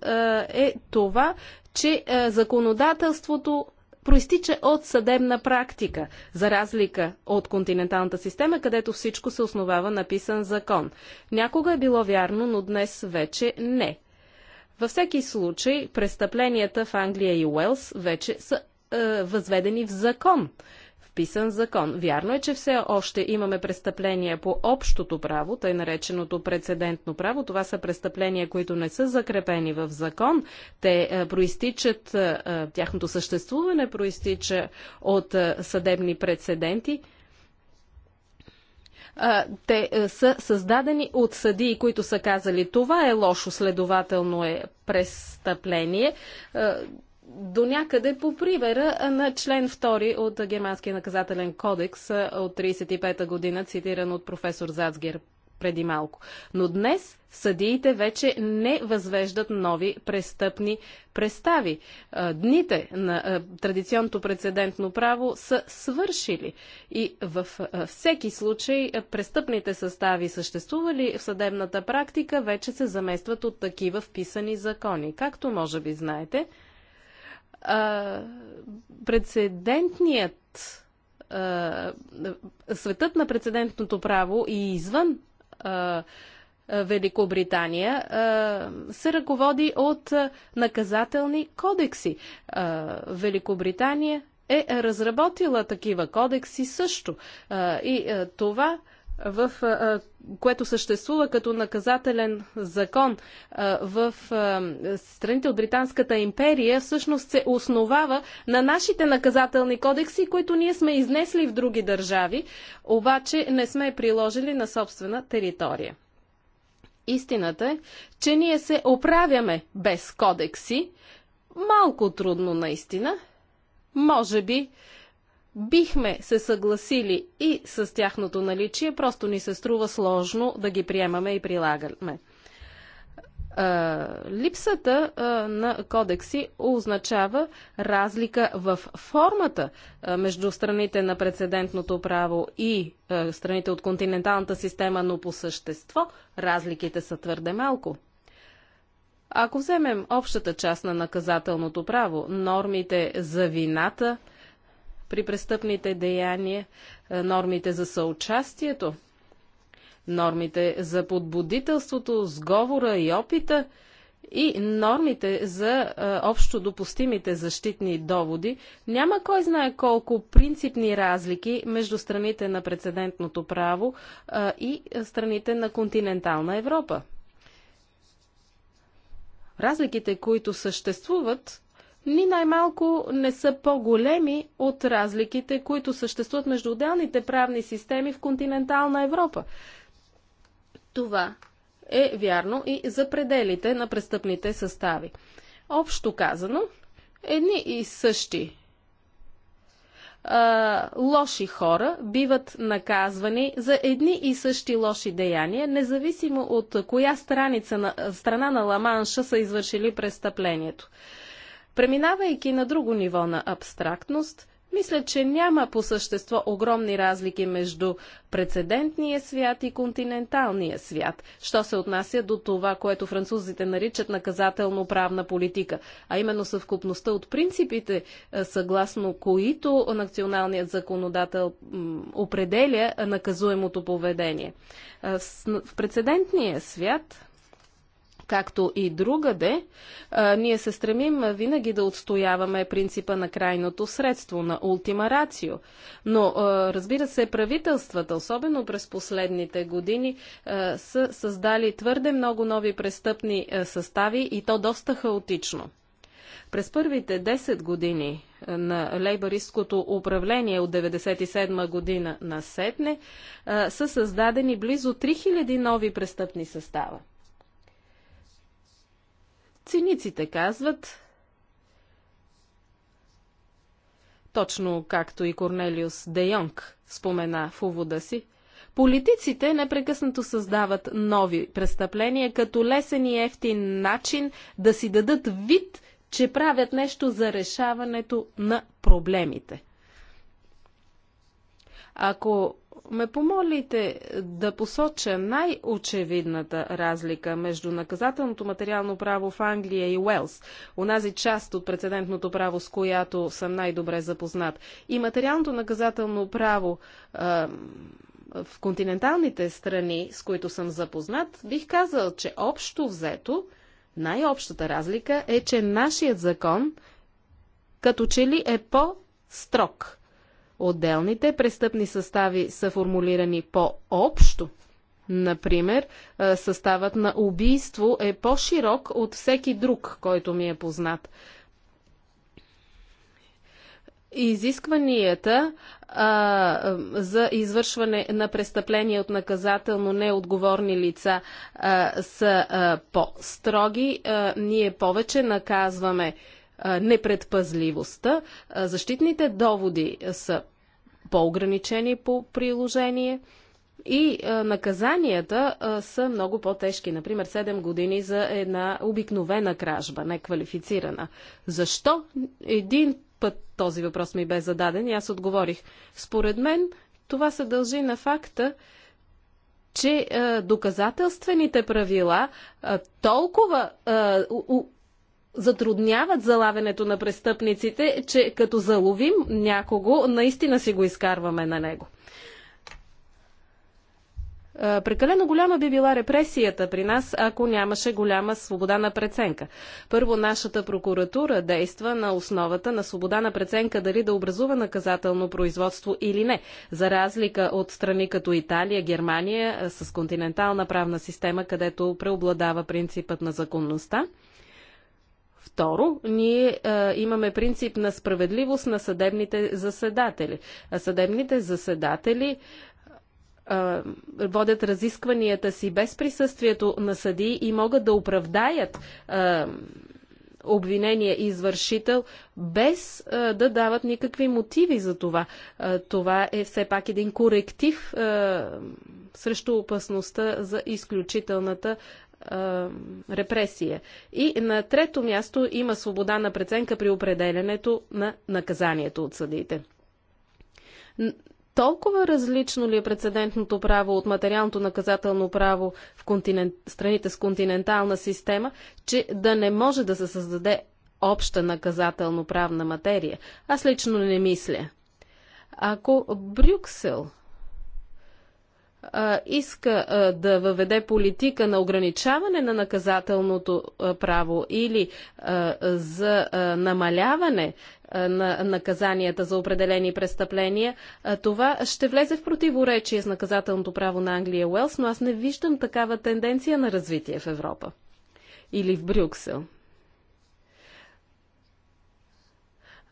е това, че законодателството проистича от съдебна практика, за разлика от континенталната система, където всичко се основава на писан закон. Някога е било вярно, но днес вече не. Във всеки случай, престъпленията в Англия и Уелс вече са е, възведени в закон вписан закон. Вярно е, че все още имаме престъпления по общото право, тъй нареченото прецедентно право. Това са престъпления, които не са закрепени в закон. Те е, проистичат, е, е, тяхното съществуване проистича от съдебни прецеденти те са създадени от съдии, които са казали това е лошо, следователно е престъпление до някъде по привера на член 2 от Германския наказателен кодекс от 35-та година, цитиран от професор Зацгер преди малко. Но днес съдиите вече не възвеждат нови престъпни представи. Дните на традиционното прецедентно право са свършили и във всеки случай престъпните състави, съществували в съдебната практика, вече се заместват от такива вписани закони. Както може би знаете, прецедентният а, светът на прецедентното право и извън а, Великобритания се ръководи от наказателни кодекси. Великобритания е разработила такива кодекси също. И това в което съществува като наказателен закон в страните от Британската империя, всъщност се основава на нашите наказателни кодекси, които ние сме изнесли в други държави, обаче не сме приложили на собствена територия. Истината е, че ние се оправяме без кодекси. Малко трудно наистина. Може би бихме се съгласили и с тяхното наличие, просто ни се струва сложно да ги приемаме и прилагаме. Липсата на кодекси означава разлика в формата между страните на прецедентното право и страните от континенталната система, но по същество разликите са твърде малко. Ако вземем общата част на наказателното право, нормите за вината – при престъпните деяния, е, нормите за съучастието, нормите за подбудителството, сговора и опита и нормите за а, е, общо допустимите защитни доводи, няма кой знае колко принципни разлики между страните на прецедентното право а, е, и страните на континентална Европа. Разликите, които съществуват, ни най-малко не са по-големи от разликите, които съществуват между отделните правни системи в континентална Европа. Това е вярно и за пределите на престъпните състави. Общо казано, едни и същи а, лоши хора биват наказвани за едни и същи лоши деяния, независимо от коя страница на, страна на Ламанша са извършили престъплението. Преминавайки на друго ниво на абстрактност, мисля, че няма по същество огромни разлики между прецедентния свят и континенталния свят, що се отнася до това, което французите наричат наказателно-правна политика, а именно съвкупността от принципите, е, съгласно които националният законодател определя наказуемото поведение. Е, в прецедентния свят както и другаде, ние се стремим винаги да отстояваме принципа на крайното средство, на ултима рацио. Но, разбира се, правителствата, особено през последните години, са създали твърде много нови престъпни състави и то доста хаотично. През първите 10 години на лейбаристското управление от 1997 година на Сетне са създадени близо 3000 нови престъпни състава. Циниците казват, точно както и Корнелиус Де Йонг спомена в увода си, Политиците непрекъснато създават нови престъпления като лесен и ефтин начин да си дадат вид, че правят нещо за решаването на проблемите. Ако ме помолите да посоча най-очевидната разлика между наказателното материално право в Англия и Уелс, онази част от прецедентното право, с която съм най-добре запознат, и материалното наказателно право а, в континенталните страни, с които съм запознат, бих казал, че общо взето, най-общата разлика е, че нашият закон като че ли е по-строг Отделните престъпни състави са формулирани по-общо. Например, съставът на убийство е по-широк от всеки друг, който ми е познат. Изискванията а, за извършване на престъпления от наказателно неотговорни лица а, са по-строги. ние повече наказваме непредпазливостта. Защитните доводи са по-ограничени по приложение и наказанията са много по-тежки. Например, 7 години за една обикновена кражба, неквалифицирана. Защо един път този въпрос ми бе зададен и аз отговорих. Според мен това се дължи на факта, че е, доказателствените правила е, толкова е, у, затрудняват залавянето на престъпниците, че като заловим някого, наистина си го изкарваме на него. Е, прекалено голяма би била репресията при нас, ако нямаше голяма свобода на преценка. Първо, нашата прокуратура действа на основата на свобода на преценка дали да образува наказателно производство или не, за разлика от страни като Италия, Германия е, с континентална правна система, където преобладава принципът на законността. Второ, ние а, е, имаме принцип на справедливост на съдебните заседатели. А съдебните заседатели а, е, водят разискванията си без присъствието на съдии и могат да оправдаят а, е, обвинение и извършител, без а, да дават никакви мотиви за това. А, това е все пак един коректив а, срещу опасността за изключителната репресия. И на трето място има свобода на преценка при определенето на наказанието от съдите. Толкова различно ли е прецедентното право от материалното наказателно право в континент, страните с континентална система, че да не може да се създаде обща наказателно-правна материя? Аз лично не мисля. Ако Брюксел иска да въведе политика на ограничаване на наказателното право или за намаляване на наказанията за определени престъпления, това ще влезе в противоречие с наказателното право на Англия и Уелс, но аз не виждам такава тенденция на развитие в Европа или в Брюксел.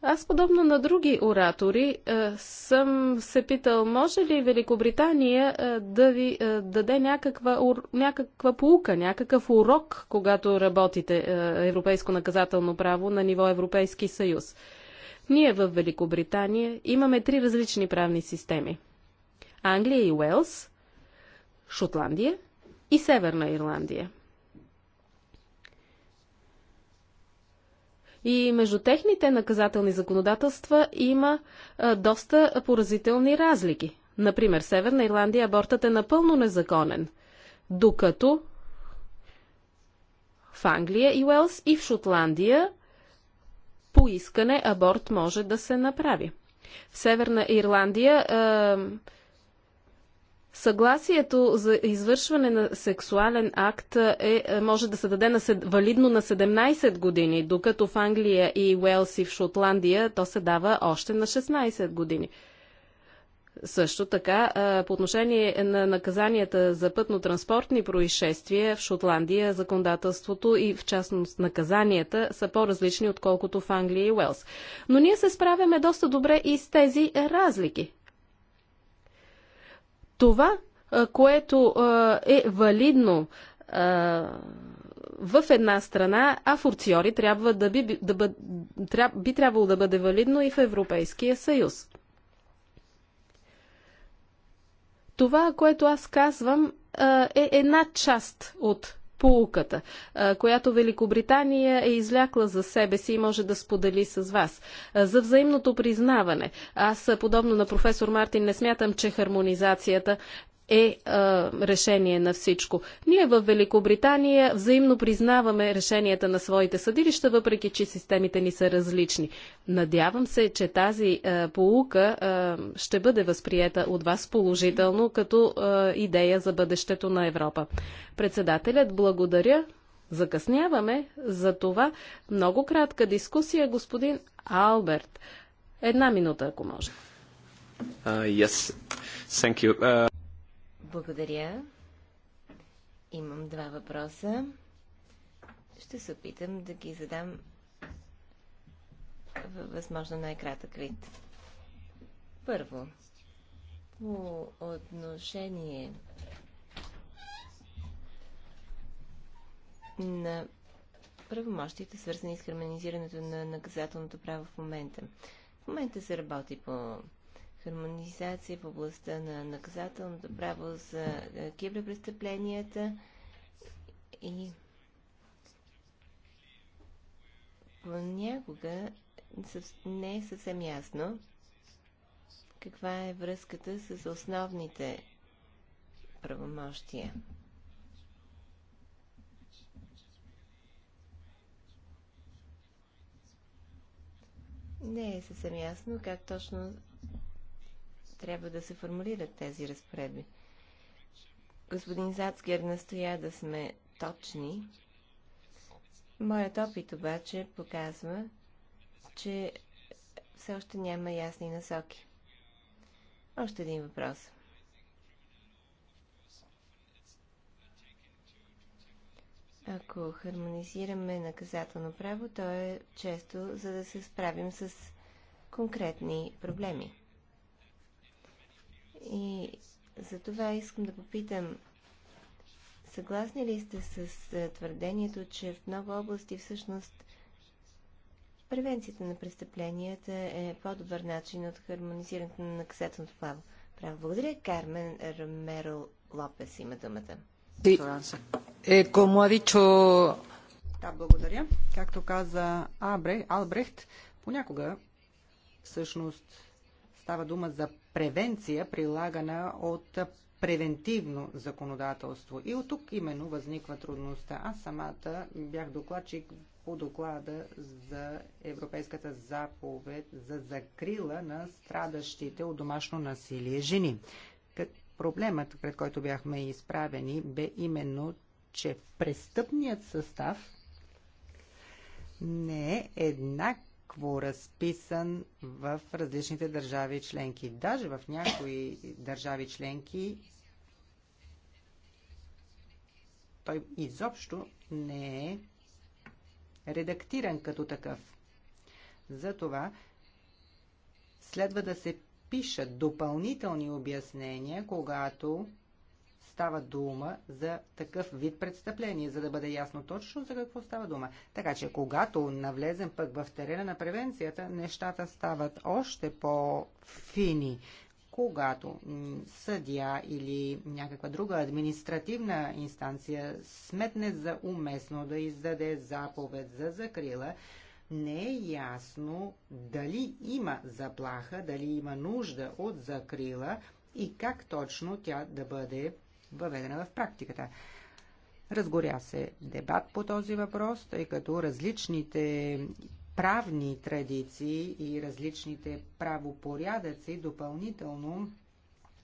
Аз, подобно на други оратори, е, съм се питал, може ли Великобритания е, да ви е, даде някаква, някаква поука, някакъв урок, когато работите европейско наказателно право на ниво Европейски съюз? Ние в Великобритания имаме три различни правни системи. Англия и Уелс, Шотландия и Северна Ирландия – И между техните наказателни законодателства има а, доста поразителни разлики. Например, в Северна Ирландия абортът е напълно незаконен, докато в Англия и Уелс и в Шотландия по искане аборт може да се направи. В Северна Ирландия а, Съгласието за извършване на сексуален акт е, е може да се даде на, валидно на 17 години, докато в Англия и Уелс и в Шотландия то се дава още на 16 години. Също така, е, по отношение на наказанията за пътно-транспортни происшествия в Шотландия, законодателството и в частност наказанията са по-различни, отколкото в Англия и Уелс. Но ние се справяме доста добре и с тези разлики. Това, което е валидно в една страна, а форциори трябва да би, да бъ, тря, би трябвало да бъде валидно и в Европейския съюз. Това, което аз казвам, е една част от полуката, която Великобритания е излякла за себе си и може да сподели с вас. За взаимното признаване. Аз, подобно на професор Мартин, не смятам, че хармонизацията е а, решение на всичко. Ние в Великобритания взаимно признаваме решенията на своите съдилища, въпреки че системите ни са различни. Надявам се, че тази а, полука а, ще бъде възприета от вас положително като а, идея за бъдещето на Европа. Председателят, благодаря. Закъсняваме за това много кратка дискусия, господин Алберт. Една минута, ако може. Uh, yes. Thank you. Uh... Благодаря. Имам два въпроса. Ще се опитам да ги задам във възможно най-кратък вид. Първо, по отношение на правомощите, свързани с хармонизирането на наказателното право в момента. В момента се работи по хармонизация в областта на наказателното право за е, киберпрестъпленията и понякога не е съвсем ясно каква е връзката с основните правомощия. Не е съвсем ясно как точно трябва да се формулират тези разпореди. Господин Зацгер настоя да сме точни. Моят опит обаче показва, че все още няма ясни насоки. Още един въпрос. Ако хармонизираме наказателно право, то е често за да се справим с конкретни проблеми. И за това искам да попитам, съгласни ли сте с е, твърдението, че в много области всъщност превенцията на престъпленията е по-добър начин от хармонизирането на наказателното право? Право. Благодаря. Кармен Ромеро Лопес има думата. Е, como ha dicho... Да, благодаря. Както каза Абре, Албрехт, понякога всъщност Става дума за превенция, прилагана от превентивно законодателство. И от тук именно възниква трудността. Аз самата бях докладчик по доклада за Европейската заповед за закрила на страдащите от домашно насилие жени. Проблемът, пред който бяхме изправени, бе именно, че престъпният състав не е еднак еднакво разписан в различните държави членки. Даже в някои държави членки той изобщо не е редактиран като такъв. Затова следва да се пишат допълнителни обяснения, когато става дума за такъв вид престъпление, за да бъде ясно точно за какво става дума. Така че, когато навлезем пък в терена на превенцията, нещата стават още по-фини когато съдия или някаква друга административна инстанция сметне за уместно да издаде заповед за закрила, не е ясно дали има заплаха, дали има нужда от закрила и как точно тя да бъде въведена в практиката. Разгоря се дебат по този въпрос, тъй като различните правни традиции и различните правопорядъци допълнително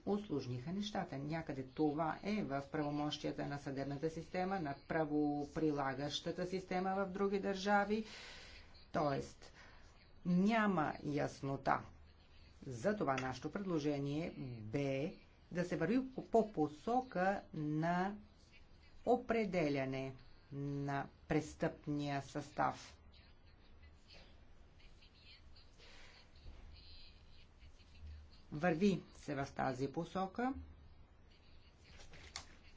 услужниха нещата. Някъде това е в правомощията на съдебната система, на правоприлагащата система в други държави. Тоест, няма яснота. Затова нашето предложение бе да се върви по посока на определяне на престъпния състав. Върви се в тази посока,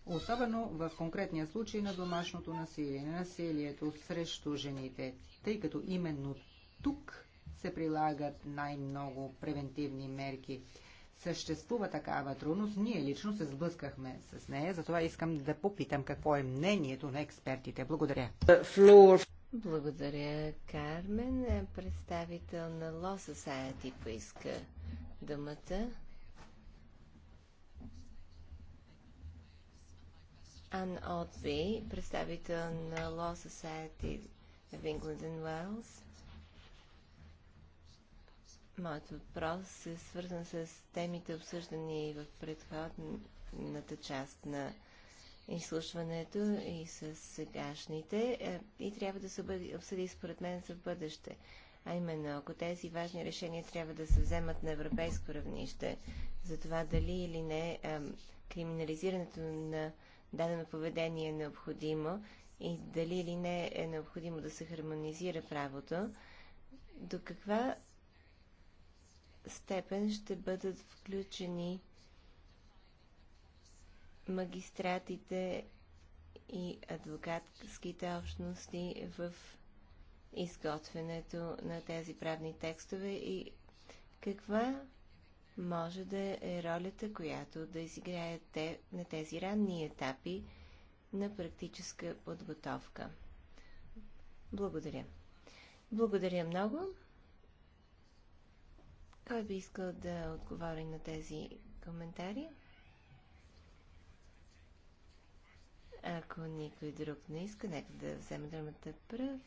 особено в конкретния случай на домашното насилие, на насилието срещу жените, тъй като именно тук се прилагат най-много превентивни мерки съществува такава трудност. Ние лично се сблъскахме с нея, затова искам да попитам какво е мнението на експертите. Благодаря. Благодаря, Кармен. Представител на Law Society поиска думата. Ан Отби, представител на Law Society в England and Wales. Моят въпрос е свързан с темите, обсъждани в предходната част на изслушването и с сегашните е, и трябва да се обсъди според мен за бъдеще. А именно, ако тези важни решения трябва да се вземат на европейско равнище, за това дали или не е, криминализирането на дадено поведение е необходимо и дали или не е необходимо да се хармонизира правото, до каква степен ще бъдат включени магистратите и адвокатските общности в изготвянето на тези правни текстове и каква може да е ролята, която да изиграят те на тези ранни етапи на практическа подготовка. Благодаря. Благодаря много. Кой би искал да отговори на тези коментари? Ако никой друг не иска, нека да вземе думата пръв.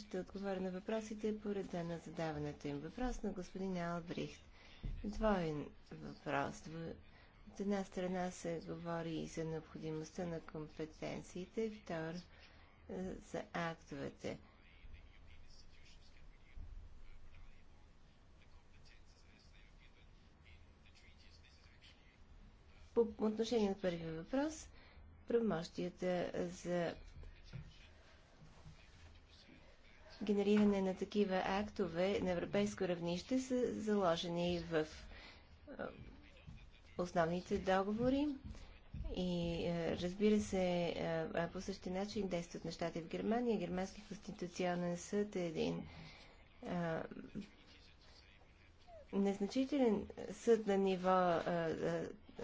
Ще отговоря на въпросите по реда на задаването им. Въпрос на господин Албрихт. Двоен въпрос. От една страна се говори и за необходимостта на компетенциите, втор е, за актовете. По отношение на първия въпрос, правомощията за генериране на такива актове на европейско равнище са заложени в е, основните договори. И е, разбира се, е, по същия начин действат нещата в Германия. Германски конституционен съд е един а, незначителен съд на ниво а,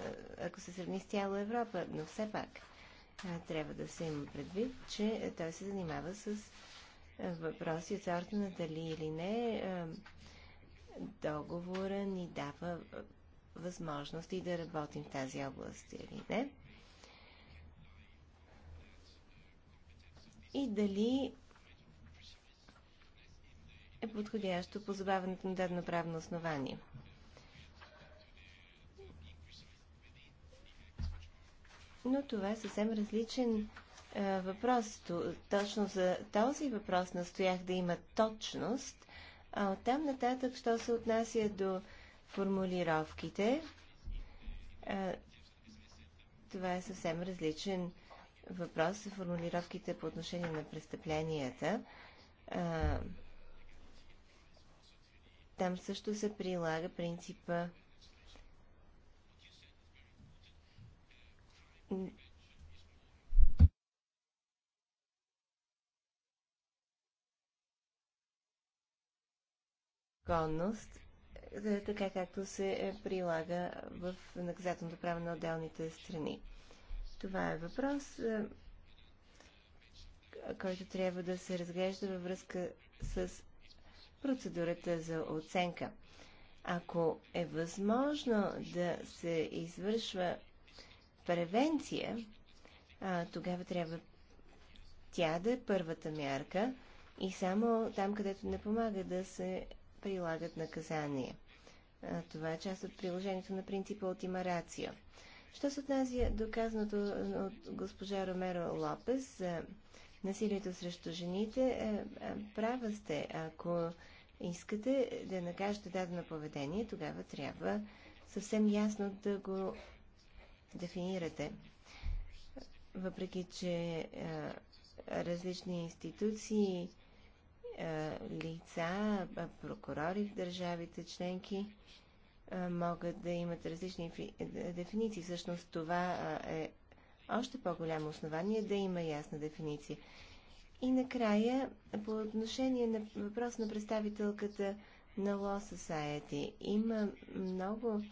е, ако се сравни с цяла Европа. Но все пак е, трябва да се има предвид, че той се занимава с е, въпроси от сорта на дали или не договора ни дава възможности да работим в тази област или не. И дали е подходящо позабаването на дадено правно основание. Но това е съвсем различен а, въпрос. Точно за този въпрос настоях да има точност, а оттам нататък, що се отнася до формулировките, а, това е съвсем различен въпрос. за Формулировките по отношение на престъпленията. А, там също се прилага принципа конност, е, така както се е, прилага в наказателното право на отделните страни. Това е въпрос, е, който трябва да се разглежда във връзка с процедурата за оценка. Ако е възможно да се извършва превенция, а, тогава трябва тя да е първата мярка и само там, където не помага да се прилагат наказания. А, това е част от приложението на принципа от имарация. Що се отнася до казаното от госпожа Ромеро Лопес за насилието срещу жените, е, е, права сте. Ако искате да накажете дадено поведение, тогава трябва съвсем ясно да го дефинирате. Въпреки, че а, различни институции, а, лица, прокурори в държавите членки могат да имат различни дефиниции. Всъщност това е още по-голямо основание да има ясна дефиниция. И накрая, по отношение на въпрос на представителката на Law Society, има много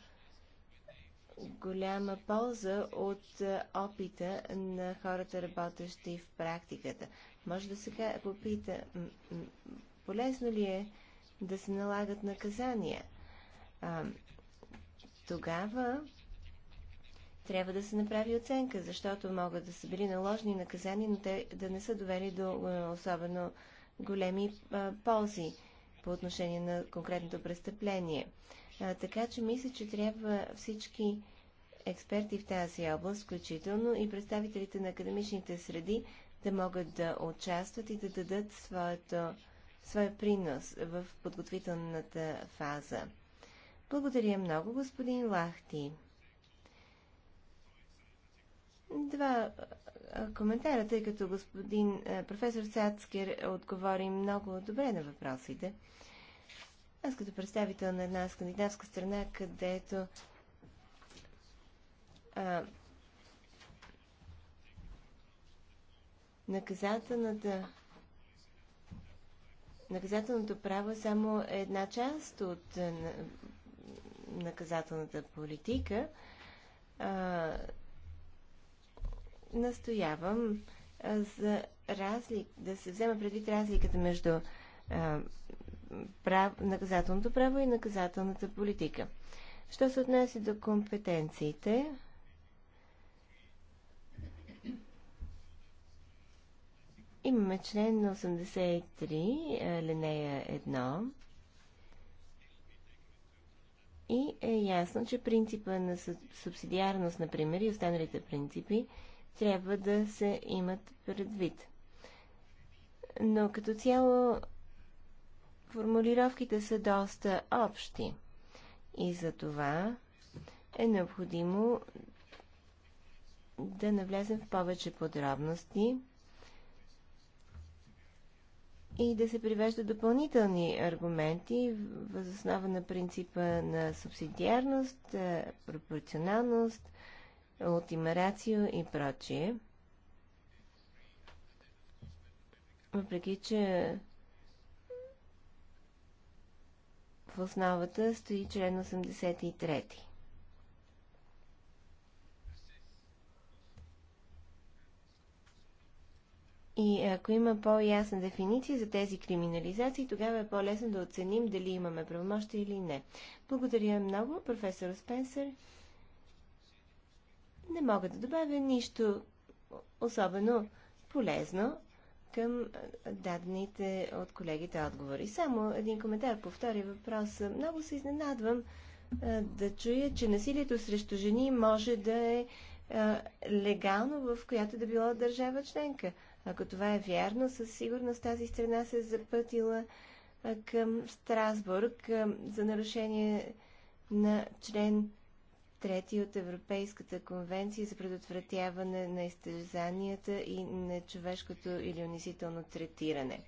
голяма полза от е, опита на хората, работещи в практиката. Може да се попита, полезно ли е да се налагат наказания? А, тогава трябва да се направи оценка, защото могат да са били наложени наказания, но те да не са довели до е, особено големи а, ползи по отношение на конкретното престъпление. А, така че мисля, че трябва всички експерти в тази област, включително и представителите на академичните среди, да могат да участват и да дадат своето, своя принос в подготвителната фаза. Благодаря много, господин Лахти. Два коментара, тъй като господин професор Цацкер отговори много добре на въпросите. Аз като представител на една скандинавска страна, където а, наказателната наказателното право е само една част от наказателната политика. А, настоявам за разлик, да се взема предвид разликата между прав... наказателното право и наказателната политика. Що се отнася до компетенциите, имаме член на 83, е, линея 1, и е ясно, че принципа на субсидиарност, например, и останалите принципи трябва да се имат предвид. Но като цяло формулировките са доста общи и за това е необходимо да навлезем в повече подробности и да се привеждат допълнителни аргументи въз основа на принципа на субсидиарност, е, пропорционалност, ултимарацио и прочие. Въпреки, че В основата стои член 83. И ако има по-ясна дефиниция за тези криминализации, тогава е по-лесно да оценим дали имаме правомощи или не. Благодаря много, професор Спенсър. Не мога да добавя нищо особено полезно, към дадените от колегите отговори. Само един коментар по втори въпрос. Много се изненадвам да чуя, че насилието срещу жени може да е легално в която да било държава членка. Ако това е вярно, със сигурност тази страна се е запътила към Страсбург за нарушение на член трети от Европейската конвенция за предотвратяване на изтезанията и на човешкото или унизително третиране.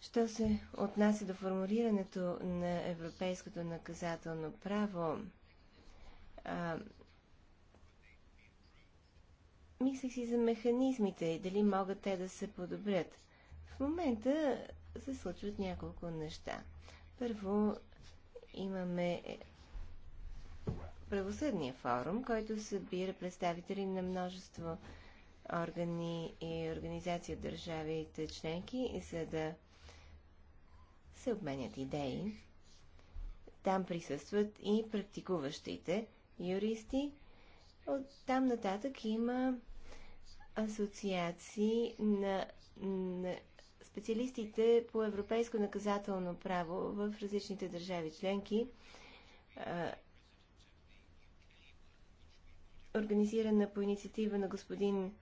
Що се отнася до формулирането на европейското наказателно право, а, мислех си за механизмите и дали могат те да се подобрят. В момента се случват няколко неща. Първо, имаме правосъдния форум, който събира представители на множество органи и организации от държавите членки, за да се обменят идеи. Там присъстват и практикуващите юристи. От там нататък има асоциации на, на специалистите по европейско наказателно право в различните държави членки организирана по инициатива на господин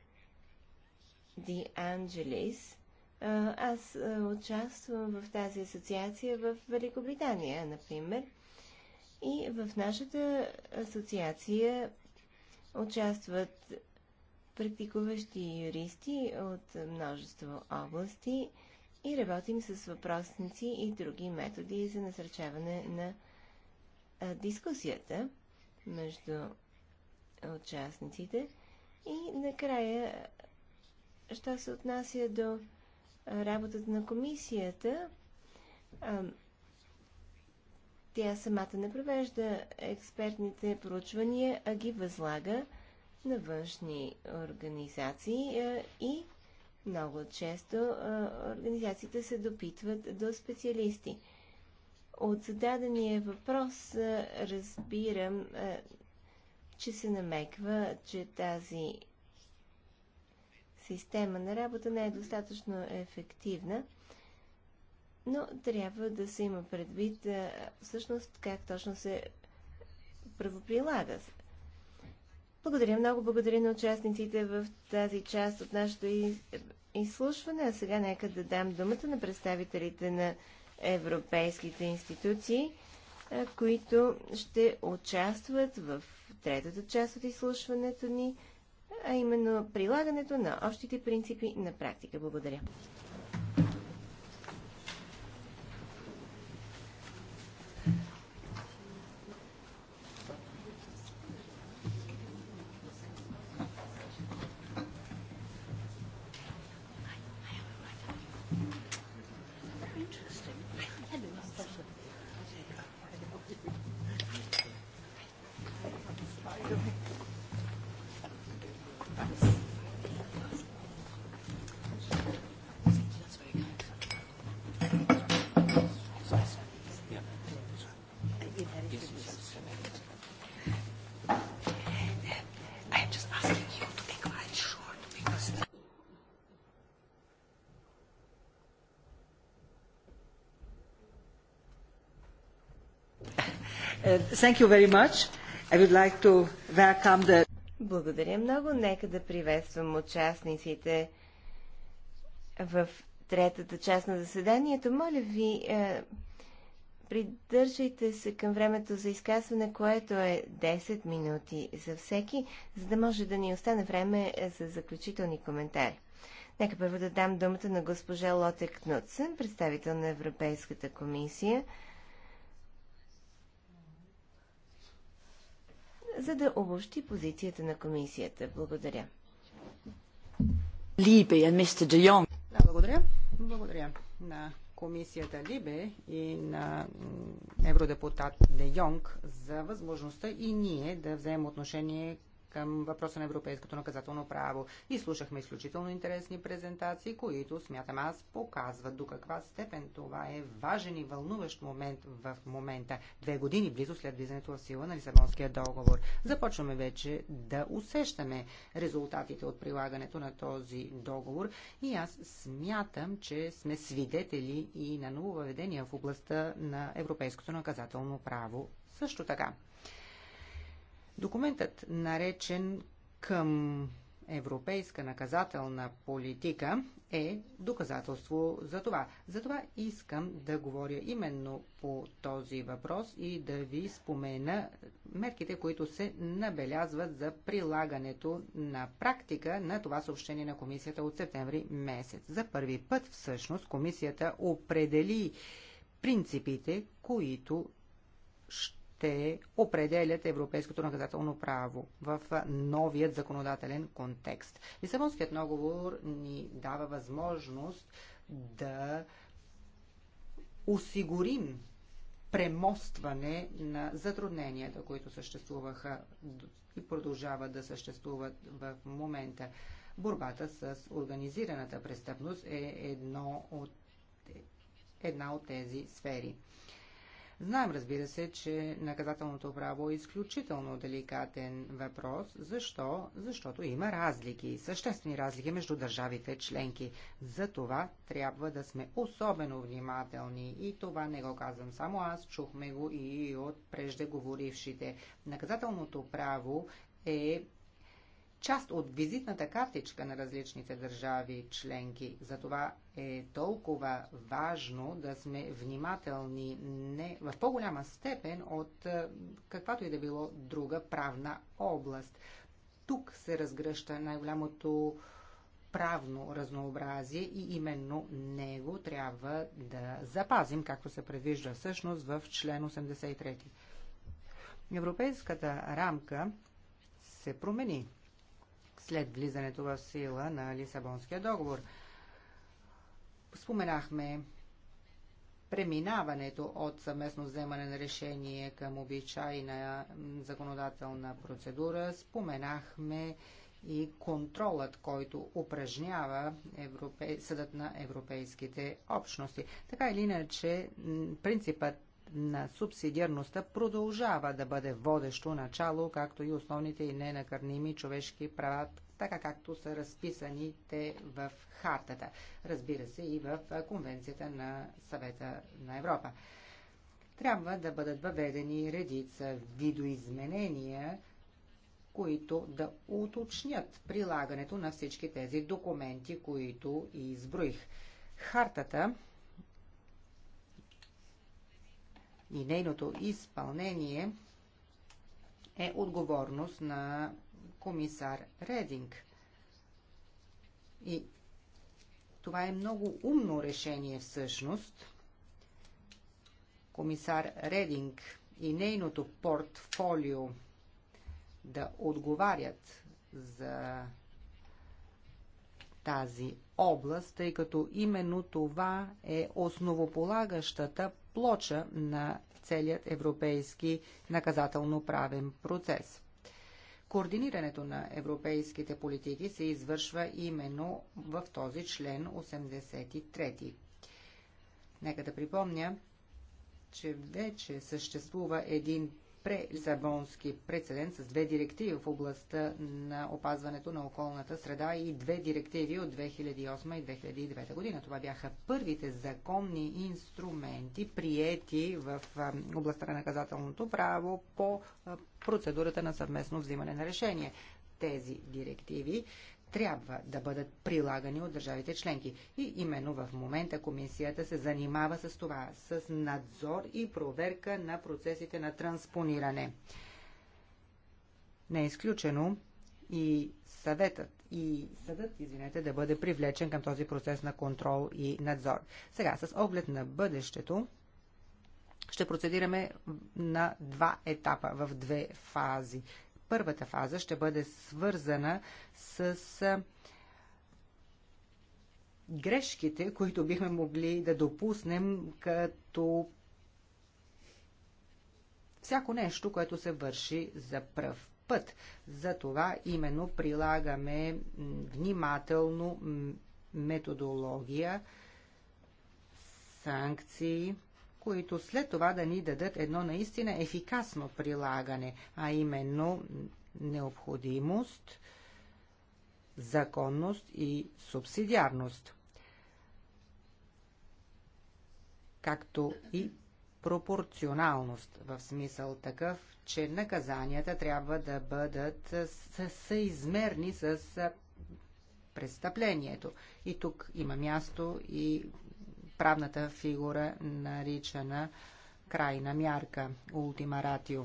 Ди Анджелис. Аз участвам в тази асоциация в Великобритания, например. И в нашата асоциация участват практикуващи юристи от множество области и работим с въпросници и други методи за насърчаване на дискусията между участниците. И накрая, що се отнася до работата на комисията, тя самата не провежда експертните проучвания, а ги възлага на външни организации и много често организациите се допитват до специалисти. От зададения въпрос разбирам, че се намеква, че тази система на работа не е достатъчно ефективна, но трябва да се има предвид всъщност как точно се правоприлага. Благодаря много, благодаря на участниците в тази част от нашето изслушване. А сега нека да дам думата на представителите на европейските институции, които ще участват в третата част от изслушването ни, а именно прилагането на общите принципи на практика. Благодаря. thank you very much. I would like to welcome the... Благодаря много. Нека да приветствам участниците в третата част на заседанието. Моля ви, е, придържайте се към времето за изказване, което е 10 минути за всеки, за да може да ни остане време за заключителни коментари. Нека първо да дам думата на госпожа Лоте Кнутсен, представител на Европейската комисия. за да обобщи позицията на комисията. Благодаря. Либе и мистер Де Йонг. Да, благодаря. Благодаря на комисията Либе и на евродепутат Де Йонг за възможността и ние да вземем отношение към въпроса на европейското наказателно право. И слушахме изключително интересни презентации, които, смятам аз, показват до каква степен това е важен и вълнуващ момент в момента. Две години близо след влизането в сила на Лисабонския договор. Започваме вече да усещаме резултатите от прилагането на този договор и аз смятам, че сме свидетели и на нововъведения в областта на европейското наказателно право. Също така, Документът, наречен към европейска наказателна политика, е доказателство за това. Затова искам да говоря именно по този въпрос и да ви спомена мерките, които се набелязват за прилагането на практика на това съобщение на комисията от септември месец. За първи път всъщност комисията определи принципите, които ще те определят европейското наказателно право в новият законодателен контекст. Лисабонският договор ни дава възможност да осигурим премостване на затрудненията, които съществуваха и продължават да съществуват в момента. Борбата с организираната престъпност е едно от, една от тези сфери. Знаем, разбира се, че наказателното право е изключително деликатен въпрос. Защо? Защото има разлики, съществени разлики между държавите членки. За това трябва да сме особено внимателни и това не го казвам само аз, чухме го и от преждеговорившите. Наказателното право е част от визитната картичка на различните държави членки. Затова е толкова важно да сме внимателни не в по-голяма степен от е, каквато и да било друга правна област. Тук се разгръща най-голямото правно разнообразие и именно него трябва да запазим, както се предвижда всъщност в член 83. Европейската рамка се промени след влизането в сила на Лисабонския договор. Споменахме преминаването от съвместно вземане на решение към обичайна законодателна процедура. Споменахме и контролът, който упражнява Европе... Съдът на европейските общности. Така или иначе, принципът на субсидиарността продължава да бъде водещо начало, както и основните и ненакърними човешки права, така както са разписани те в хартата, разбира се и в Конвенцията на Съвета на Европа. Трябва да бъдат въведени редица видоизменения, които да уточнят прилагането на всички тези документи, които изброих. Хартата и нейното изпълнение е отговорност на комисар Рединг. И това е много умно решение всъщност. Комисар Рединг и нейното портфолио да отговарят за тази област, тъй като именно това е основополагащата плоча на целият европейски наказателно-правен процес. Координирането на европейските политики се извършва именно в този член 83. Нека да припомня, че вече съществува един Лисабонски прецедент с две директиви в областта на опазването на околната среда и две директиви от 2008 и 2009 година. Това бяха първите законни инструменти, приети в областта на наказателното право по процедурата на съвместно взимане на решение. Тези директиви трябва да бъдат прилагани от държавите членки. И именно в момента комисията се занимава с това, с надзор и проверка на процесите на транспониране. Не е изключено и съветът и съдът, извинете, да бъде привлечен към този процес на контрол и надзор. Сега, с оглед на бъдещето, ще процедираме на два етапа, в две фази първата фаза ще бъде свързана с грешките, които бихме могли да допуснем като всяко нещо, което се върши за пръв път. За това именно прилагаме внимателно методология, санкции, които след това да ни дадат едно наистина ефикасно прилагане, а именно необходимост, законност и субсидиарност, както и пропорционалност в смисъл такъв, че наказанията трябва да бъдат съизмерни с престъплението. И тук има място и правната фигура, наричана крайна мярка, ултима ратио.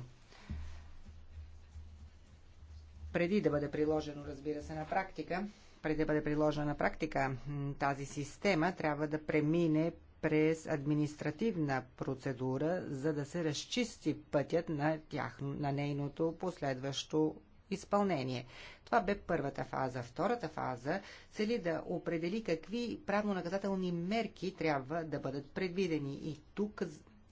Преди да бъде приложено, разбира се, на практика, преди да бъде приложена на практика тази система, трябва да премине през административна процедура, за да се разчисти пътят на, тях, на нейното последващо изпълнение. Това бе първата фаза. Втората фаза цели да определи какви правно-наказателни мерки трябва да бъдат предвидени. И тук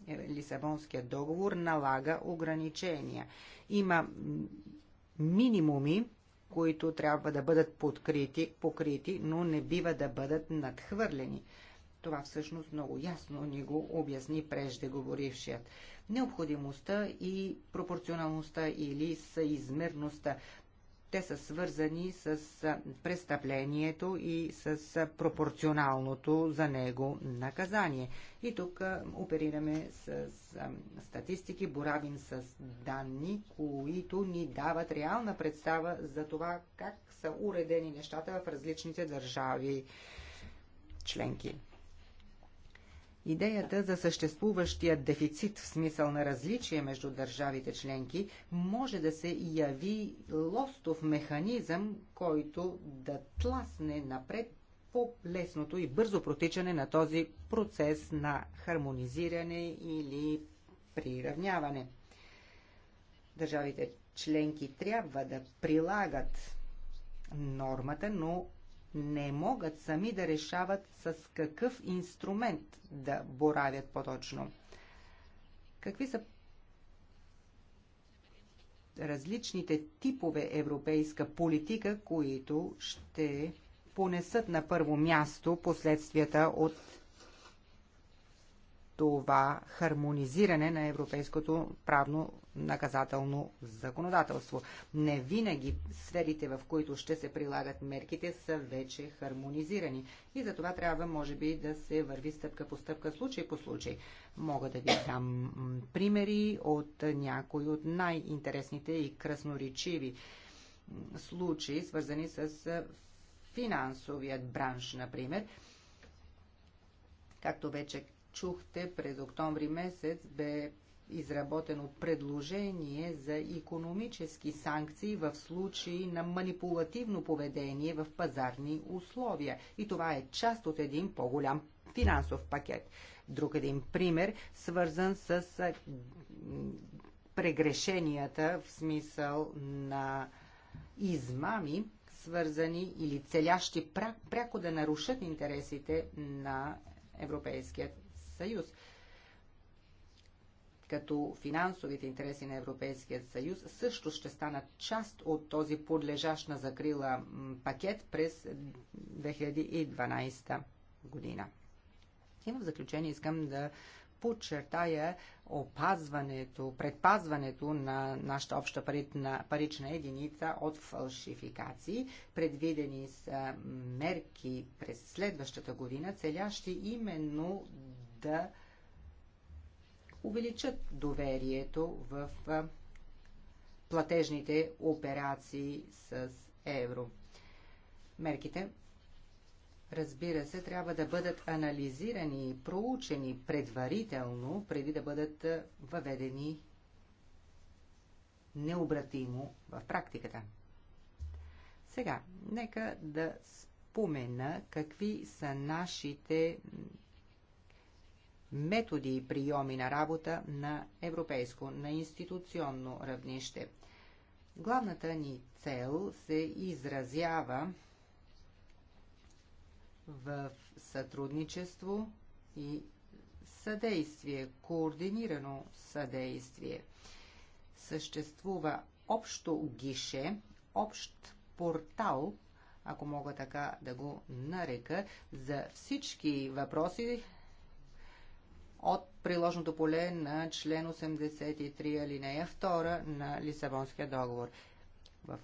е, Лисабонският договор налага ограничения. Има минимуми, които трябва да бъдат подкрити, покрити, но не бива да бъдат надхвърлени. Това всъщност много ясно ни го обясни преждеговорившият необходимостта и пропорционалността или съизмерността. Те са свързани с престъплението и с пропорционалното за него наказание. И тук оперираме с статистики, боравим с данни, които ни дават реална представа за това как са уредени нещата в различните държави членки. Идеята за съществуващия дефицит в смисъл на различие между държавите членки може да се яви лостов механизъм, който да тласне напред по-лесното и бързо протичане на този процес на хармонизиране или приравняване. Държавите членки трябва да прилагат нормата, но не могат сами да решават с какъв инструмент да боравят по-точно. Какви са различните типове европейска политика, които ще понесат на първо място последствията от това хармонизиране на европейското правно наказателно законодателство. Не винаги сферите, в които ще се прилагат мерките, са вече хармонизирани. И за това трябва, може би, да се върви стъпка по стъпка, случай по случай. Мога да ви дам примери от някои от най-интересните и красноречиви случаи, свързани с финансовият бранш, например. Както вече чухте, през октомври месец бе изработено предложение за економически санкции в случай на манипулативно поведение в пазарни условия. И това е част от един по-голям финансов пакет. Друг един пример, свързан с прегрешенията в смисъл на измами, свързани или целящи пряко да нарушат интересите на Европейският съюз. Като финансовите интереси на Европейския съюз също ще станат част от този подлежащ на закрила пакет през 2012 година. И в заключение искам да подчертая опазването, предпазването на нашата обща парична, парична единица от фалшификации. Предвидени са мерки през следващата година, целящи именно да увеличат доверието в платежните операции с евро. Мерките, разбира се, трябва да бъдат анализирани и проучени предварително, преди да бъдат въведени необратимо в практиката. Сега, нека да спомена какви са нашите методи и приеми на работа на европейско, на институционно равнище. Главната ни цел се изразява в сътрудничество и съдействие, координирано съдействие. Съществува общо гише, общ портал, ако мога така да го нарека, за всички въпроси, от приложното поле на член 83 алинея 2 на Лисабонския договор. В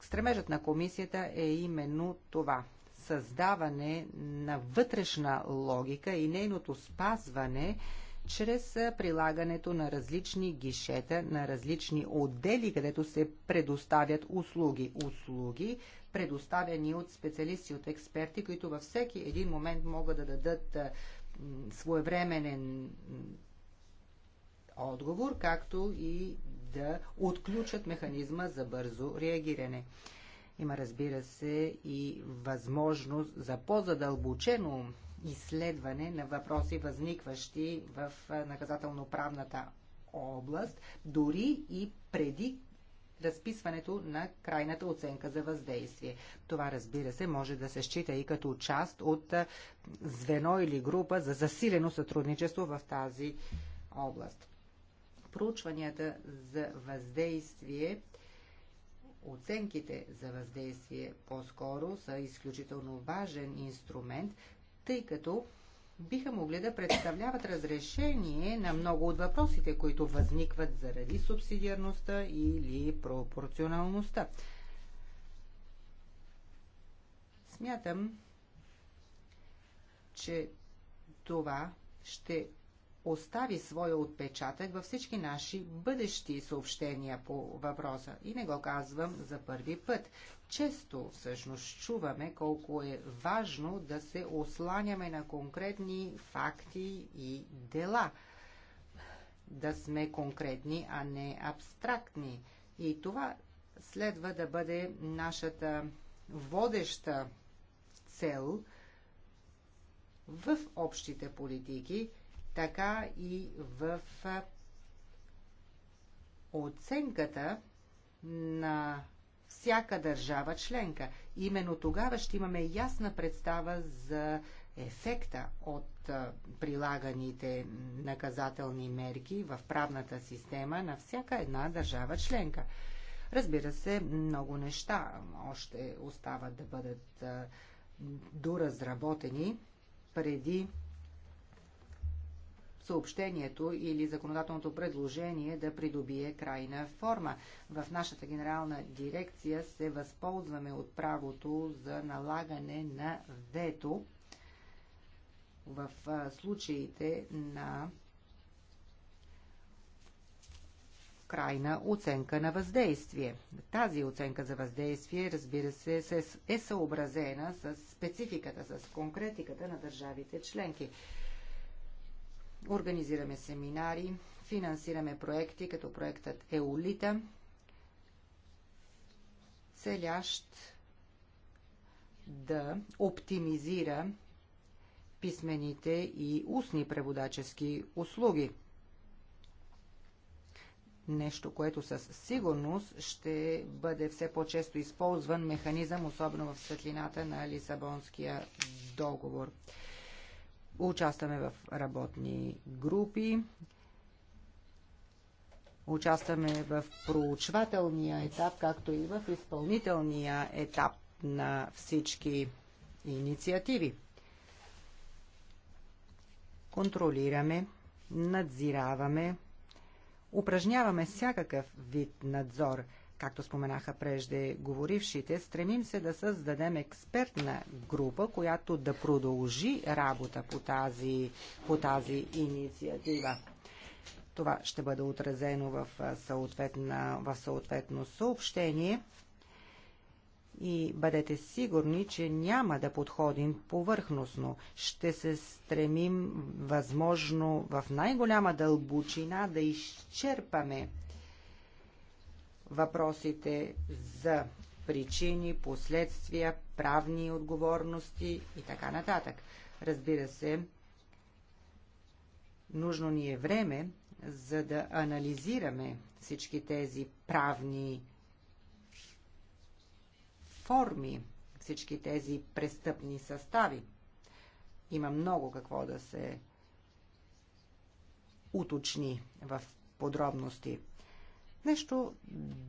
стремежът на комисията е именно това създаване на вътрешна логика и нейното спазване чрез прилагането на различни гишета, на различни отдели, където се предоставят услуги. Услуги, предоставяни от специалисти, от експерти, които във всеки един момент могат да дадат своевременен отговор, както и да отключат механизма за бързо реагиране. Има, разбира се, и възможност за по-задълбочено изследване на въпроси, възникващи в наказателно-правната област, дори и преди разписването на крайната оценка за въздействие. Това, разбира се, може да се счита и като част от звено или група за засилено сътрудничество в тази област. Проучванията за въздействие Оценките за въздействие по-скоро са изключително важен инструмент, тъй като биха могли да представляват разрешение на много от въпросите, които възникват заради субсидиарността или пропорционалността. Смятам, че това ще остави своя отпечатък във всички наши бъдещи съобщения по въпроса. И не го казвам за първи път. Често всъщност чуваме колко е важно да се осланяме на конкретни факти и дела. Да сме конкретни, а не абстрактни. И това следва да бъде нашата водеща цел в общите политики – така и в оценката на всяка държава членка. Именно тогава ще имаме ясна представа за ефекта от прилаганите наказателни мерки в правната система на всяка една държава членка. Разбира се, много неща още остават да бъдат доразработени преди съобщението или законодателното предложение да придобие крайна форма. В нашата генерална дирекция се възползваме от правото за налагане на вето в случаите на крайна оценка на въздействие. Тази оценка за въздействие, разбира се, е съобразена с спецификата, с конкретиката на държавите членки. Организираме семинари, финансираме проекти, като проектът Еолита, целящ да оптимизира писмените и устни преводачески услуги. Нещо, което със сигурност ще бъде все по-често използван механизъм, особено в светлината на Лисабонския договор. Участваме в работни групи, участваме в проучвателния етап, както и в изпълнителния етап на всички инициативи. Контролираме, надзираваме, упражняваме всякакъв вид надзор – както споменаха прежде говорившите, стремим се да създадем експертна група, която да продължи работа по тази, по тази инициатива. Това ще бъде отразено в, в съответно съобщение и бъдете сигурни, че няма да подходим повърхностно. Ще се стремим възможно в най-голяма дълбочина да изчерпаме въпросите за причини, последствия, правни отговорности и така нататък. Разбира се, нужно ни е време, за да анализираме всички тези правни форми, всички тези престъпни състави. Има много какво да се уточни в подробности. Нещо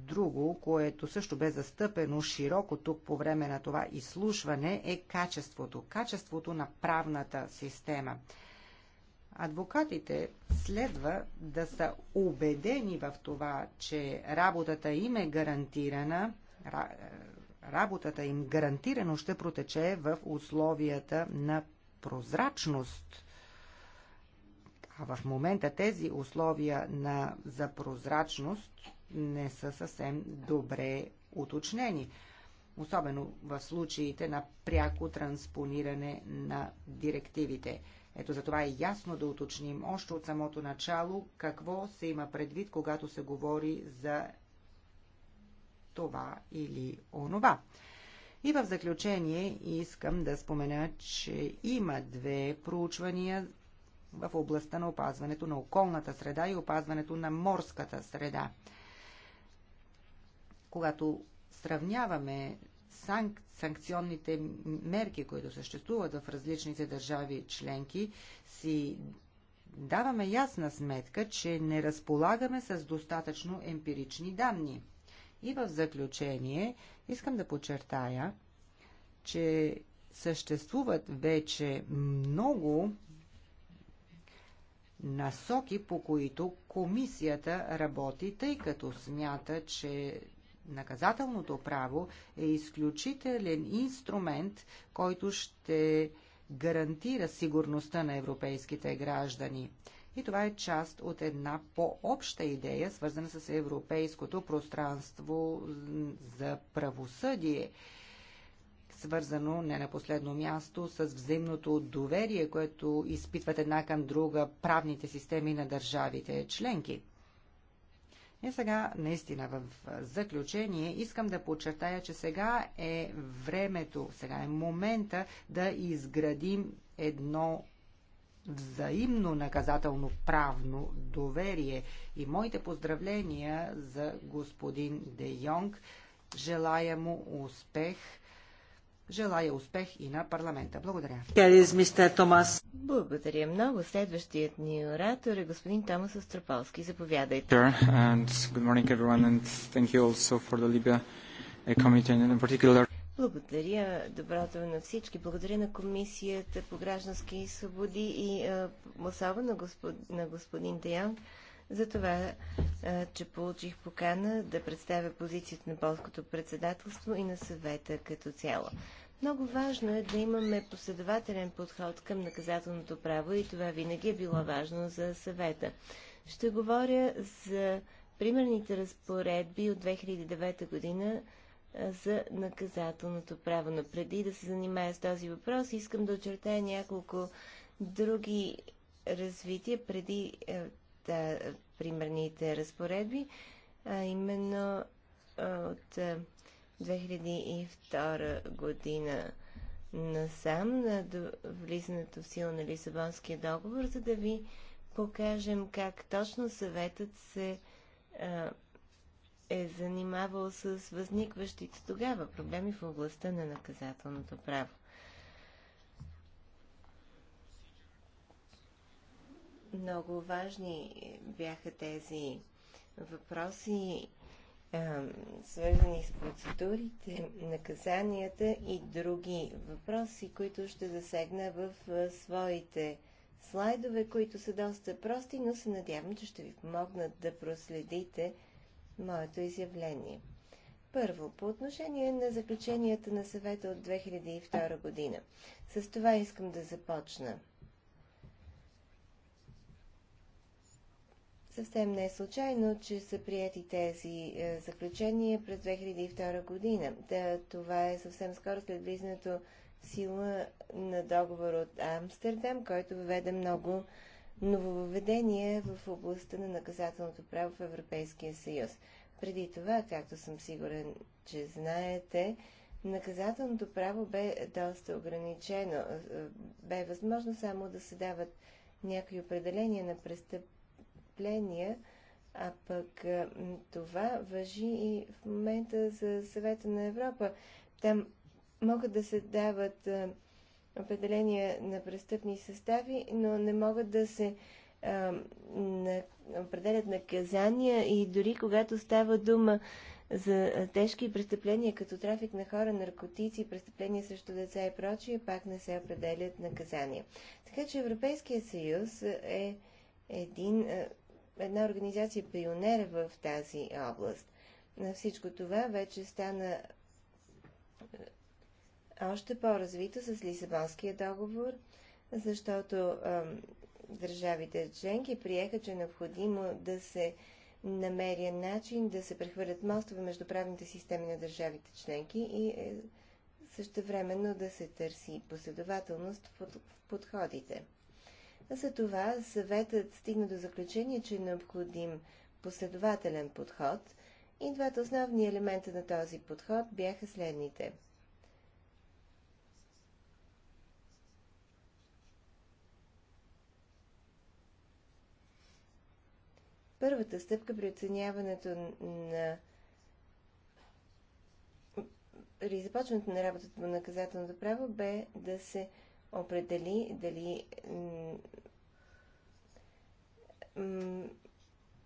друго, което също бе застъпено широко тук по време на това изслушване, е качеството. Качеството на правната система. Адвокатите следва да са убедени в това, че работата им е гарантирана, е, работата им гарантирано ще протече в условията на прозрачност а в момента тези условия на, за прозрачност не са съвсем добре уточнени, особено в случаите на пряко транспониране на директивите. Ето за това е ясно да уточним още от самото начало какво се има предвид, когато се говори за това или онова. И в заключение искам да спомена, че има две проучвания в областта на опазването на околната среда и опазването на морската среда. Когато сравняваме санк... санкционните мерки, които съществуват в различните държави членки, си даваме ясна сметка, че не разполагаме с достатъчно емпирични данни. И в заключение искам да подчертая, че съществуват вече много насоки, по които комисията работи, тъй като смята, че наказателното право е изключителен инструмент, който ще гарантира сигурността на европейските граждани. И това е част от една по-обща идея, свързана с европейското пространство за правосъдие свързано не на последно място с взаимното доверие, което изпитват една към друга правните системи на държавите членки. И сега, наистина, в заключение, искам да подчертая, че сега е времето, сега е момента да изградим едно взаимно наказателно правно доверие. И моите поздравления за господин Де Йонг. Желая му успех – Желая успех и на парламента. Благодаря. Е Благодаря много. Следващият ни оратор е господин Томас Остропалски. Заповядайте. Uh, Благодаря. Доброто на всички. Благодаря на Комисията по граждански свободи и особено господ... на господин Деян за това, че получих покана да представя позицията на полското председателство и на съвета като цяло. Много важно е да имаме последователен подход към наказателното право и това винаги е било важно за съвета. Ще говоря за примерните разпоредби от 2009 година за наказателното право. Но преди да се занимая с този въпрос, искам да очертая няколко други развития преди е, да, примерните разпоредби, а именно от 2002 година насам на влизането в сила на Лисабонския договор, за да ви покажем как точно съветът се а, е занимавал с възникващите тогава проблеми в областта на наказателното право. Много важни бяха тези въпроси свързани с процедурите, наказанията и други въпроси, които ще засегна в своите слайдове, които са доста прости, но се надявам, че ще ви помогнат да проследите моето изявление. Първо, по отношение на заключенията на съвета от 2002 година. С това искам да започна – Съвсем не е случайно, че са прияти тези е, заключения през 2002 година. Да, това е съвсем скоро след влизането в сила на договор от Амстердам, който въведе много нововведения в областта на наказателното право в Европейския съюз. Преди това, както съм сигурен, че знаете, наказателното право бе доста ограничено. Е, бе възможно само да се дават някои определения на престъп престъпления, а пък това въжи и в момента за съвета на Европа. Там могат да се дават определения на престъпни състави, но не могат да се а, на, определят наказания и дори когато става дума за тежки престъпления, като трафик на хора, наркотици, престъпления срещу деца и прочие, пак не се определят наказания. Така че Европейския съюз е един една организация пионер в тази област. На всичко това вече стана е, още по-развито с Лисабонския договор, защото а, държавите членки приеха, че е необходимо да се намеря начин да се прехвърлят мостове между правните системи на държавите членки и също е, същевременно да се търси последователност в подходите това съветът стигна до заключение, че е необходим последователен подход и двата основни елемента на този подход бяха следните. Първата стъпка при оценяването на при започването на работата по наказателното право бе да се определи дали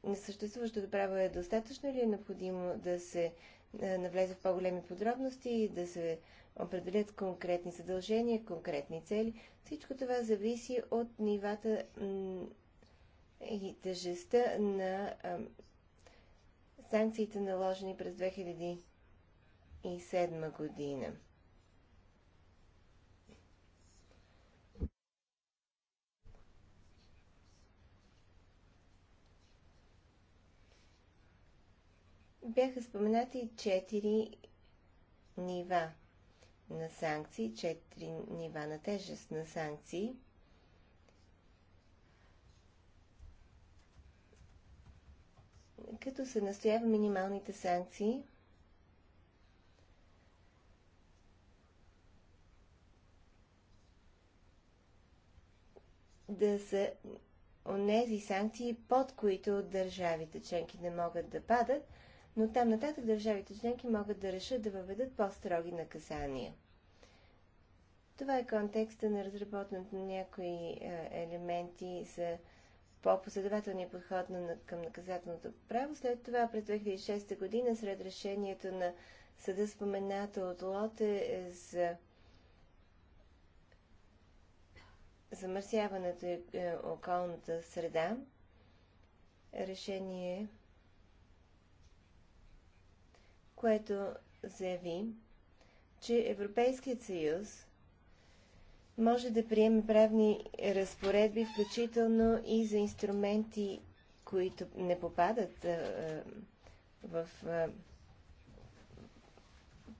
несъществуващото право е достатъчно или е необходимо да се е, навлезе в по-големи подробности и да се определят конкретни задължения, конкретни цели. Всичко това зависи от нивата и тежестта на санкциите наложени през 2007 година. бяха споменати четири нива на санкции, четири нива на тежест на санкции. Като се настоява минималните санкции, да са онези санкции, под които държавите членки не могат да падат, но там нататък държавите членки могат да решат да въведат по-строги наказания. Това е контекста на разработването на някои е, елементи за по-последователния подход на, към наказателното право. След това през 2006 година сред решението на съда спомената от Лоте е за замърсяването и е, околната среда, решение което заяви, че Европейският съюз може да приеме правни разпоредби, включително и за инструменти, които не попадат а, а, в а,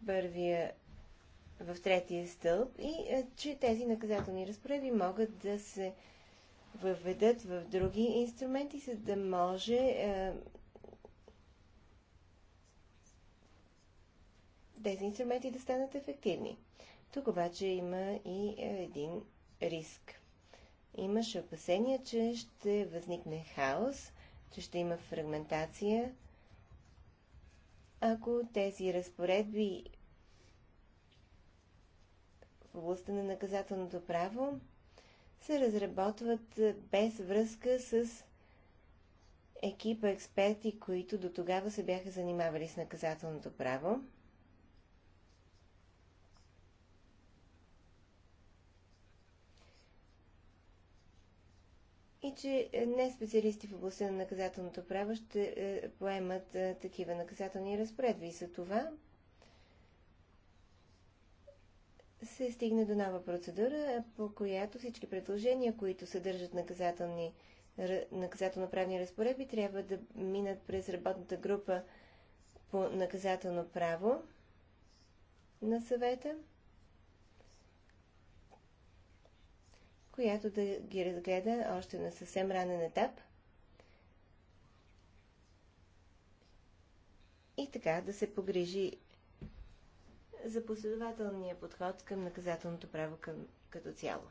първия в третия стълб и че тези наказателни разпоредби могат да се въведат в други инструменти, за да може тези инструменти да станат ефективни. Тук обаче има и е, един риск. Имаше опасения, че ще възникне хаос, че ще има фрагментация, ако тези разпоредби в областта на наказателното право се разработват е, без връзка с екипа експерти, които до тогава се бяха занимавали с наказателното право. и че е, не специалисти в областта на наказателното право ще е, поемат е, такива наказателни разпоредби. И за това се стигне до нова процедура, по която всички предложения, които съдържат наказателни, наказателно-правни разпоредби, трябва да минат през работната група по наказателно право на съвета. която да ги разгледа още на съвсем ранен етап и така да се погрижи за последователния подход към наказателното право към, като цяло.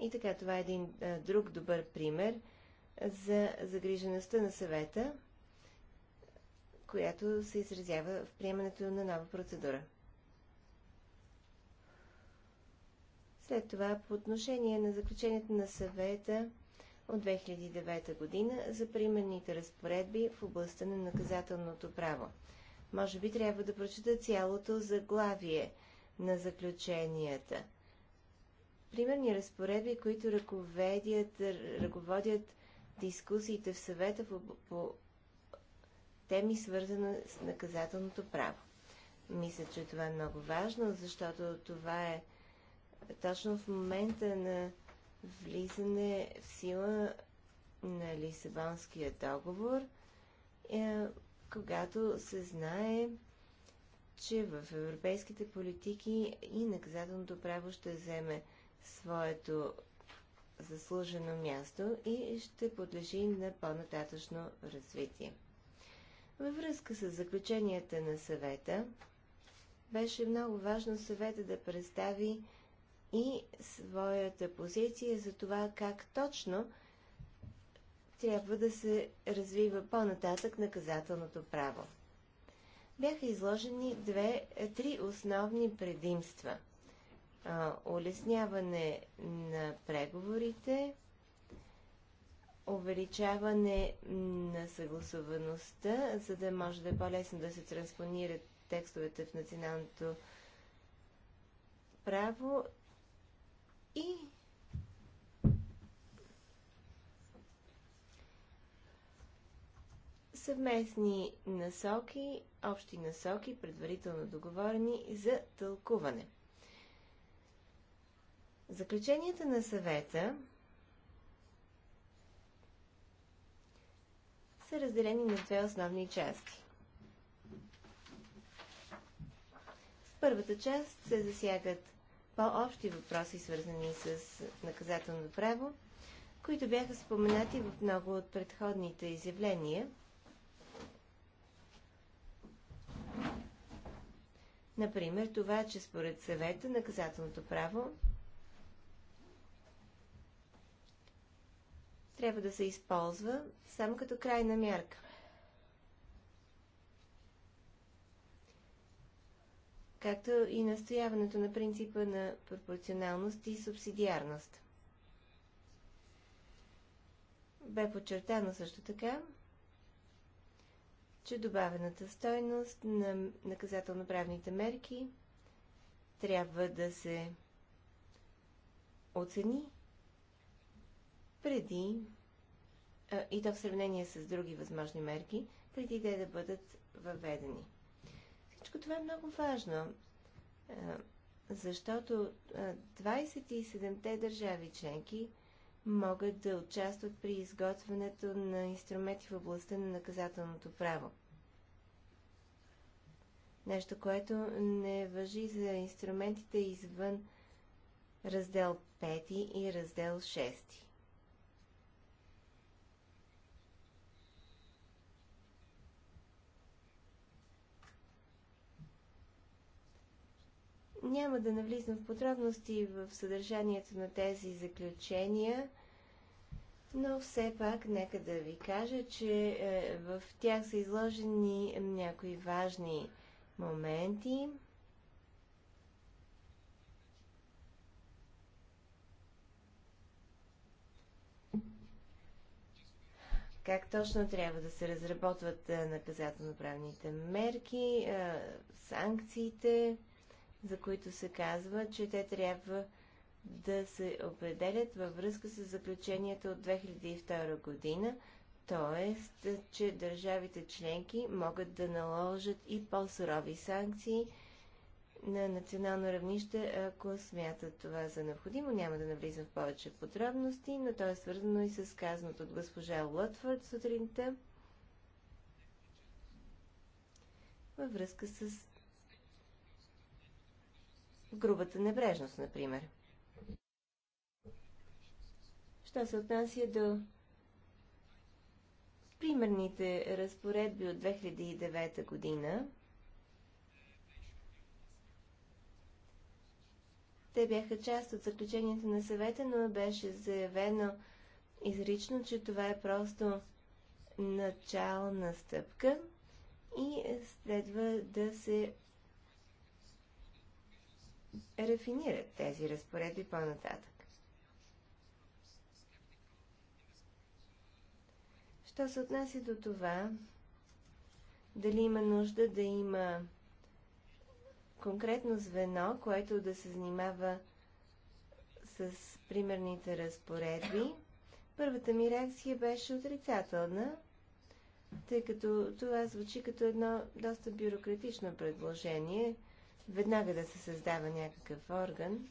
И така, това е един а, друг добър пример за загрижеността на съвета – която се изразява в приемането на нова процедура. След това по отношение на заключението на съвета от 2009 година за примерните разпоредби в областта на наказателното право. Може би трябва да прочета цялото заглавие на заключенията. Примерни разпоредби, които ръководят, ръководят дискусиите в съвета по, по теми, свързана с наказателното право. Мисля, че това е много важно, защото това е точно в момента на влизане в сила на Лисабонския договор, е, когато се знае, че в европейските политики и наказателното право ще вземе своето заслужено място и ще подлежи на по-нататъчно развитие. Във връзка с заключенията на съвета, беше много важно съвета да представи и своята позиция за това как точно трябва да се развива по-нататък наказателното право. Бяха изложени две, три основни предимства. улесняване на преговорите, увеличаване на съгласуваността, за да може да е по-лесно да се транспонират текстовете в националното право и съвместни насоки, общи насоки, предварително договорени за тълкуване. Заключенията на съвета са разделени на две основни части. В първата част се засягат по-общи въпроси, свързани с наказателно право, които бяха споменати в много от предходните изявления. Например, това, че според съвета наказателното право трябва да се използва само като крайна мярка. както и настояването на принципа на пропорционалност и субсидиарност. Бе подчертано също така, че добавената стойност на наказателно-правните мерки трябва да се оцени преди и то в сравнение с други възможни мерки, преди те да бъдат въведени. Всичко това е много важно, защото 27-те държави членки могат да участват при изготвянето на инструменти в областта на наказателното право. Нещо, което не въжи за инструментите извън раздел 5 и раздел 6. Няма да навлизам в подробности в съдържанието на тези заключения, но все пак нека да ви кажа, че е, в тях са изложени някои важни моменти. как точно трябва да се разработват е, наказателно-правните мерки, е, санкциите, за които се казва, че те трябва да се определят във връзка с заключението от 2002 година, т.е. че държавите членки могат да наложат и по-сурови санкции на национално равнище, ако смятат това за необходимо. Няма да навлизам в повече подробности, но то е свързано и с казаното от госпожа Лотфорд сутринта във връзка с грубата небрежност, например. Що се отнася до примерните разпоредби от 2009 година, те бяха част от заключението на съвета, но беше заявено изрично, че това е просто начална стъпка и следва да се рафинират тези разпоредби по-нататък. Що се отнася до това, дали има нужда да има конкретно звено, което да се занимава с примерните разпоредби, първата ми реакция беше отрицателна, тъй като това звучи като едно доста бюрократично предложение – веднага да се създава някакъв орган.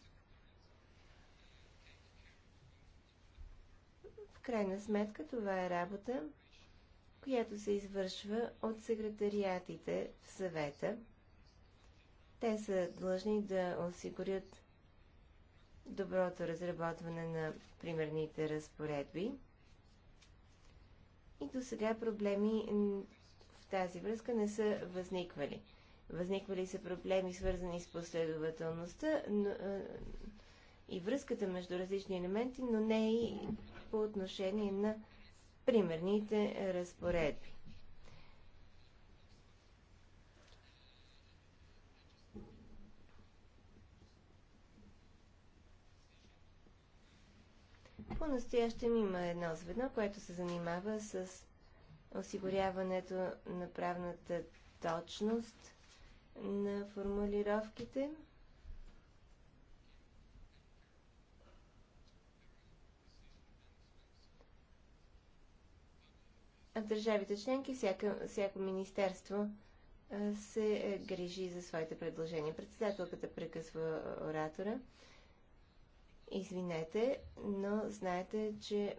В крайна сметка това е работа, която се извършва от секретариатите в съвета. Те са длъжни да осигурят доброто разработване на примерните разпоредби. И до сега проблеми в тази връзка не са възниквали. Възниквали са проблеми, свързани с последователността но, и връзката между различни елементи, но не и по отношение на примерните разпоредби. По-настоящем има едно звено, което се занимава с осигуряването на правната точност на формулировките. А в държавите членки всяко, всяко министерство се е, грижи за своите предложения. Председателката прекъсва оратора. Извинете, но знаете, че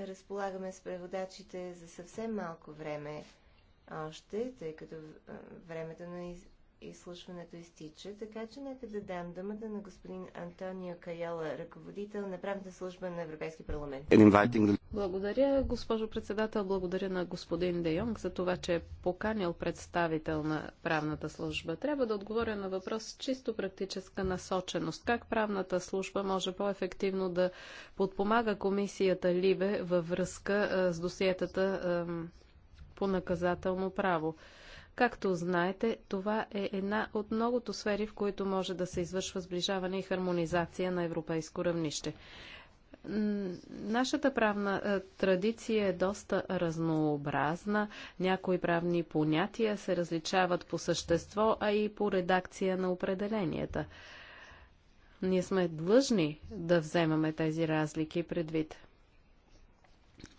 разполагаме с преводачите за съвсем малко време още, тъй като времето на изслушването изтича, така че нека да дам думата на господин Антонио Каяла, ръководител на правната служба на Европейски парламент. Благодаря, госпожо председател. Благодаря на господин Де Йонг за това, че е поканил представител на правната служба. Трябва да отговоря на въпрос чисто практическа насоченост. Как правната служба може по-ефективно да подпомага комисията Либе във връзка с досиетата по наказателно право. Както знаете, това е една от многото сфери, в които може да се извършва сближаване и хармонизация на европейско равнище. Нашата правна е, традиция е доста разнообразна. Някои правни понятия се различават по същество, а и по редакция на определенията. Ние сме длъжни да вземаме тези разлики предвид.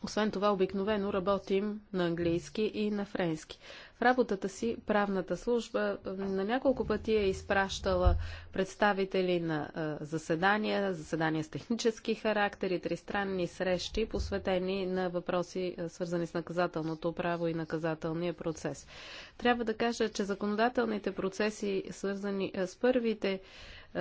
Освен това, обикновено работим на английски и на френски. В работата си правната служба на няколко пъти е изпращала представители на заседания, заседания с технически характер и тристранни срещи, посветени на въпроси, свързани с наказателното право и наказателния процес. Трябва да кажа, че законодателните процеси, свързани с първите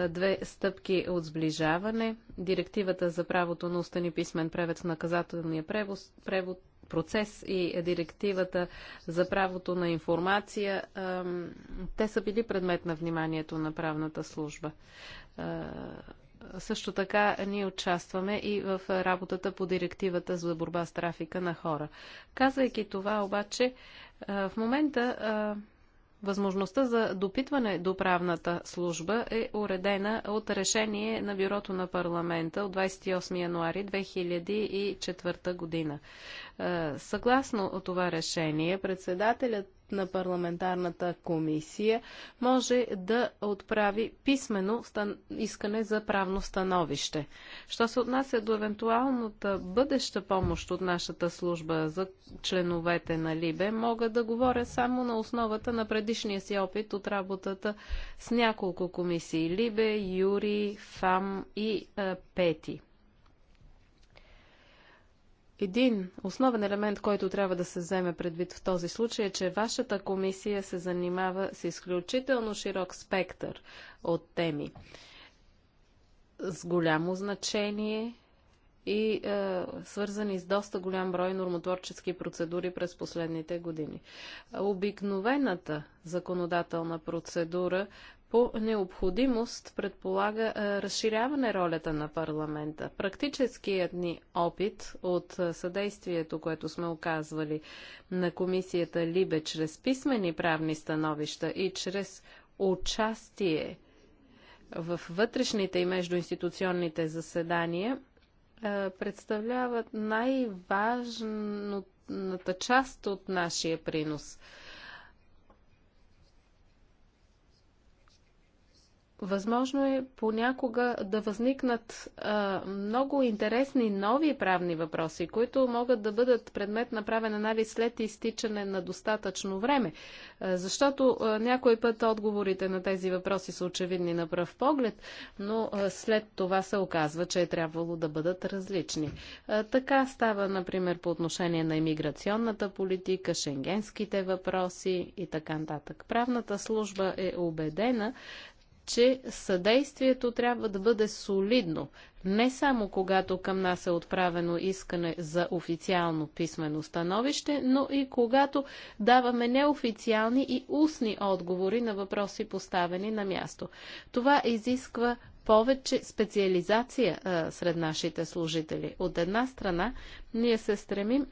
две стъпки от сближаване. Директивата за правото на устен и писмен превед в наказателния превоз, превод, процес и директивата за правото на информация, те са били предмет на вниманието на правната служба. Също така ние участваме и в работата по директивата за борба с трафика на хора. Казвайки това обаче, в момента Възможността за допитване до правната служба е уредена от решение на Бюрото на парламента от 28 януари 2004 година. Е, съгласно това решение, председателят на парламентарната комисия може да отправи писмено искане за правно становище. Що се отнася до евентуалната бъдеща помощ от нашата служба за членовете на Либе, мога да говоря само на основата на предишния си опит от работата с няколко комисии Либе, Юри, ФАМ и е, Пети. Един основен елемент, който трябва да се вземе предвид в този случай е, че вашата комисия се занимава с изключително широк спектър от теми. С голямо значение и е, свързани с доста голям брой нормотворчески процедури през последните години. Обикновената законодателна процедура по необходимост предполага е, разширяване ролята на парламента. Практическият ни опит от е, съдействието, което сме оказвали на комисията Либе чрез писмени правни становища и чрез участие в вътрешните и междуинституционните заседания, е, представляват най-важната част от нашия принос – Възможно е понякога да възникнат а, много интересни нови правни въпроси, които могат да бъдат предмет на правен анализ след изтичане на достатъчно време. А, защото а, някой път отговорите на тези въпроси са очевидни на пръв поглед, но а, след това се оказва, че е трябвало да бъдат различни. А, така става, например, по отношение на имиграционната политика, шенгенските въпроси и така нататък. Правната служба е убедена, че съдействието трябва да бъде солидно, не само когато към нас е отправено искане за официално писмено становище, но и когато даваме неофициални и устни отговори на въпроси поставени на място. Това изисква повече специализация а, сред нашите служители. От една страна, ние се стремим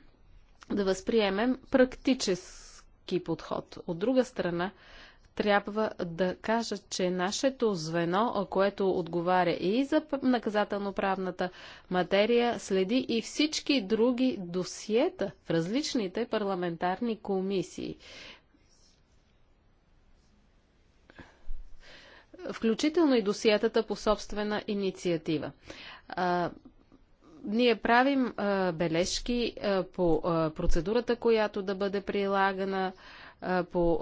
да възприемем практически подход. От друга страна, трябва да кажа, че нашето звено, което отговаря и за наказателно-правната материя, следи и всички други досиета в различните парламентарни комисии. Включително и досиетата по собствена инициатива ние правим а, бележки а, по а, процедурата, която да бъде прилагана, по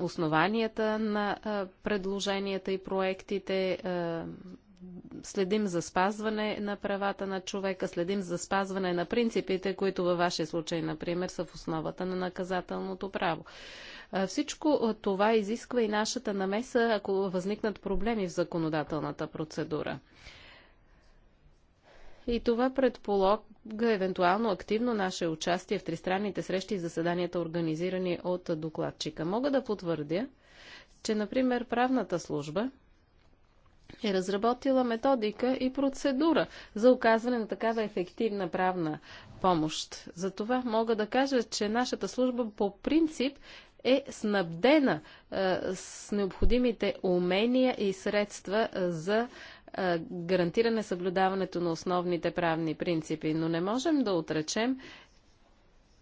основанията на предложенията и проектите, следим за спазване на правата на човека, следим за спазване на принципите, които във вашия случай, например, са в основата на наказателното право. Всичко това изисква и нашата намеса, ако възникнат проблеми в законодателната процедура и това предполага евентуално активно наше участие в тристранните срещи и заседанията, организирани от докладчика. Мога да потвърдя, че, например, правната служба е разработила методика и процедура за оказване на такава ефективна правна помощ. Затова мога да кажа, че нашата служба по принцип е снабдена е, с необходимите умения и средства за е, гарантиране съблюдаването на основните правни принципи, но не можем да отречем,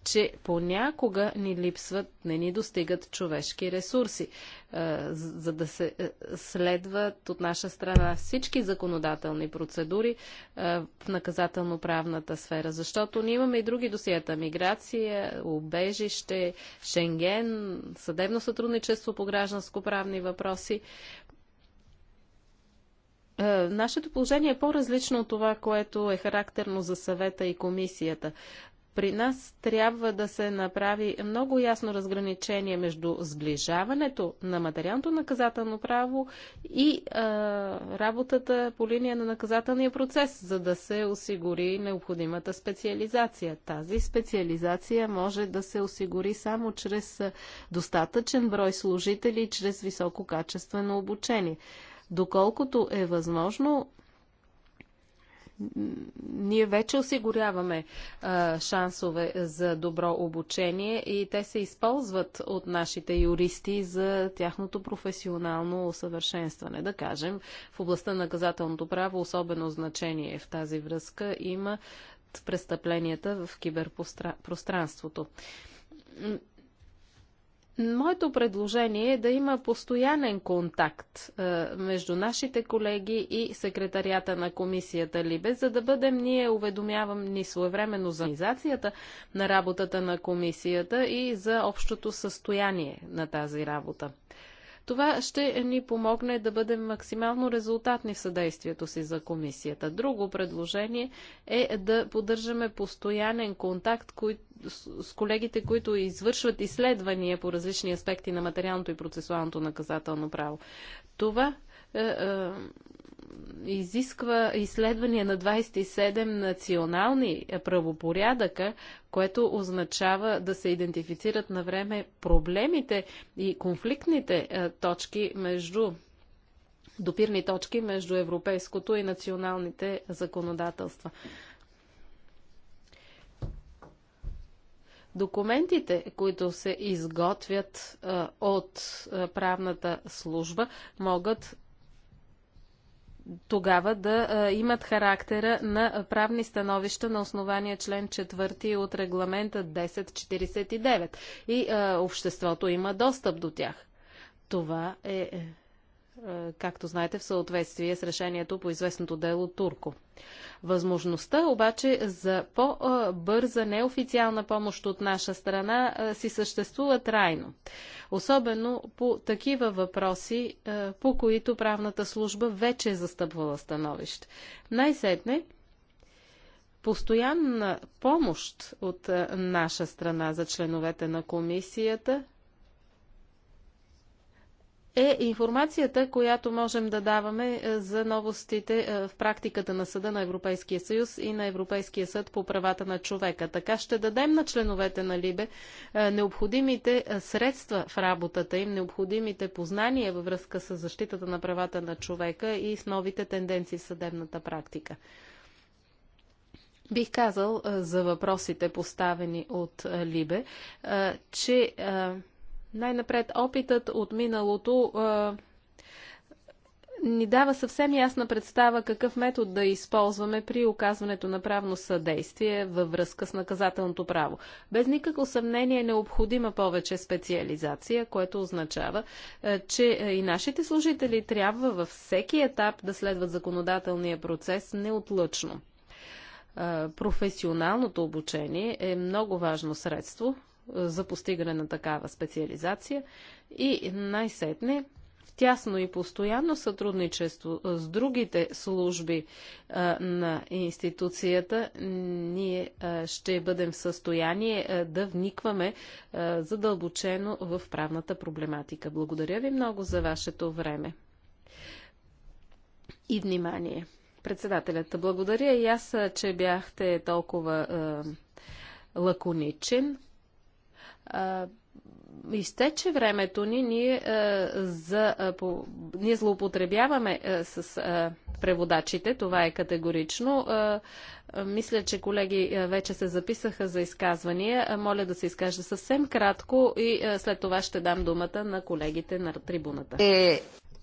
че понякога ни липсват, не ни достигат човешки ресурси, за да се следват от наша страна всички законодателни процедури в наказателно-правната сфера, защото ние имаме и други досиета – миграция, убежище, Шенген, съдебно сътрудничество по гражданско-правни въпроси. Е, нашето положение е по-различно от това, което е характерно за съвета и комисията. При нас трябва да се направи много ясно разграничение между сближаването на материалното наказателно право и а, е, работата по линия на наказателния процес, за да се осигури необходимата специализация. Тази специализация може да се осигури само чрез е, достатъчен брой служители, и чрез висококачествено обучение. Доколкото е възможно, ние вече осигуряваме а, шансове за добро обучение и те се използват от нашите юристи за тяхното професионално усъвършенстване. Да кажем, в областта на наказателното право особено значение в тази връзка има престъпленията в киберпространството. Моето предложение е да има постоянен контакт е, между нашите колеги и секретарията на комисията Либе, за да бъдем ние уведомявани своевременно за организацията на работата на комисията и за общото състояние на тази работа. Това ще ни помогне да бъдем максимално резултатни в съдействието си за комисията. Друго предложение е да поддържаме постоянен контакт, който с колегите, които извършват изследвания по различни аспекти на материалното и процесуалното наказателно право. Това е, е, изисква изследвания на 27 национални правопорядъка, което означава да се идентифицират на време проблемите и конфликтните е, точки между допирни точки между европейското и националните законодателства. Документите, които се изготвят а, от а, правната служба, могат тогава да а, имат характера на правни становища на основание член 4 от регламента 1049 и а, обществото има достъп до тях. Това е, е е, както знаете, в съответствие с решението по известното дело Турко. Възможността обаче за по-бърза неофициална помощ от наша страна е, си съществува трайно. Особено по такива въпроси, е, по които правната служба вече е застъпвала становище. Най-сетне, постоянна помощ от наша страна за членовете на комисията е информацията, която можем да даваме е, за новостите е, в практиката на Съда на Европейския съюз и на Европейския съд по правата на човека. Така ще дадем на членовете на Либе е, необходимите средства в работата им, необходимите познания във връзка с защитата на правата на човека и с новите тенденции в съдебната практика. Бих казал за въпросите поставени от Либе, че най-напред опитът от миналото е, ни дава съвсем ясна представа какъв метод да използваме при оказването на правно съдействие във връзка с наказателното право. Без никакво съмнение е необходима повече специализация, което означава, е, че и нашите служители трябва във всеки етап да следват законодателния процес неотлъчно професионалното обучение е много важно средство за постигане на такава специализация и най-сетне в тясно и постоянно сътрудничество с другите служби на институцията, ние ще бъдем в състояние да вникваме задълбочено в правната проблематика. Благодаря ви много за вашето време и внимание. Председателят, благодаря и аз, че бяхте толкова лаконичен изтече времето ни, ние, а, за, а, по, ние злоупотребяваме а, с а, преводачите, това е категорично. А, а, мисля, че колеги а, вече се записаха за изказвания. А, моля да се изкажа съвсем кратко и а, след това ще дам думата на колегите на трибуната. Е...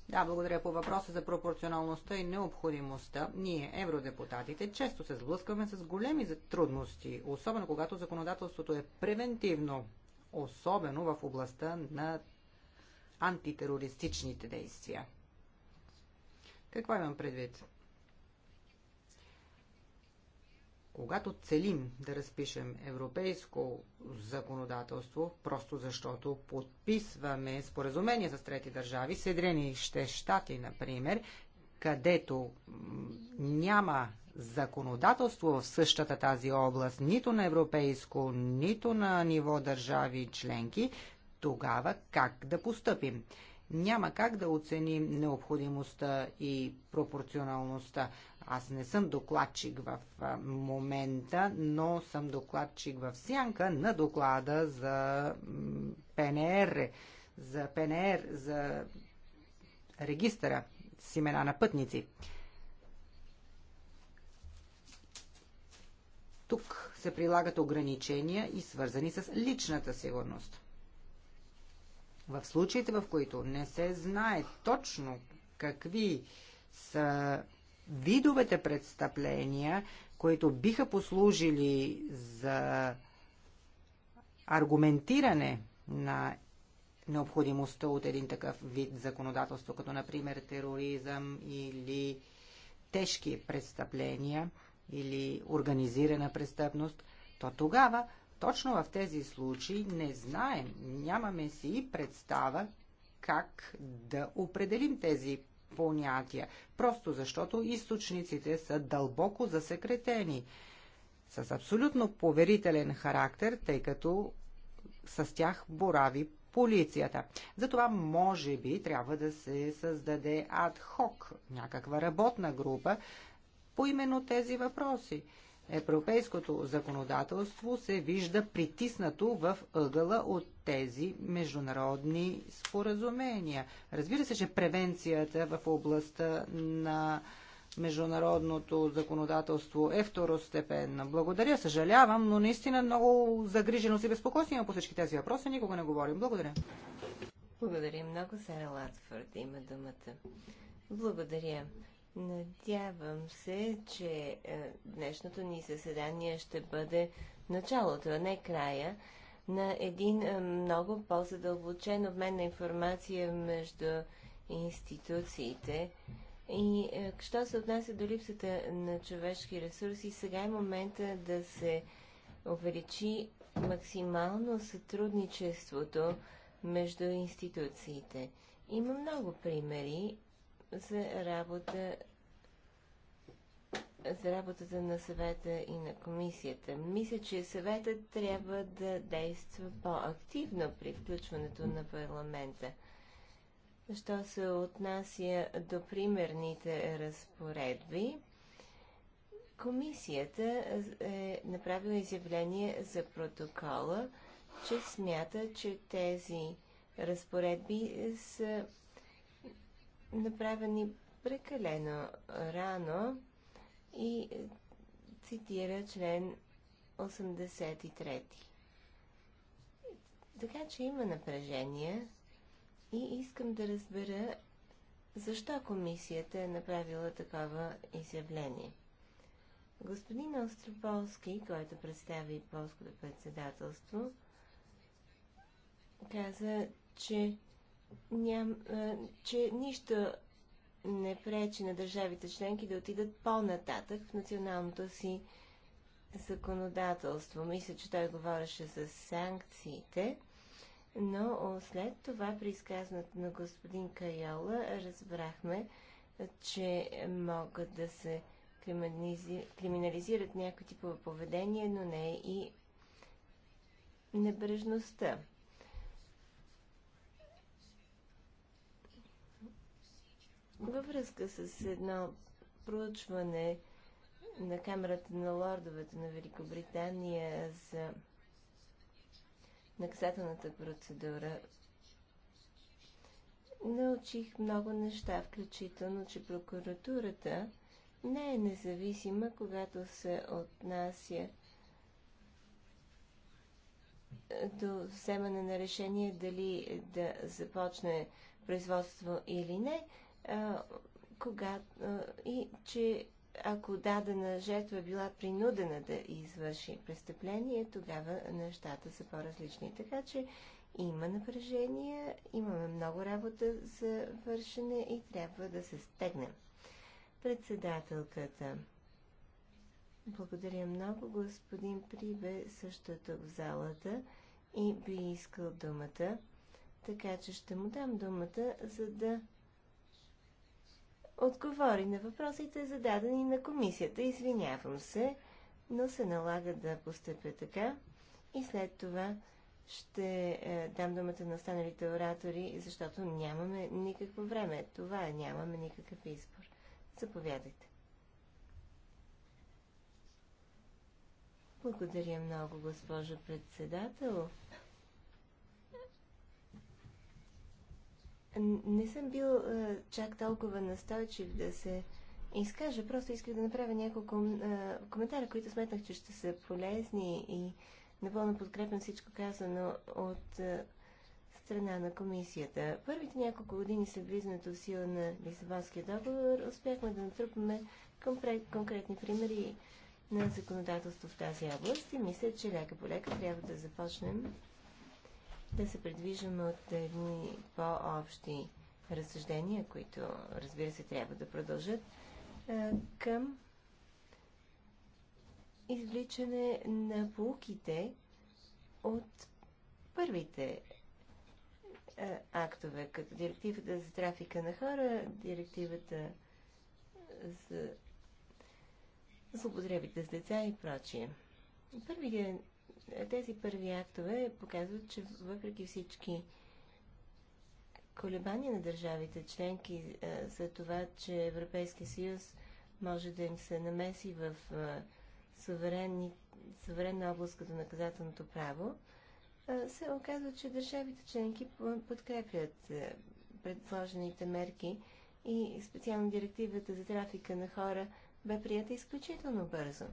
Да, благодаря по въпроса за пропорционалността и необходимостта. Ние, евродепутатите, често се сблъскваме с големи трудности, особено когато законодателството е превентивно особено в областта на антитерористичните действия. Какво имам предвид? Когато целим да разпишем европейско законодателство, просто защото подписваме споразумения с трети държави, Съединените щати, например, където няма законодателство в същата тази област, нито на европейско, нито на ниво държави членки, тогава как да постъпим? Няма как да оценим необходимостта и пропорционалността. Аз не съм докладчик в момента, но съм докладчик в сянка на доклада за ПНР, за ПНР, за регистъра с имена на пътници. Тук се прилагат ограничения и свързани с личната сигурност. В случаите, в които не се знае точно какви са видовете престъпления, които биха послужили за аргументиране на необходимостта от един такъв вид законодателство, като например тероризъм или тежки престъпления – или организирана престъпност, то тогава, точно в тези случаи, не знаем, нямаме си и представа как да определим тези понятия, просто защото източниците са дълбоко засекретени, с абсолютно поверителен характер, тъй като с тях борави полицията. Затова може би трябва да се създаде адхок, някаква работна група, по именно тези въпроси. Европейското законодателство се вижда притиснато в ъгъла от тези международни споразумения. Разбира се, че превенцията в областта на международното законодателство е второстепенна. Благодаря, съжалявам, но наистина много загриженост и безпокойство има по всички тези въпроси. Никога не говорим. Благодаря. Благодаря много, Сара Латфорд. Има думата. Благодаря. Надявам се, че е, днешното ни съседание ще бъде началото, а не края на един е, много по-задълбочен обмен на информация между институциите. И е, що се отнася до липсата на човешки ресурси, сега е момента да се увеличи максимално сътрудничеството между институциите. Има много примери за работа за работата на съвета и на комисията. Мисля, че съветът трябва да действа по-активно при включването на парламента. Що се отнася до примерните разпоредби, комисията е направила изявление за протокола, че смята, че тези разпоредби са направени прекалено рано и е, цитира член 83. Така че има напрежение и искам да разбера защо комисията е направила такова изявление. Господин Острополски, който представи полското председателство, каза, че, ням, е, че нищо не пречи на държавите членки да отидат по-нататък в националното си законодателство. Мисля, че той говореше за санкциите, но след това при изказването на господин Кайола разбрахме, че могат да се криминализират някои типове поведение, но не и небрежността. Във връзка с едно проучване на Камерата на лордовете на Великобритания за наказателната процедура, научих много неща, включително, че прокуратурата не е независима, когато се отнася до вземане на решение дали да започне производство или не, кога, и че ако дадена жертва е била принудена да извърши престъпление, тогава нещата са по-различни. Така че има напрежение, имаме много работа за вършене и трябва да се стегнем. Председателката. Благодаря много. Господин Прибе също е тук в залата и би искал думата, така че ще му дам думата, за да отговори на въпросите, зададени на комисията. Извинявам се, но се налага да постъпя така. И след това ще е, дам думата на останалите оратори, защото нямаме никакво време. Това е, нямаме никакъв избор. Заповядайте. Благодаря много, госпожо председател. не съм бил а, чак толкова настойчив да се изкажа. Просто исках да направя няколко а, коментара, които сметнах, че ще са полезни и напълно подкрепям всичко казано от а, страна на комисията. Първите няколко години след влизането в сила на Лисабонския договор успяхме да натрупаме конкретни примери на законодателство в тази област и мисля, че лека по лека трябва да започнем да се придвижваме от едни по-общи разсъждения, които, разбира се, трябва да продължат, към извличане на полуките от първите актове, като директивата за трафика на хора, директивата за злоупотребите с деца и прочие. Първият тези първи актове показват, че въпреки всички колебания на държавите членки за това, че Европейския съюз може да им се намеси в суверенни, суверенна област като наказателното право, се оказва, че държавите членки подкрепят предложените мерки и специално директивата за трафика на хора бе прията изключително бързо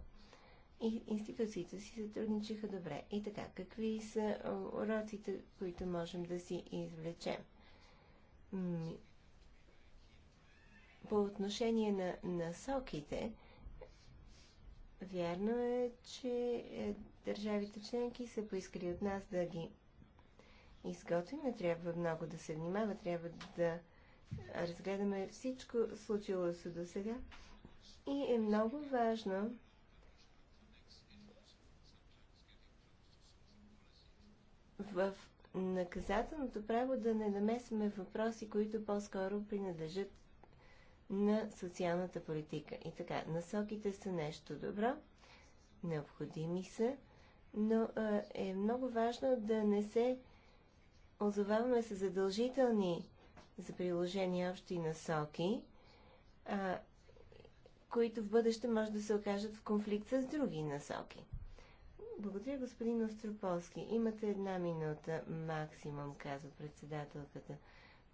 и институциите си сътрудничаха добре. И така, какви са уроците, които можем да си извлечем? По отношение на насоките, вярно е, че е, държавите членки са поискали от нас да ги изготвим, Не трябва много да се внимава, трябва да разгледаме всичко случило се до сега. И е много важно в наказателното право да не намесваме въпроси, които по-скоро принадлежат на социалната политика. И така, насоките са нещо добро, необходими са, но е много важно да не се озоваваме с задължителни за приложение общи насоки, а, които в бъдеще може да се окажат в конфликт с други насоки. Благодаря, господин Остроповски. Имате една минута максимум, казва председателката.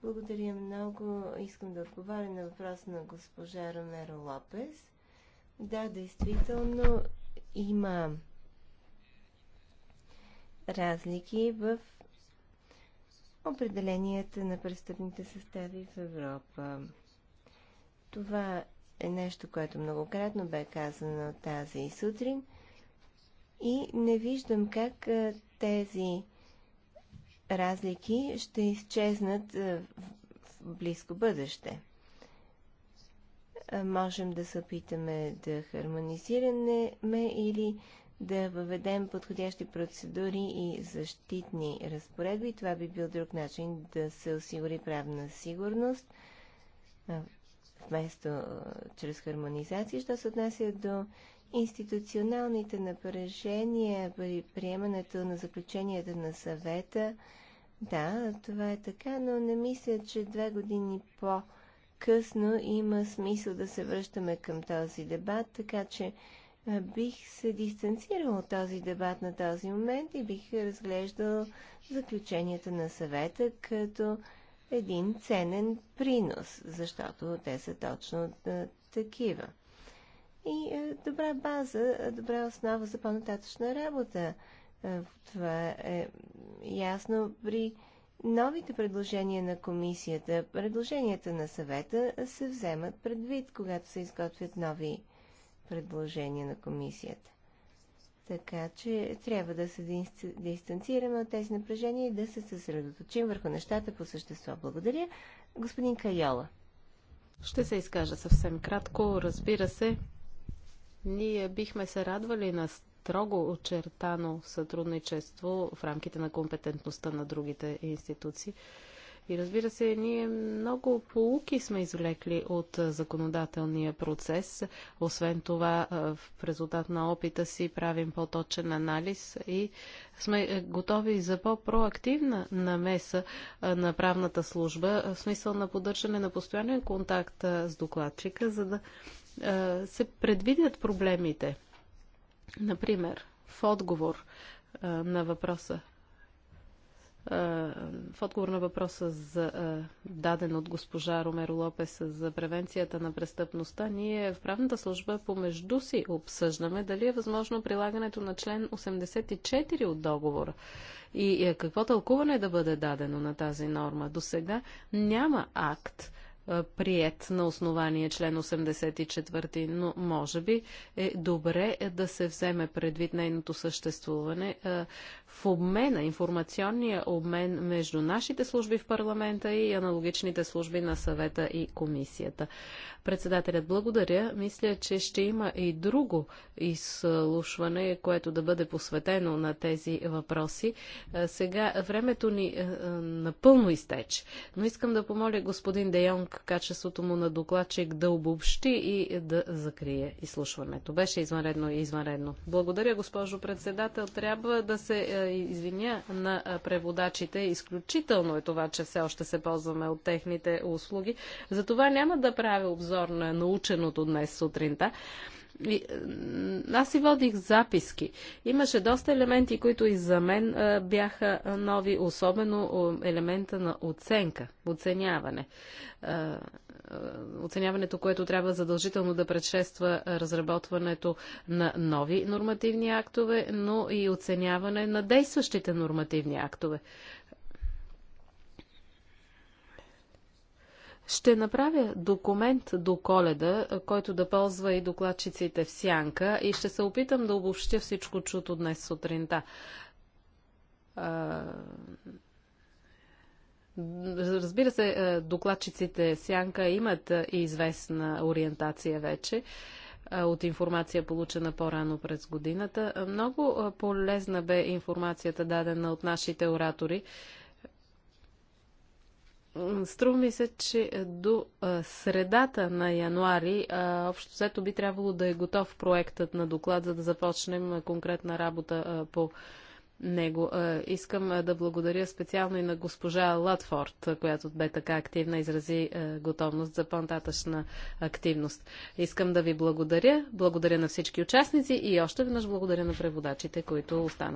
Благодаря много. Искам да отговаря на въпрос на госпожа Ромеро Лопес. Да, действително има разлики в определенията на престъпните състави в Европа. Това е нещо, което многократно бе казано тази сутрин и не виждам как тези разлики ще изчезнат в близко бъдеще. Можем да се опитаме да хармонизираме или да въведем подходящи процедури и защитни разпоредби. Това би бил друг начин да се осигури правна сигурност вместо чрез хармонизация. Що се отнася до институционалните напрежения при приемането на заключенията на съвета. Да, това е така, но не мисля, че две години по-късно има смисъл да се връщаме към този дебат, така че бих се дистанцирал от този дебат на този момент и бих разглеждал заключенията на съвета като един ценен принос, защото те са точно такива и е, добра база, е, добра основа за по-нататъчна работа. Е, това е ясно при новите предложения на комисията. Предложенията на съвета се вземат предвид, когато се изготвят нови предложения на комисията. Така че трябва да се дистанцираме от тези напрежения и да се съсредоточим върху нещата по същество. Благодаря. Господин Кайола. Ще се изкажа съвсем кратко. Разбира се, ние бихме се радвали на строго очертано сътрудничество в рамките на компетентността на другите институции. И разбира се, ние много полуки сме извлекли от законодателния процес. Освен това, в резултат на опита си правим по-точен анализ и сме е, готови за по-проактивна намеса на правната служба, в смисъл на поддържане на постоянен контакт с докладчика, за да се предвидят проблемите. Например, в отговор на въпроса в отговор на въпроса за даден от госпожа Ромеро Лопес за превенцията на престъпността, ние в правната служба помежду си обсъждаме дали е възможно прилагането на член 84 от договора и е, какво тълкуване да бъде дадено на тази норма. До сега няма акт, е, прият на основание член 84, но може би е добре е да се вземе предвид нейното съществуване е, в обмена, информационния обмен между нашите служби в парламента и аналогичните служби на съвета и комисията. Председателят, благодаря. Мисля, че ще има и друго изслушване, което да бъде посветено на тези въпроси. Сега времето ни напълно изтече, но искам да помоля господин Дейонг, качеството му на докладчик, да обобщи и да закрие изслушването. Беше извънредно и извънредно. Благодаря, госпожо председател. Трябва да се е, извиня на преводачите. Изключително е това, че все още се ползваме от техните услуги. Затова няма да правя обзор на наученото днес сутринта. И, аз си водих записки. Имаше доста елементи, които и за мен а, бяха нови, особено елемента на оценка, оценяване. А, е, оценяването, което трябва задължително да предшества разработването на нови нормативни актове, но и оценяване на действащите нормативни актове. Ще направя документ до коледа, който да ползва и докладчиците в сянка и ще се опитам да обобщя всичко чуто днес сутринта. Разбира се, е, докладчиците Сянка имат е, известна ориентация вече е, от информация получена по-рано през годината. Много полезна бе информацията дадена от нашите оратори. Струва ми се, че до средата на януари общо взето би трябвало да е готов проектът на доклад, за да започнем конкретна работа по него. Е, искам е, да благодаря специално и на госпожа Латфорд, която бе така активна, изрази е, готовност за по-нататъчна активност. Искам да ви благодаря. Благодаря на всички участници и още веднъж благодаря на преводачите, които останаха.